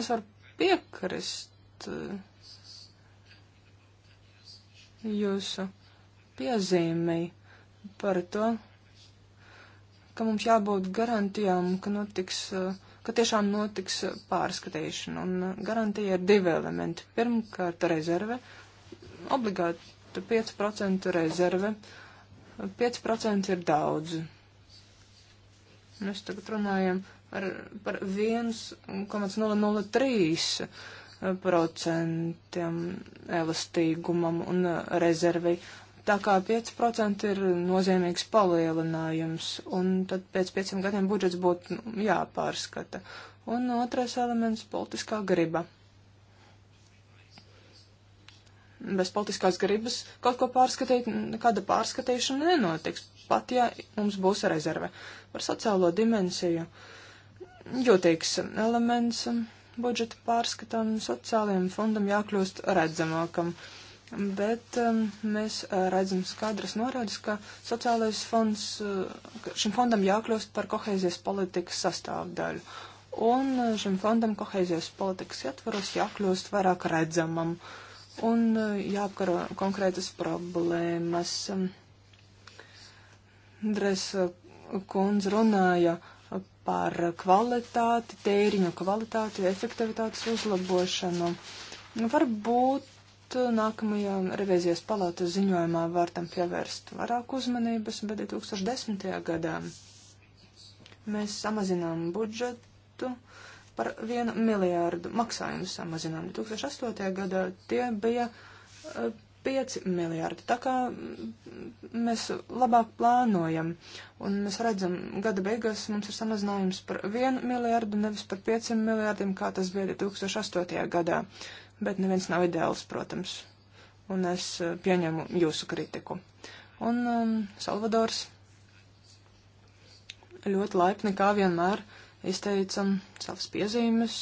Es varu piekrist eh, jūsu piezīmei par to, ka mums jābūt garantijām, ka notiks, eh, ka tiešām notiks pārskatīšana. Un eh, garantija ir divi elementi. Pirmkārt, rezerve, obligāta 5% rezerve. 5% ir daudz. Mēs tagad runājam ar, par 1,003 procentiem elastīgumam un uh, rezervi. Tā kā 5% ir nozīmīgs palielinājums, un tad pēc pieciem gadiem budžets būtu nu, jāpārskata. Un otrais elements - politiskā griba. Bez politiskās gribas kaut ko pārskatīt, nekāda pārskatīšana nenotiks, pat ja mums būs rezerve. Par sociālo dimensiju. Uh, jūtīgs elements budžeta pārskatam, sociālajiem fondam jākļūst redzamākam. Bet um, mēs uh, redzam skadras norādes, ka sociālais fonds, uh, ka šim fondam jākļūst par kohēzijas politikas sastāvdaļu. Un uh, šim fondam kohēzijas politikas ietvaros jākļūst vairāk redzamam un jāapkaro konkrētas problēmas. Um, Dres kundze runāja uh, par kvalitāti, tēriņu kvalitāti, efektivitātes uzlabošanu. Nu, varbūt nākamajā revizijas palātas ziņojumā var tam pievērst vairāk uzmanības, bet 2010. gadā mēs samazinām budžetu par vienu miljārdu maksājumu samazinām. 2008. gadā tie bija eh, 5 miljārdi. Tā kā mēs labāk plānojam un mēs redzam, gada beigās mums ir samazinājums par 1 miljārdu, nevis par 5 miljārdiem, kā tas bija 2008. gadā. Bet neviens nav ideāls, protams. Un es eh, pieņemu jūsu kritiku. Un um, Salvadors ļoti laipni, kā vienmēr, izteicam savas piezīmes.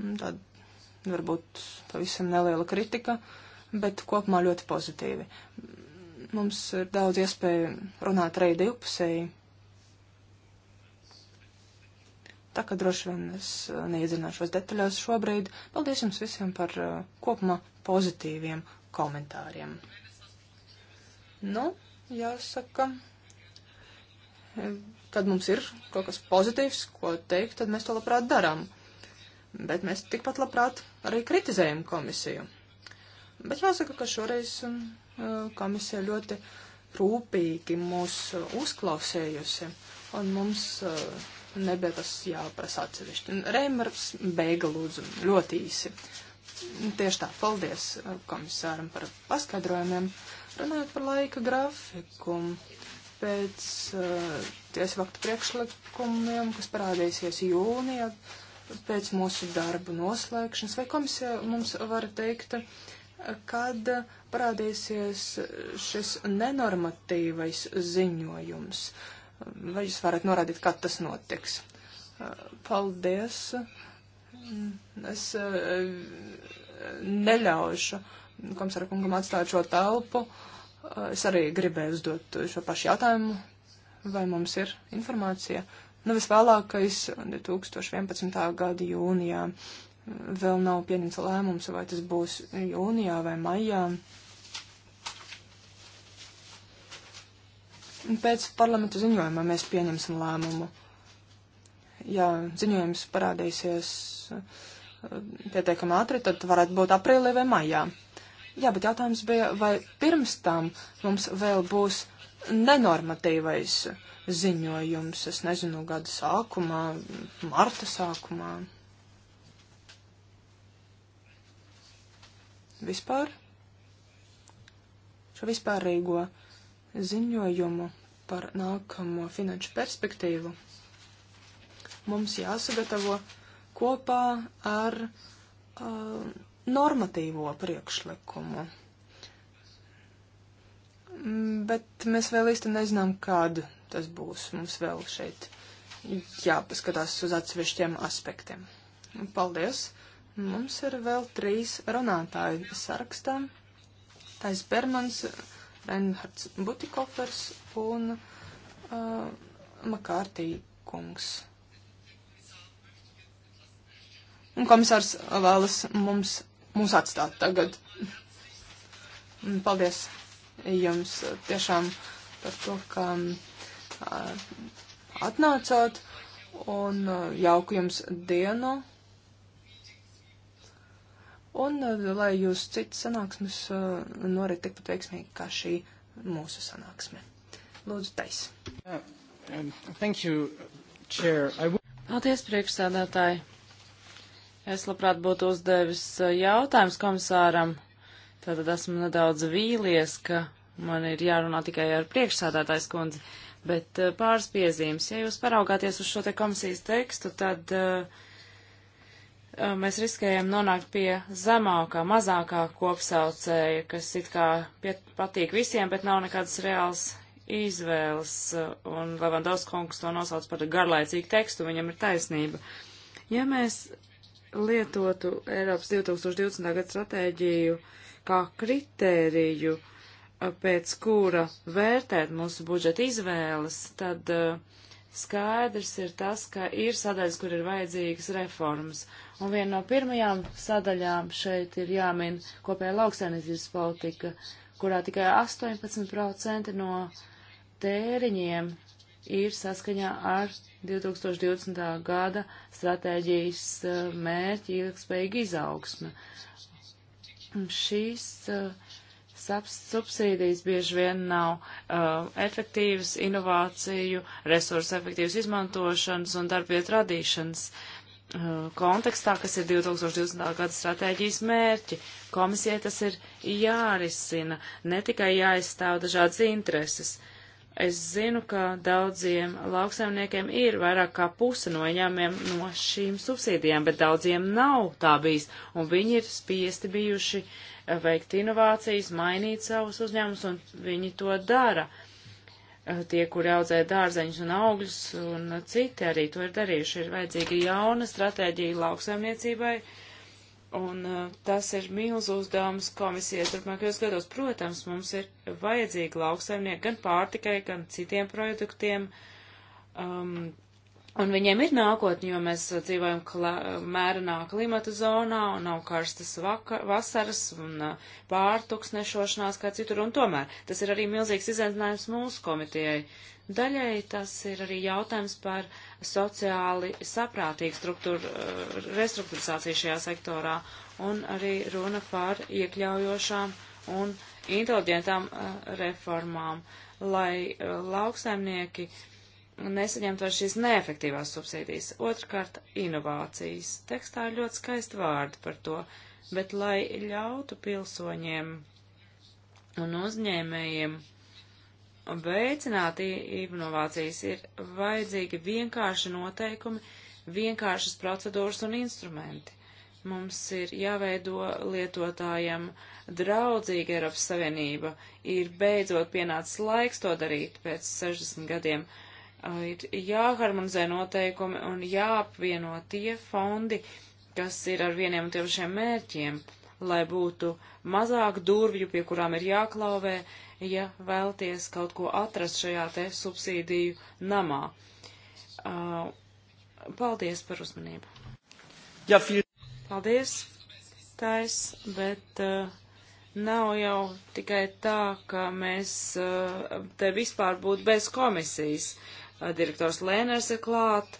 Tāda varbūt pavisam neliela kritika. Uh, bet kopumā ļoti pozitīvi. Mums ir daudz iespēju runāt arī divpusēji. Tā kā droši vien es uh, neiedzināšos detaļās šobrīd, paldies jums visiem par uh, kopumā pozitīviem komentāriem. Nu, jāsaka, kad mums ir kaut kas pozitīvs, ko teikt, tad mēs to labprāt darām. Bet mēs tikpat labprāt arī kritizējam komisiju. Bet jāsaka, ka šoreiz um, komisija ļoti rūpīgi mūs uh, uzklausējusi, un mums uh, nebija tas jāprasa atsevišķi. Reimers beiga lūdzu ļoti īsi. Tieši tā, paldies uh, komisāram par paskaidrojumiem. Runājot par laika grafiku, pēc uh, tiesvakta priekšlikumiem, kas parādīsies jūnijā, pēc mūsu darbu noslēgšanas, vai komisija mums var teikt, uh, kad parādīsies šis nenormatīvais ziņojums. Vai jūs varat norādīt, kad tas notiks? Paldies. Es eh, neļaušu komisāra kungam atstāt šo telpu. Es arī gribēju uzdot šo pašu jautājumu, vai mums ir informācija. Nu, visvēlākais 2011. gada jūnijā Vēl nav pieņemts lēmums, vai tas būs jūnijā vai maijā. Pēc parlamenta ziņojuma mēs pieņemsim lēmumu. Ja ziņojums parādīsies uh, pietiekami ātri, tad varētu būt aprīlī vai maijā. Jā, bet jautājums bija, vai pirms tam mums vēl būs nenormatīvais ziņojums, es nezinu, gada sākumā, marta sākumā. vispār šo vispārīgo ziņojumu par nākamo finanšu perspektīvu mums jāsagatavo kopā ar uh, normatīvo priekšlikumu. Bet mēs vēl īsti nezinām, kādu tas būs. Mums vēl šeit jāpaskatās uz atsevišķiem aspektiem. Paldies! Mums ir vēl trīs runātāji sarakstā. Tais Bermans, Reinhards Butikofers un uh, Makārtī kungs. Un komisārs vēlas mums, mums atstāt tagad. Paldies jums tiešām par to, ka uh, atnācāt un uh, jauku jums dienu un eh, lai jūs citas sanāksmes eh, norit tikpat veiksmīgi kā šī mūsu sanāksme. Lūdzu, tais. Uh, um, thank you, Chair. I will... Paldies, priekšsēdētāji. Es labprāt būtu uzdevis eh, jautājums komisāram. Tātad esmu nedaudz vīlies, ka man ir jārunā tikai ar priekšsēdētājs kundzi. Bet pāris piezīmes. Ja jūs paraugāties uz šo te komisijas tekstu, tad uh, Uh, mēs riskējam nonākt pie zemākā, mazākā kopsaucēja, kas it kā patīk visiem, bet nav nekādas reāls izvēles, uh, un Levandovs kungs to nosauc par garlaicīgu tekstu, viņam ir taisnība. Ja mēs lietotu Eiropas 2020. gada stratēģiju kā kritēriju, uh, pēc kura vērtēt mūsu budžeta izvēles, tad skaidrs ir tas, ka ir sadaļas, kur ir vajadzīgas reformas, Un viena no pirmajām sadaļām šeit ir jāmin kopējā lauksainizības politika, kurā tikai 18% no tēriņiem ir saskaņā ar 2020. gada stratēģijas eh, mērķi ilgspējīga izaugsme. Šīs eh, subsīdijas bieži vien nav uh, efektīvas inovāciju, resursu efektīvas izmantošanas un darbvietu radīšanas uh, Uh, kontekstā, kas ir 2020. gada stratēģijas mērķi. Komisijai tas ir jārisina, ne tikai jāizstāv dažādas intereses. Es zinu, ka daudziem lauksaimniekiem ir vairāk kā puse no ieņēmiem no šīm subsīdijām, bet daudziem nav tā bijis, un viņi ir spiesti bijuši veikt inovācijas, mainīt savus uzņēmumus, un viņi to dara. Uh, Eh, tie, kuri audzē dārzeņus un augļus, un citi arī to ir darījuši. Ir vajadzīga jauna stratēģija lauksaimniecībai, un eh, tas ir milzu uzdevums komisijai turpmākajos gados. Protams, mums ir vajadzīga lauksaimnieka gan pārtikai, gan citiem produktiem. Um, Un viņiem ir nākotne, jo mēs dzīvojam klā, mērenā klimata zonā un nav karstas vaka, vasaras un uh, pārtuksnešošanās kā citur. Un tomēr tas ir arī milzīgs izaicinājums mūsu komitejai. Daļai tas ir arī jautājums par sociāli saprātīgu struktūru uh, restruktūrizāciju šajā sektorā un arī runa par iekļaujošām un inteliģentām uh, reformām, lai lauksaimnieki uh, nesaņemt vairs šīs neefektīvās subsīdijas. Otrkārt, inovācijas. Tekstā ir ļoti skaisti vārdi par to, bet lai ļautu pilsoņiem un uzņēmējiem veicināt inovācijas, ir vajadzīgi vienkārši noteikumi, vienkāršas procedūras un instrumenti. Mums ir jāveido lietotājiem draudzīga Eiropas Savienība. Ir beidzot pienācis laiks to darīt pēc 60 gadiem. Uh, ir jāharmonizē noteikumi un jāapvieno tie fondi, kas ir ar vieniem un tiem pašiem mērķiem, lai būtu mazāk durvju, pie kurām ir jāklauvē, ja vēlties kaut ko atrast šajā te subsīdiju namā. Uh, paldies par uzmanību. Jā, fīl. Paldies, Tais, bet. Uh, nav jau tikai tā, ka mēs te vispār būtu bez komisijas direktors Lēners ir klāt.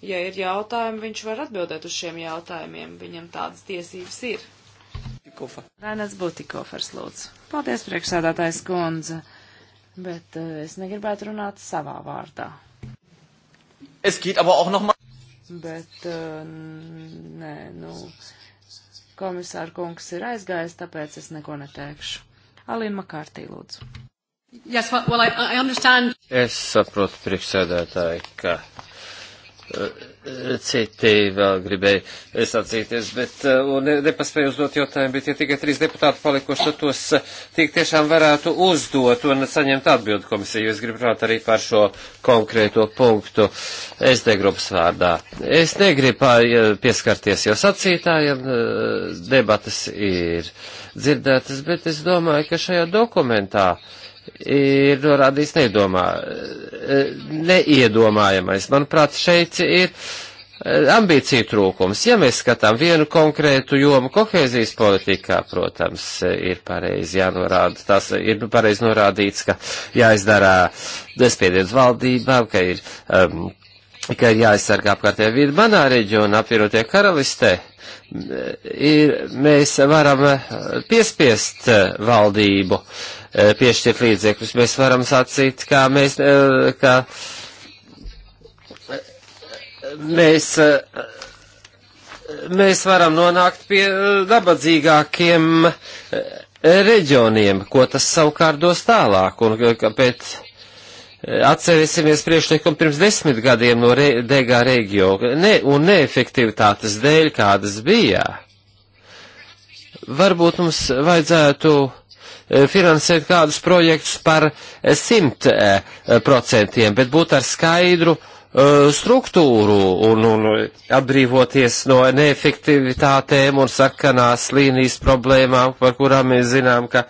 Ja ir jautājumi, viņš var atbildēt uz šiem jautājumiem. Viņam tādas tiesības ir. Butikofa. Rainas Butikofers, lūdzu. Paldies, priekšsēdātājs kundze, bet uh, es negribētu runāt savā vārdā. Es geht aber auch noch mal. Bet, uh, nē, nu, komisāra kungs ir aizgājis, tāpēc es neko neteikšu. Alīna Makārtī, lūdzu. Yes, well, I, I understand. Es saprotu priekšsēdētāji, ka eh, citi vēl gribēja sacīties, bet eh, ne, nepaspēju uzdot jautājumu, bet ja tikai trīs deputāti palikuši, tad tos eh, tik tiešām varētu uzdot un saņemt atbildi komisiju. Es gribu runāt arī par šo konkrēto punktu SD grupas vārdā. Es negribu pieskarties jau sacītājiem, debatas ir dzirdētas, bet es domāju, ka šajā dokumentā uh, ir norādījis neiedomā, e, neiedomājamais. Manuprāt, šeit ir e, ambīcija trūkums. Ja mēs skatām vienu konkrētu jomu kohēzijas politikā, protams, ir pareizi jānorāda, tas ir pareizi norādīts, ka jāizdara despiediens valdībām, ka ir, um, ka ir jāaizsargā apkārtējā vidi. Manā reģionā, apvienotie karalistē, e, ir, mēs varam piespiest valdību uh, E, piešķirt līdzekļus. Mēs varam sacīt, kā mēs, e, kā mēs, e, mēs varam nonākt pie nabadzīgākiem reģioniem, ko tas savukārt dos tālāk. Un, kāpēc, Atcerēsimies priekšlikumu pirms desmit gadiem no re, Degā reģio ne, un neefektivitātes dēļ, kādas bija. Varbūt mums vajadzētu Eh, finansēt kādus projektus par eh, simt eh, procentiem, bet būt ar skaidru struktūru un, un atbrīvoties no neefektivitātēm un sakanās līnijas problēmām, par kurām mēs zinām, ka,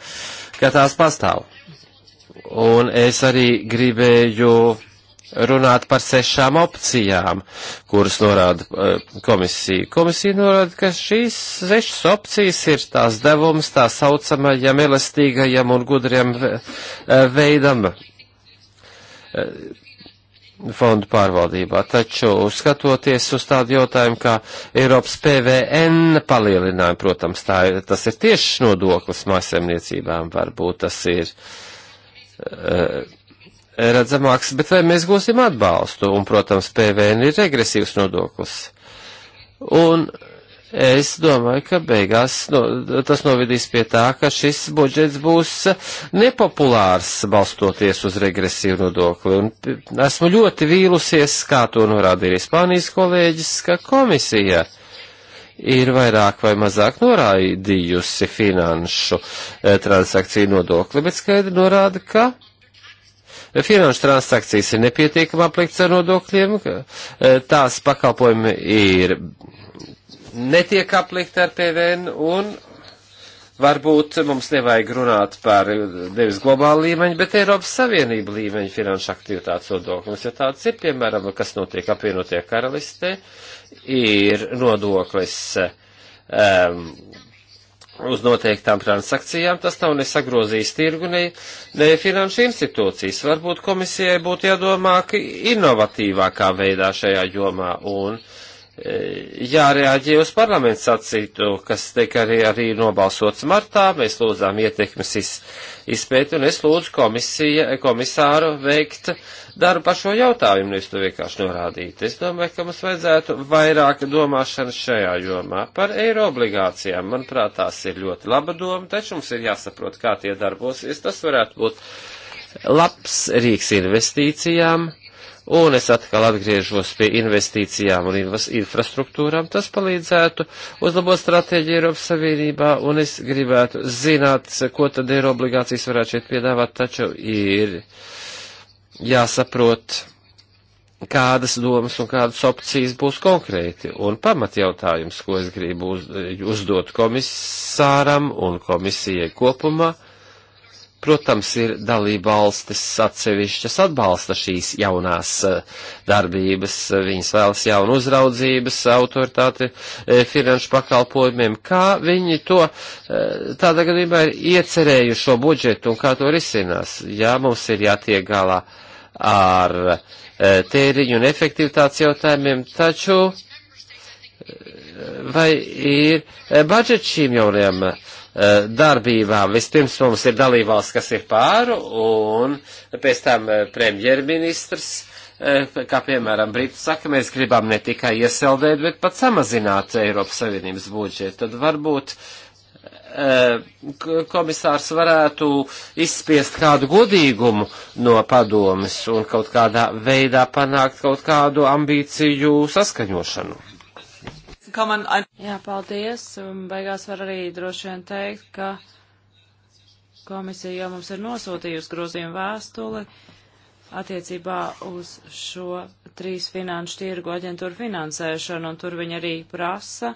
ka tās pastāv. Un es arī gribēju runāt par sešām opcijām, kuras norāda eh, komisija. Komisija norāda, ka šīs sešas opcijas ir tās devums tā saucamajam elastīgajam un gudrajam eh, veidam eh, fondu pārvaldībā. Taču, skatoties uz tādu jautājumu kā Eiropas PVN palielinājumu, protams, tā, tas ir tieši nodoklis mājasemniecībām, varbūt tas ir. Uh, redzamāks, bet vai mēs gūsim atbalstu? Un, protams, PVN ir regresīvs nodoklis. Un es domāju, ka beigās no, tas novedīs pie tā, ka šis budžets būs nepopulārs balstoties uz regresīvu nodokli. Un esmu ļoti vīlusies, kā to norāda ir Ispānijas kolēģis, ka komisija ir vairāk vai mazāk norādījusi finanšu eh, transakciju nodokli, bet skaidri norāda, ka Finanšu transakcijas ir nepietiekami aplikts ar nodokļiem, e, tās pakalpojumi ir netiek aplikti ar PVN un varbūt mums nevajag runāt par nevis globālu līmeņu, bet Eiropas Savienību līmeņu finanšu aktivitātes nodoklis, jo tāds ir, piemēram, kas notiek apvienotie karalistē, ir nodoklis um, uz noteiktām transakcijām, tas nav nesagrozījis tirgu, ne, ne finanšu institūcijas. Varbūt komisijai būtu jādomā inovatīvākā veidā šajā jomā un uh, jārēģē uz parlamentu sacītu, kas tika arī, arī nobalsots martā. Mēs lūdzām ietekmes iz, izpēti un es lūdzu komisija, komisāru veikt darbu par šo jautājumu, nevis to vienkārši norādīt. Es domāju, ka mums vajadzētu vairāk domāšanas šajā jomā par eiro obligācijām. Manuprāt, tās ir ļoti laba doma, taču mums ir jāsaprot, kā tie darbosies. Tas varētu būt labs rīks investīcijām un es atkal atgriežos pie investīcijām un infrastruktūrām, tas palīdzētu uzlabot stratēģiju Eiropas Savienībā, un es gribētu zināt, ko tad eiro obligācijas varētu šeit piedāvāt, taču ir jāsaprot, kādas domas un kādas opcijas būs konkrēti. Un pamatjautājums, ko es gribu uz, uzdot komisāram un komisijai kopumā, Protams, ir dalība valstis atsevišķas atbalsta šīs jaunās eh, darbības, viņas vēlas jaunu uzraudzības autoritāti eh, finanšu pakalpojumiem, kā viņi to eh, tādā gadījumā ir iecerējušo budžetu un kā to risinās. Jā, mums ir jātiek galā ar tēriņu un efektivitātes jautājumiem, taču vai ir budžets šīm jaunajām Eh, darbībām. Vispirms mums ir dalībvalsts, kas ir pāru, un pēc tam eh, premjerministrs, eh, kā piemēram Briti saka, mēs gribam ne tikai iesaldēt, bet pat samazināt Eiropas Savienības budžetu. Tad varbūt komisārs varētu izspiest kādu godīgumu no padomes un kaut kādā veidā panākt kaut kādu ambīciju saskaņošanu. Jā, paldies. Beigās var arī droši vien teikt, ka komisija jau mums ir nosūtījusi grozījumu vēstuli attiecībā uz šo trīs finanšu tirgu aģentūru finansēšanu, un tur viņi arī prasa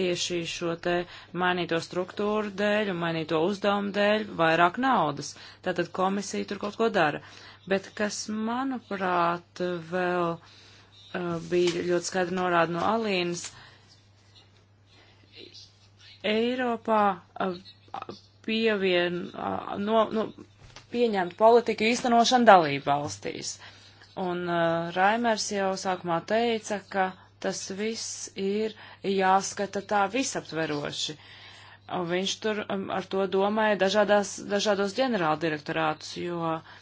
tieši šo te mainīto struktūru dēļ un mainīto uzdevumu dēļ vairāk naudas. Tātad komisija tur kaut ko dara. Bet kas, manuprāt, vēl uh, bija ļoti skaidri norāda no Alīnas, uh, Eiropā pievien, no, no, pieņemt politiku īstenošanu dalību valstīs. Un uh, Raimers jau sākumā teica, ka tas viss ir jāskata tā visaptveroši. Un viņš tur um, ar to domāja dažādās, dažādos ģenerāldirektorātus, jo uh,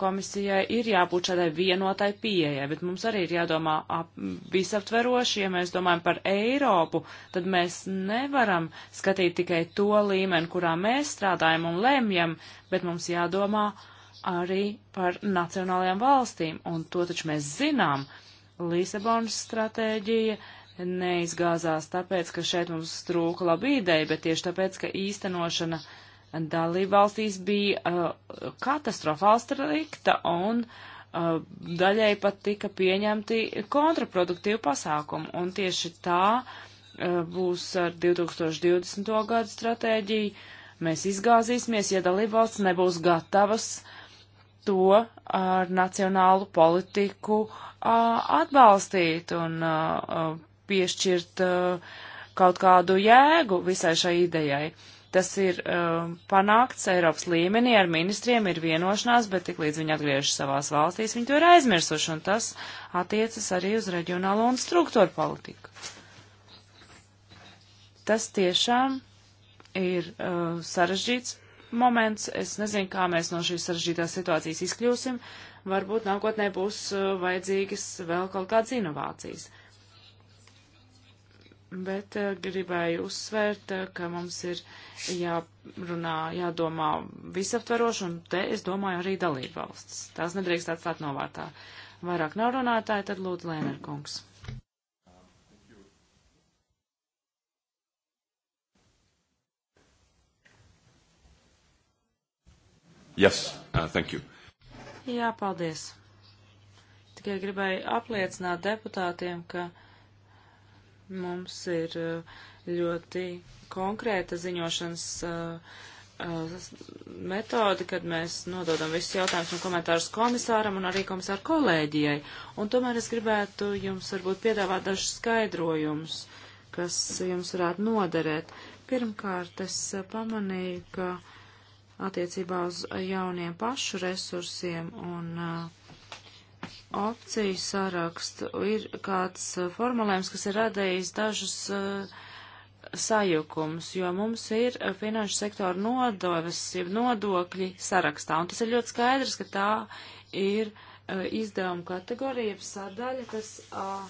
komisijai ir jābūt šādai vienotai pieejai, bet mums arī ir jādomā ap, visaptveroši, ja mēs domājam par Eiropu, tad mēs nevaram skatīt tikai to līmeni, kurā mēs strādājam un lemjam, bet mums jādomā arī par nacionālajām valstīm, un to taču mēs zinām. Lisabonas stratēģija neizgāzās tāpēc, ka šeit mums trūka laba ideja, bet tieši tāpēc, ka īstenošana uh, dalībvalstīs bija uh, katastrofāli strikta un uh, daļai pat tika pieņemti kontraproduktīvi pasākumi. Un tieši tā uh, būs ar 2020. gadu stratēģiju. Mēs izgāzīsimies, ja dalībvalsts nebūs gatavas to ar nacionālu politiku uh, atbalstīt un uh, uh, piešķirt kaut kādu jēgu visai šai idejai. Uh, Tas ir uh, panākts Eiropas līmenī, ar ministriem ir vienošanās, bet tik līdz viņi atgriežas savās valstīs, viņi to ir aizmirsuši, un tas attiecas arī uz reģionālo un struktūru politiku. Tas tiešām ir uh, sarežģīts moments. Es nezinu, kā mēs no šīs sarežģītās situācijas izkļūsim. Varbūt nākotnē būs uh, vajadzīgas vēl kaut kādas inovācijas bet uh, gribēju uzsvērt, uh, ka mums ir jārunā, jādomā visaptveroši, un te es domāju arī dalību valstis. Tās nedrīkst atstāt novārtā. Vairāk nav runātāji, tad lūdzu Lēnerkungs. Yes, uh, thank you. Jā, paldies. Tikai gribēju apliecināt deputātiem, ka uh, Mums ir uh, ļoti konkrēta ziņošanas uh, uh, metode, kad mēs nododam visus jautājumus un komentārus komisāram un arī komisāru kolēģijai. Un tomēr es gribētu jums varbūt piedāvāt dažus skaidrojumus, kas jums varētu noderēt. Pirmkārt, es pamanīju, ka attiecībā uz jauniem pašu resursiem un uh, opciju sarakstu ir kāds uh, formulējums, kas ir radījis dažus uh, sajukums, jo mums ir uh, finanšu sektora nodevas, jeb nodokļi sarakstā, un tas ir ļoti skaidrs, ka tā ir uh, izdevuma kategorija, jeb sadaļa, kas uh,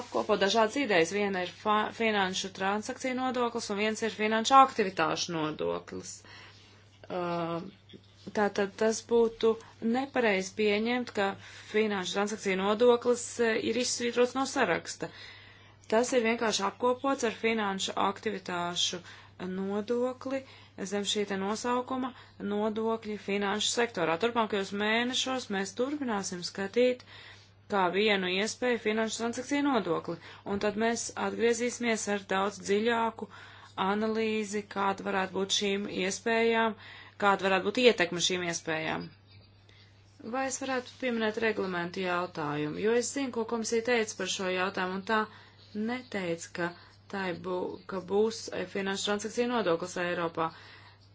apkopo dažādas idejas. Viena ir finanšu transakciju nodoklis, un viens ir finanšu aktivitāšu nodoklis. Uh, Tātad tas būtu nepareizi pieņemt, ka finanšu transakciju nodoklis e, ir izsvītrots no saraksta. Tas ir vienkārši apkopots ar finanšu aktivitāšu nodokli zem šī te nosaukuma nodokļi finanšu sektorā. Turpmākajos mēnešos mēs turpināsim skatīt kā vienu iespēju finanšu transakciju nodokli, un tad mēs atgriezīsimies ar daudz dziļāku analīzi, kāda varētu būt šīm iespējām uh, kāda varētu būt ietekme šīm iespējām. Vai es varētu pieminēt reglamentu jautājumu, jo es zinu, ko komisija teica par šo jautājumu, un tā neteica, ka, tā bū, ka būs eh, finanšu transakciju nodoklis Eiropā.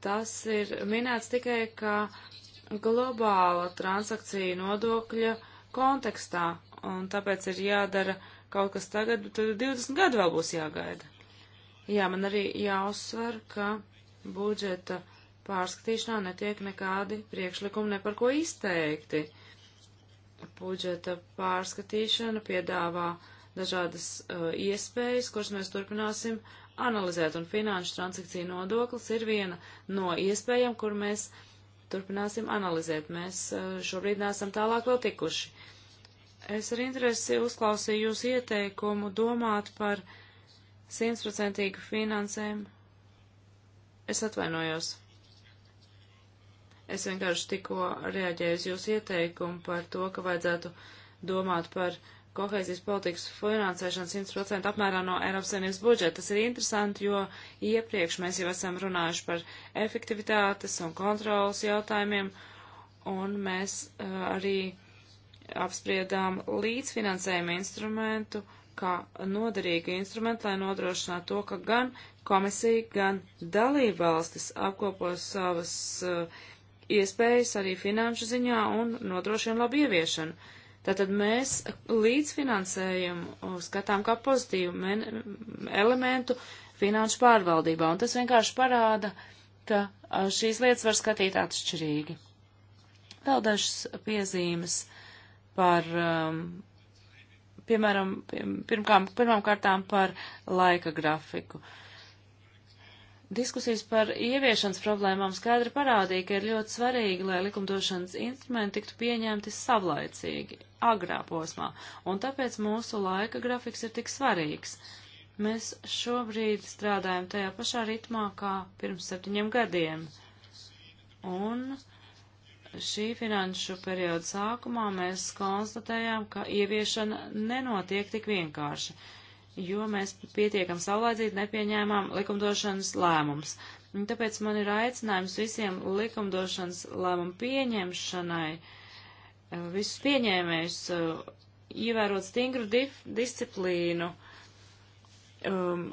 Tas ir minēts tikai, ka globāla transakcija nodokļa kontekstā, un tāpēc ir jādara kaut kas tagad, bet 20 gadu vēl būs jāgaida. Jā, man arī jāuzsver, ka budžeta pārskatīšanā netiek nekādi priekšlikumi ne par ko izteikti. Budžeta pārskatīšana piedāvā dažādas uh, iespējas, kuras mēs turpināsim analizēt, un finanšu transakciju nodoklis ir viena no iespējām, kur mēs turpināsim analizēt. Mēs uh, šobrīd neesam tālāk vēl tikuši. Es ar interesi uzklausīju jūsu ieteikumu domāt par simtprocentīgu finansējumu. Es atvainojos. Es vienkārši tikko reaģēju uz jūsu ieteikumu par to, ka vajadzētu domāt par kohēzijas politikas finansēšanu 100% apmērā no Eiropas Savienības budžeta. Tas ir interesanti, jo iepriekš mēs jau esam runājuši par efektivitātes un kontrolas jautājumiem, un mēs uh, arī apspriedām līdzfinansējumu instrumentu kā noderīgu instrumentu, lai nodrošinātu to, ka gan komisija, gan dalībvalstis apkopos savas uh, iespējas arī finanšu ziņā un nodrošina labu ieviešanu. Tātad mēs līdzfinansējam, skatām kā pozitīvu men, elementu finanšu pārvaldībā, un tas vienkārši parāda, ka šīs lietas var skatīt atšķirīgi. Vēl dažas piezīmes par, um, piemēram, pirmkām, pirmām kārtām par laika grafiku. Uh, Diskusijas par ieviešanas problēmām skaidri parādīja, ka ir ļoti svarīgi, lai likumdošanas instrumenti tiktu pieņemti savlaicīgi, agrā posmā, un tāpēc mūsu laika grafiks ir tik svarīgs. Mēs šobrīd strādājam tajā pašā ritmā kā pirms septiņiem gadiem, un šī finanšu perioda sākumā mēs konstatējām, ka ieviešana nenotiek tik vienkārši jo mēs pietiekam saulēdzīgi nepieņēmām likumdošanas lēmums. Un tāpēc man ir aicinājums visiem likumdošanas lēmumu pieņemšanai, eh, visus pieņēmējus, eh, ievērot stingru disciplīnu, um,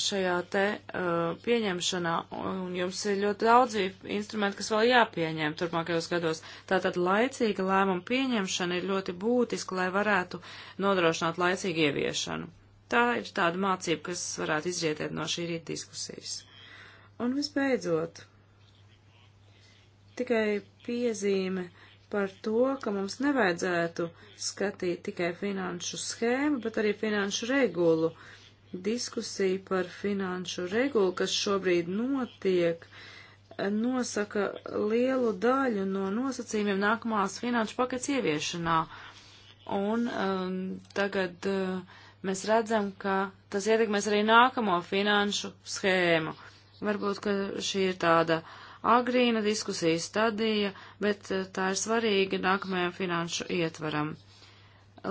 šajā te uh, pieņemšanā, un jums ir ļoti daudzi instrumenti, kas vēl jāpieņem turpmākajos gados. Tātad laicīga lēmuma pieņemšana ir ļoti būtiska, lai varētu nodrošināt laicīgu ieviešanu. Tā ir tāda mācība, kas varētu izrietēt no šī rīta diskusijas. Un visbeidzot, tikai piezīme par to, ka mums nevajadzētu skatīt tikai finanšu schēmu, bet arī finanšu regulu. Uh, diskusija par finanšu regulu, kas šobrīd notiek, nosaka lielu daļu no nosacījumiem nākamās finanšu pakets ieviešanā. Un um, tagad uh, mēs redzam, ka tas ietekmēs arī nākamo finanšu schēmu. Varbūt, ka šī ir tāda agrīna diskusija stadija, bet uh, tā ir svarīga nākamajam finanšu ietvaram. Uh,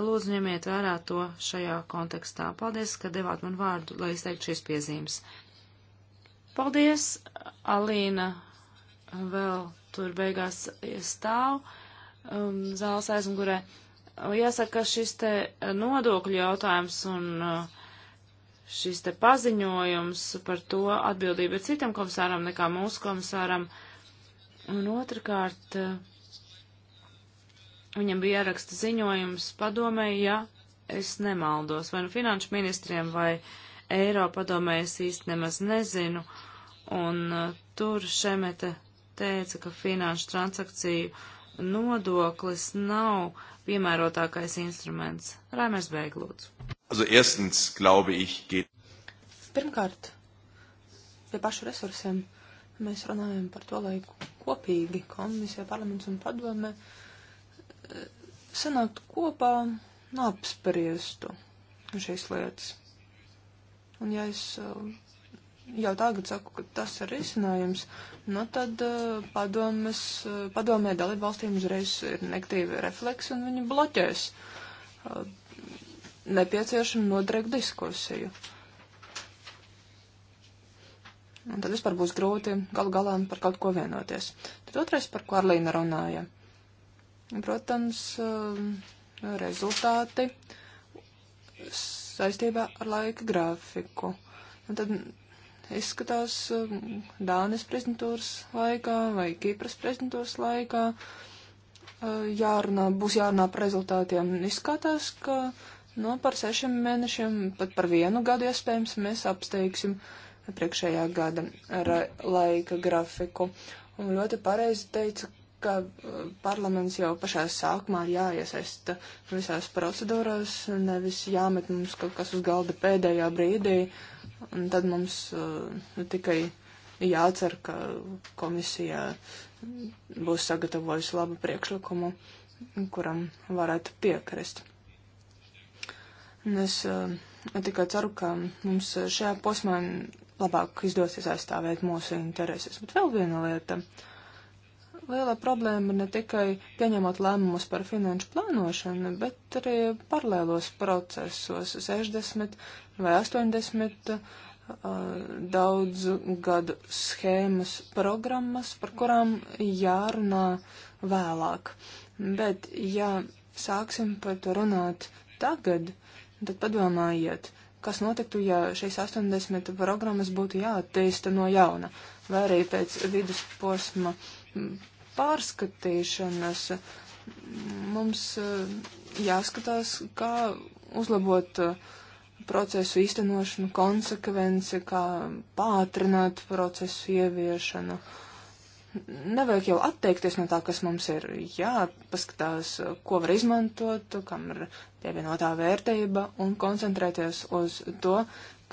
Lūdzu, ņemiet vērā to šajā kontekstā. Paldies, ka devāt man vārdu, lai izteiktu šīs piezīmes. Paldies, Alīna vēl tur beigās stāv um, zāles aizmugurē. Jāsaka, šis te nodokļu jautājums un uh, šis te paziņojums par to atbildību ir citam komisāram nekā mūsu komisāram. Un otrkārt, uh, Viņam bija jāraksta ziņojums padomē, ja es nemaldos, vai nu finanšu ministriem, vai Eiropadomē, es īsti nemaz nezinu. Un uh, tur Šemete teica, ka finanšu transakciju nodoklis nav piemērotākais instruments. Rēmēs Bēglūds. Also erstens, glaube ich, geht. Pirmkārt, pie pašu resursiem mēs runājam par to, lai kopīgi komisija, parlaments un padome uh, sanākt kopā un apspriestu šīs lietas. Un ja es eh, jau tagad saku, ka tas ir risinājums, nu tad eh, padomes, eh, padomē dalību valstīm uzreiz ir negatīvi refleksi un viņi bloķēs. Nepieciešama nodrēk diskusiju. Un tad vispār būs grūti galu galā par kaut ko vienoties. Tad otrais, par ko Arlīna runāja. Uh, Protams, um, rezultāti saistībā ar laika grafiku. Un tad izskatās um, Dānijas prezidentūras laikā vai Kīpras prezidentūras laikā. Uh, jārunā, būs jārunā par rezultātiem. Izskatās, ka no nu, par sešiem mēnešiem, pat par vienu gadu iespējams, mēs apsteigsim priekšējā gada laika grafiku. Un ļoti pareizi teica ka eh, parlaments jau pašā sākumā ir jāiesaista visās procedūrās, nevis jāmet mums kaut kas uz galda pēdējā brīdī, un tad mums uh, tikai jācer, ka komisija būs sagatavojusi labu priekšlikumu, kuram varētu piekrist. Un es uh, tikai ceru, ka mums šajā posmā labāk izdosies aizstāvēt mūsu intereses. Bet vēl viena lieta. Uh, liela problēma ne tikai pieņemot lēmumus par finanšu plānošanu, bet arī paralēlos procesos - 60 vai 80 uh, daudzu gadu schēmas programmas, par kurām jārunā vēlāk. Bet, ja sāksim par to runāt tagad, tad padomājiet, kas notiktu, ja šīs 80 programmas būtu jāattīsta no jauna, vai arī pēc vidusposma pārskatīšanas mums eh, jāskatās, kā uzlabot eh, procesu īstenošanu, konsekvenci, kā pātrināt procesu ieviešanu. Nevajag jau atteikties no tā, kas mums ir jāpaskatās, ko var izmantot, kam ir pievienotā vērtība un koncentrēties uz to,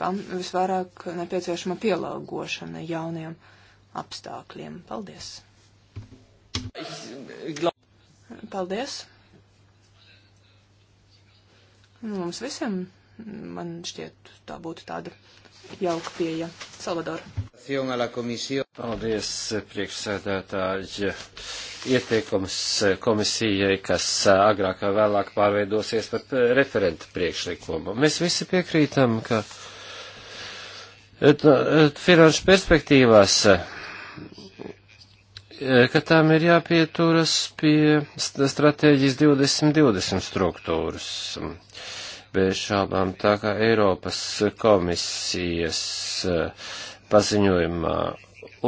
kam visvairāk nepieciešama pielāgošana jauniem apstākļiem. Paldies! Paldies. Nu, mums visiem, man šķiet, tā būtu tāda jauka pieeja. Salvador. Paldies, priekšsēdētāji. Ieteikums komisijai, kas agrāk vai vēlāk pārveidosies par referenta priekšlikumu. Mēs visi piekrītam, ka finanšu perspektīvās Eh, ka tām ir jāpieturas pie stratēģijas 2020 struktūras. Bez šābām tā kā Eiropas komisijas eh, paziņojumā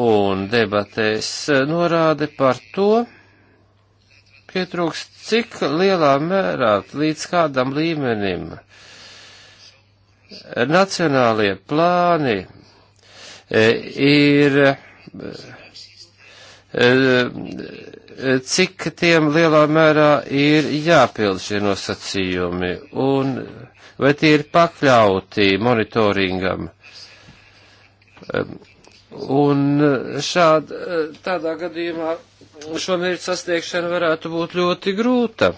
un debatēs eh, norāde par to, pietrūks, cik lielā mērā līdz kādam līmenim nacionālie plāni ir Eh, eh, cik tiem lielā mērā ir jāpild šie nosacījumi un vai tie ir pakļauti monitoringam. Eh, un šād, tādā gadījumā šo mērķu sasniegšana varētu būt ļoti grūta.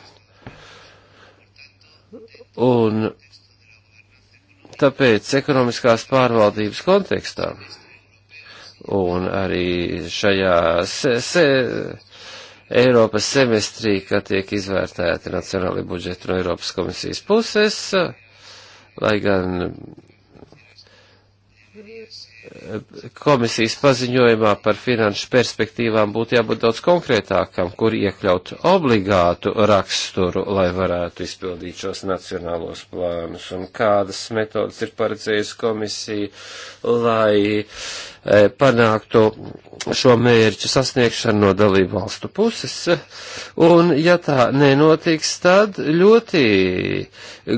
Un tāpēc ekonomiskās pārvaldības kontekstā un arī šajā se, se, Eiropas semestrī, kad tiek izvērtēti nacionālai budžeti no Eiropas komisijas puses, lai gan komisijas paziņojumā par finanšu perspektīvām būtu jābūt daudz konkrētākam, kur iekļaut obligātu raksturu, lai varētu izpildīt šos nacionālos plānus, un kādas metodas ir paredzējusi komisija, lai E, panāktu šo mērķu sasniegšanu no dalību valstu puses, un ja tā nenotiks, tad ļoti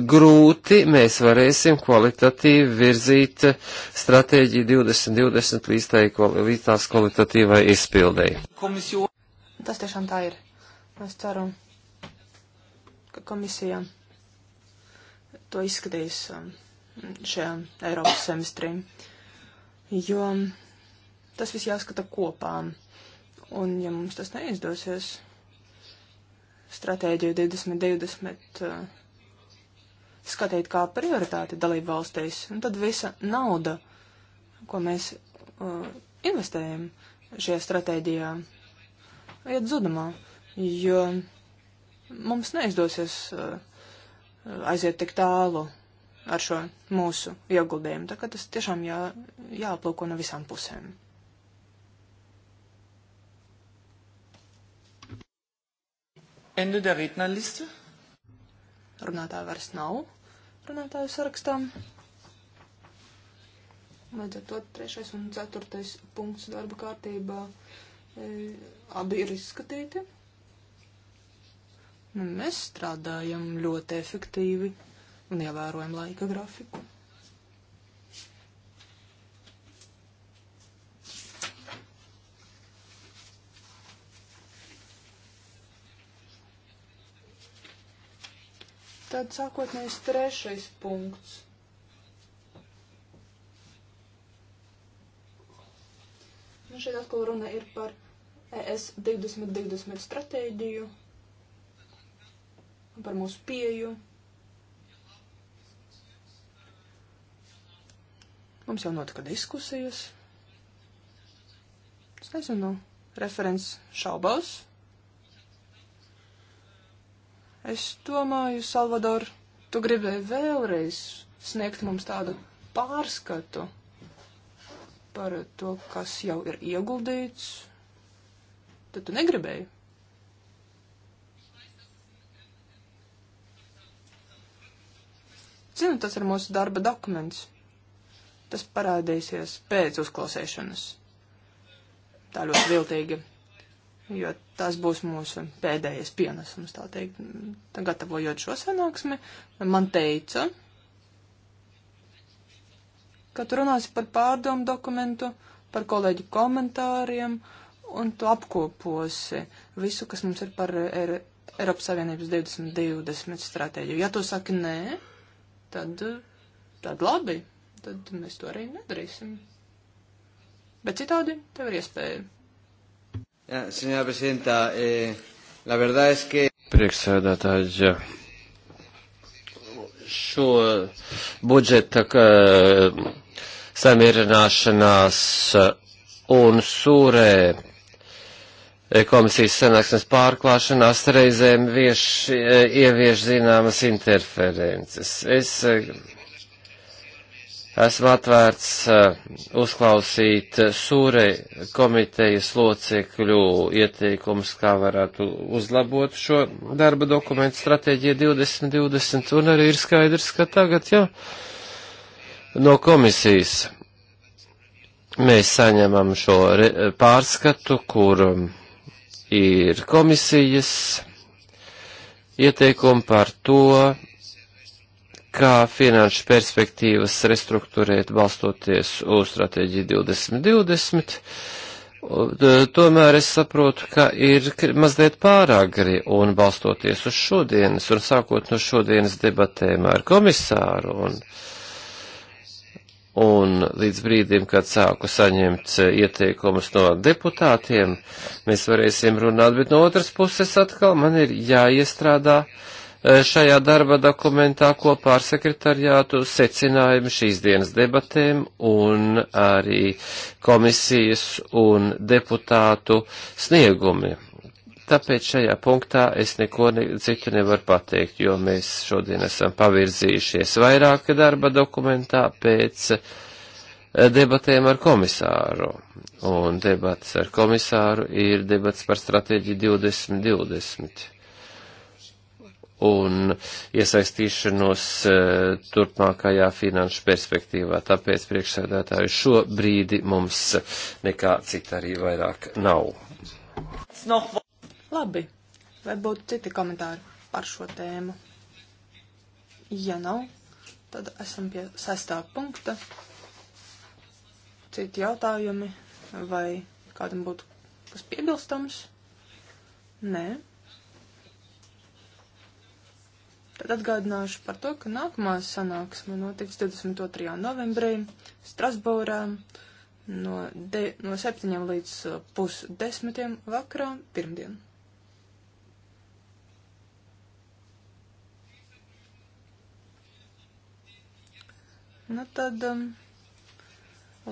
grūti mēs varēsim kvalitatīvi virzīt stratēģiju 2020 līdz, tai, līdz tās kvalitatīvai izpildēji. Tas tiešām tā ir. Es ceru, ka komisija to izskatīs um, šajā Eiropas semestrī. Uh, jo tas viss jāskata kopā. Un ja mums tas neizdosies, stratēģiju 2020 uh, eh, skatīt kā prioritāti dalību valstīs, un tad visa nauda, ko mēs uh, investējam šajā stratēģijā, iet zudumā, jo mums neizdosies uh, aiziet tik tālu ar šo mūsu ieguldījumu. Tā kā tas tiešām jā, jāaplūko no visām pusēm. Ende der Rednerliste. Runātāja vairs nav runātāju sarakstā. Līdz ar to trešais un ceturtais punkts darba kārtībā e, abi ir izskatīti. Nu, mēs strādājam ļoti efektīvi un ievērojam laika grafiku. Tad sākotnējs trešais punkts. Nu, šeit atkal runa ir par e ES 2020 stratēģiju un par mūsu pieju Mums jau notika diskusijas. Es nezinu, referents šaubās. Es domāju, Salvador, tu gribēji vēlreiz sniegt mums tādu pārskatu par to, kas jau ir ieguldīts. Tad tu negribēji. Zinu, tas ir mūsu darba dokuments. Tas parādīsies pēc uzklausīšanas. Tā ļoti viltīgi, jo tas būs mūsu pēdējais pienesums, tā teikt. Gatavojot šo sanāksmi, man teica, ka tu runāsi par pārdomu dokumentu, par kolēģu komentāriem, un tu apkoposi visu, kas mums ir par er Eiropas Savienības 2020 stratēģiju. Ja tu saki nē, tad, tad labi tad mēs to arī nedarīsim. Bet citādi tev ir iespēja. Jā, senjā prezidentā, eh, la verdad es que... Priekšsēdētāji, šo budžeta ka, samierināšanās un sūrē eh, komisijas sanāksmes pārklāšanās reizēm vieš, eh, ievieš zināmas interferences. Es eh, Esmu atvērts eh, uzklausīt sūre komitejas locekļu ieteikumus, kā varētu uzlabot šo darba dokumentu stratēģiju 2020, un arī ir skaidrs, ka tagad, jā, no komisijas mēs saņemam šo pārskatu, kur ir komisijas ieteikumi par to, kā finanšu perspektīvas restruktūrēt balstoties uz stratēģiju 2020. Tomēr es saprotu, ka ir mazliet pāragri un balstoties uz šodienas un sākot no šodienas debatēm ar komisāru un, un līdz brīdim, kad sāku saņemt ieteikumus no deputātiem, mēs varēsim runāt, bet no otras puses atkal man ir jāiestrādā. Uh, Eh, šajā darba dokumentā kopā ar sekretariātu secinājumi šīs dienas debatēm un arī komisijas un deputātu sniegumi. Tāpēc šajā punktā es neko ne, citu nevaru pateikt, jo mēs šodien esam pavirzījušies vairāk darba dokumentā pēc eh, debatēm ar komisāru. Un debats ar komisāru ir debats par stratēģiju 2020 un iesaistīšanos eh, turpmākajā finanšu perspektīvā. Tāpēc priekšsēdētāju šo brīdi mums nekā cita arī vairāk nav. Labi, vai būtu citi komentāri par šo tēmu? Ja nav, tad esam pie sestā punkta. Citi jautājumi vai kādam būtu kas piebilstams? Nē. Tad atgādināšu par to, ka nākamā sanāksme notiks 22. novembrī Strasbūrā no, de, no 7 līdz uh, pusdesmitiem vakarā pirmdien. Nu tad, um,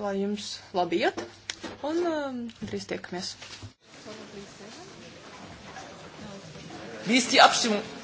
lai jums labi iet un um, drīz tiekamies. Wie ist die Abstimmung?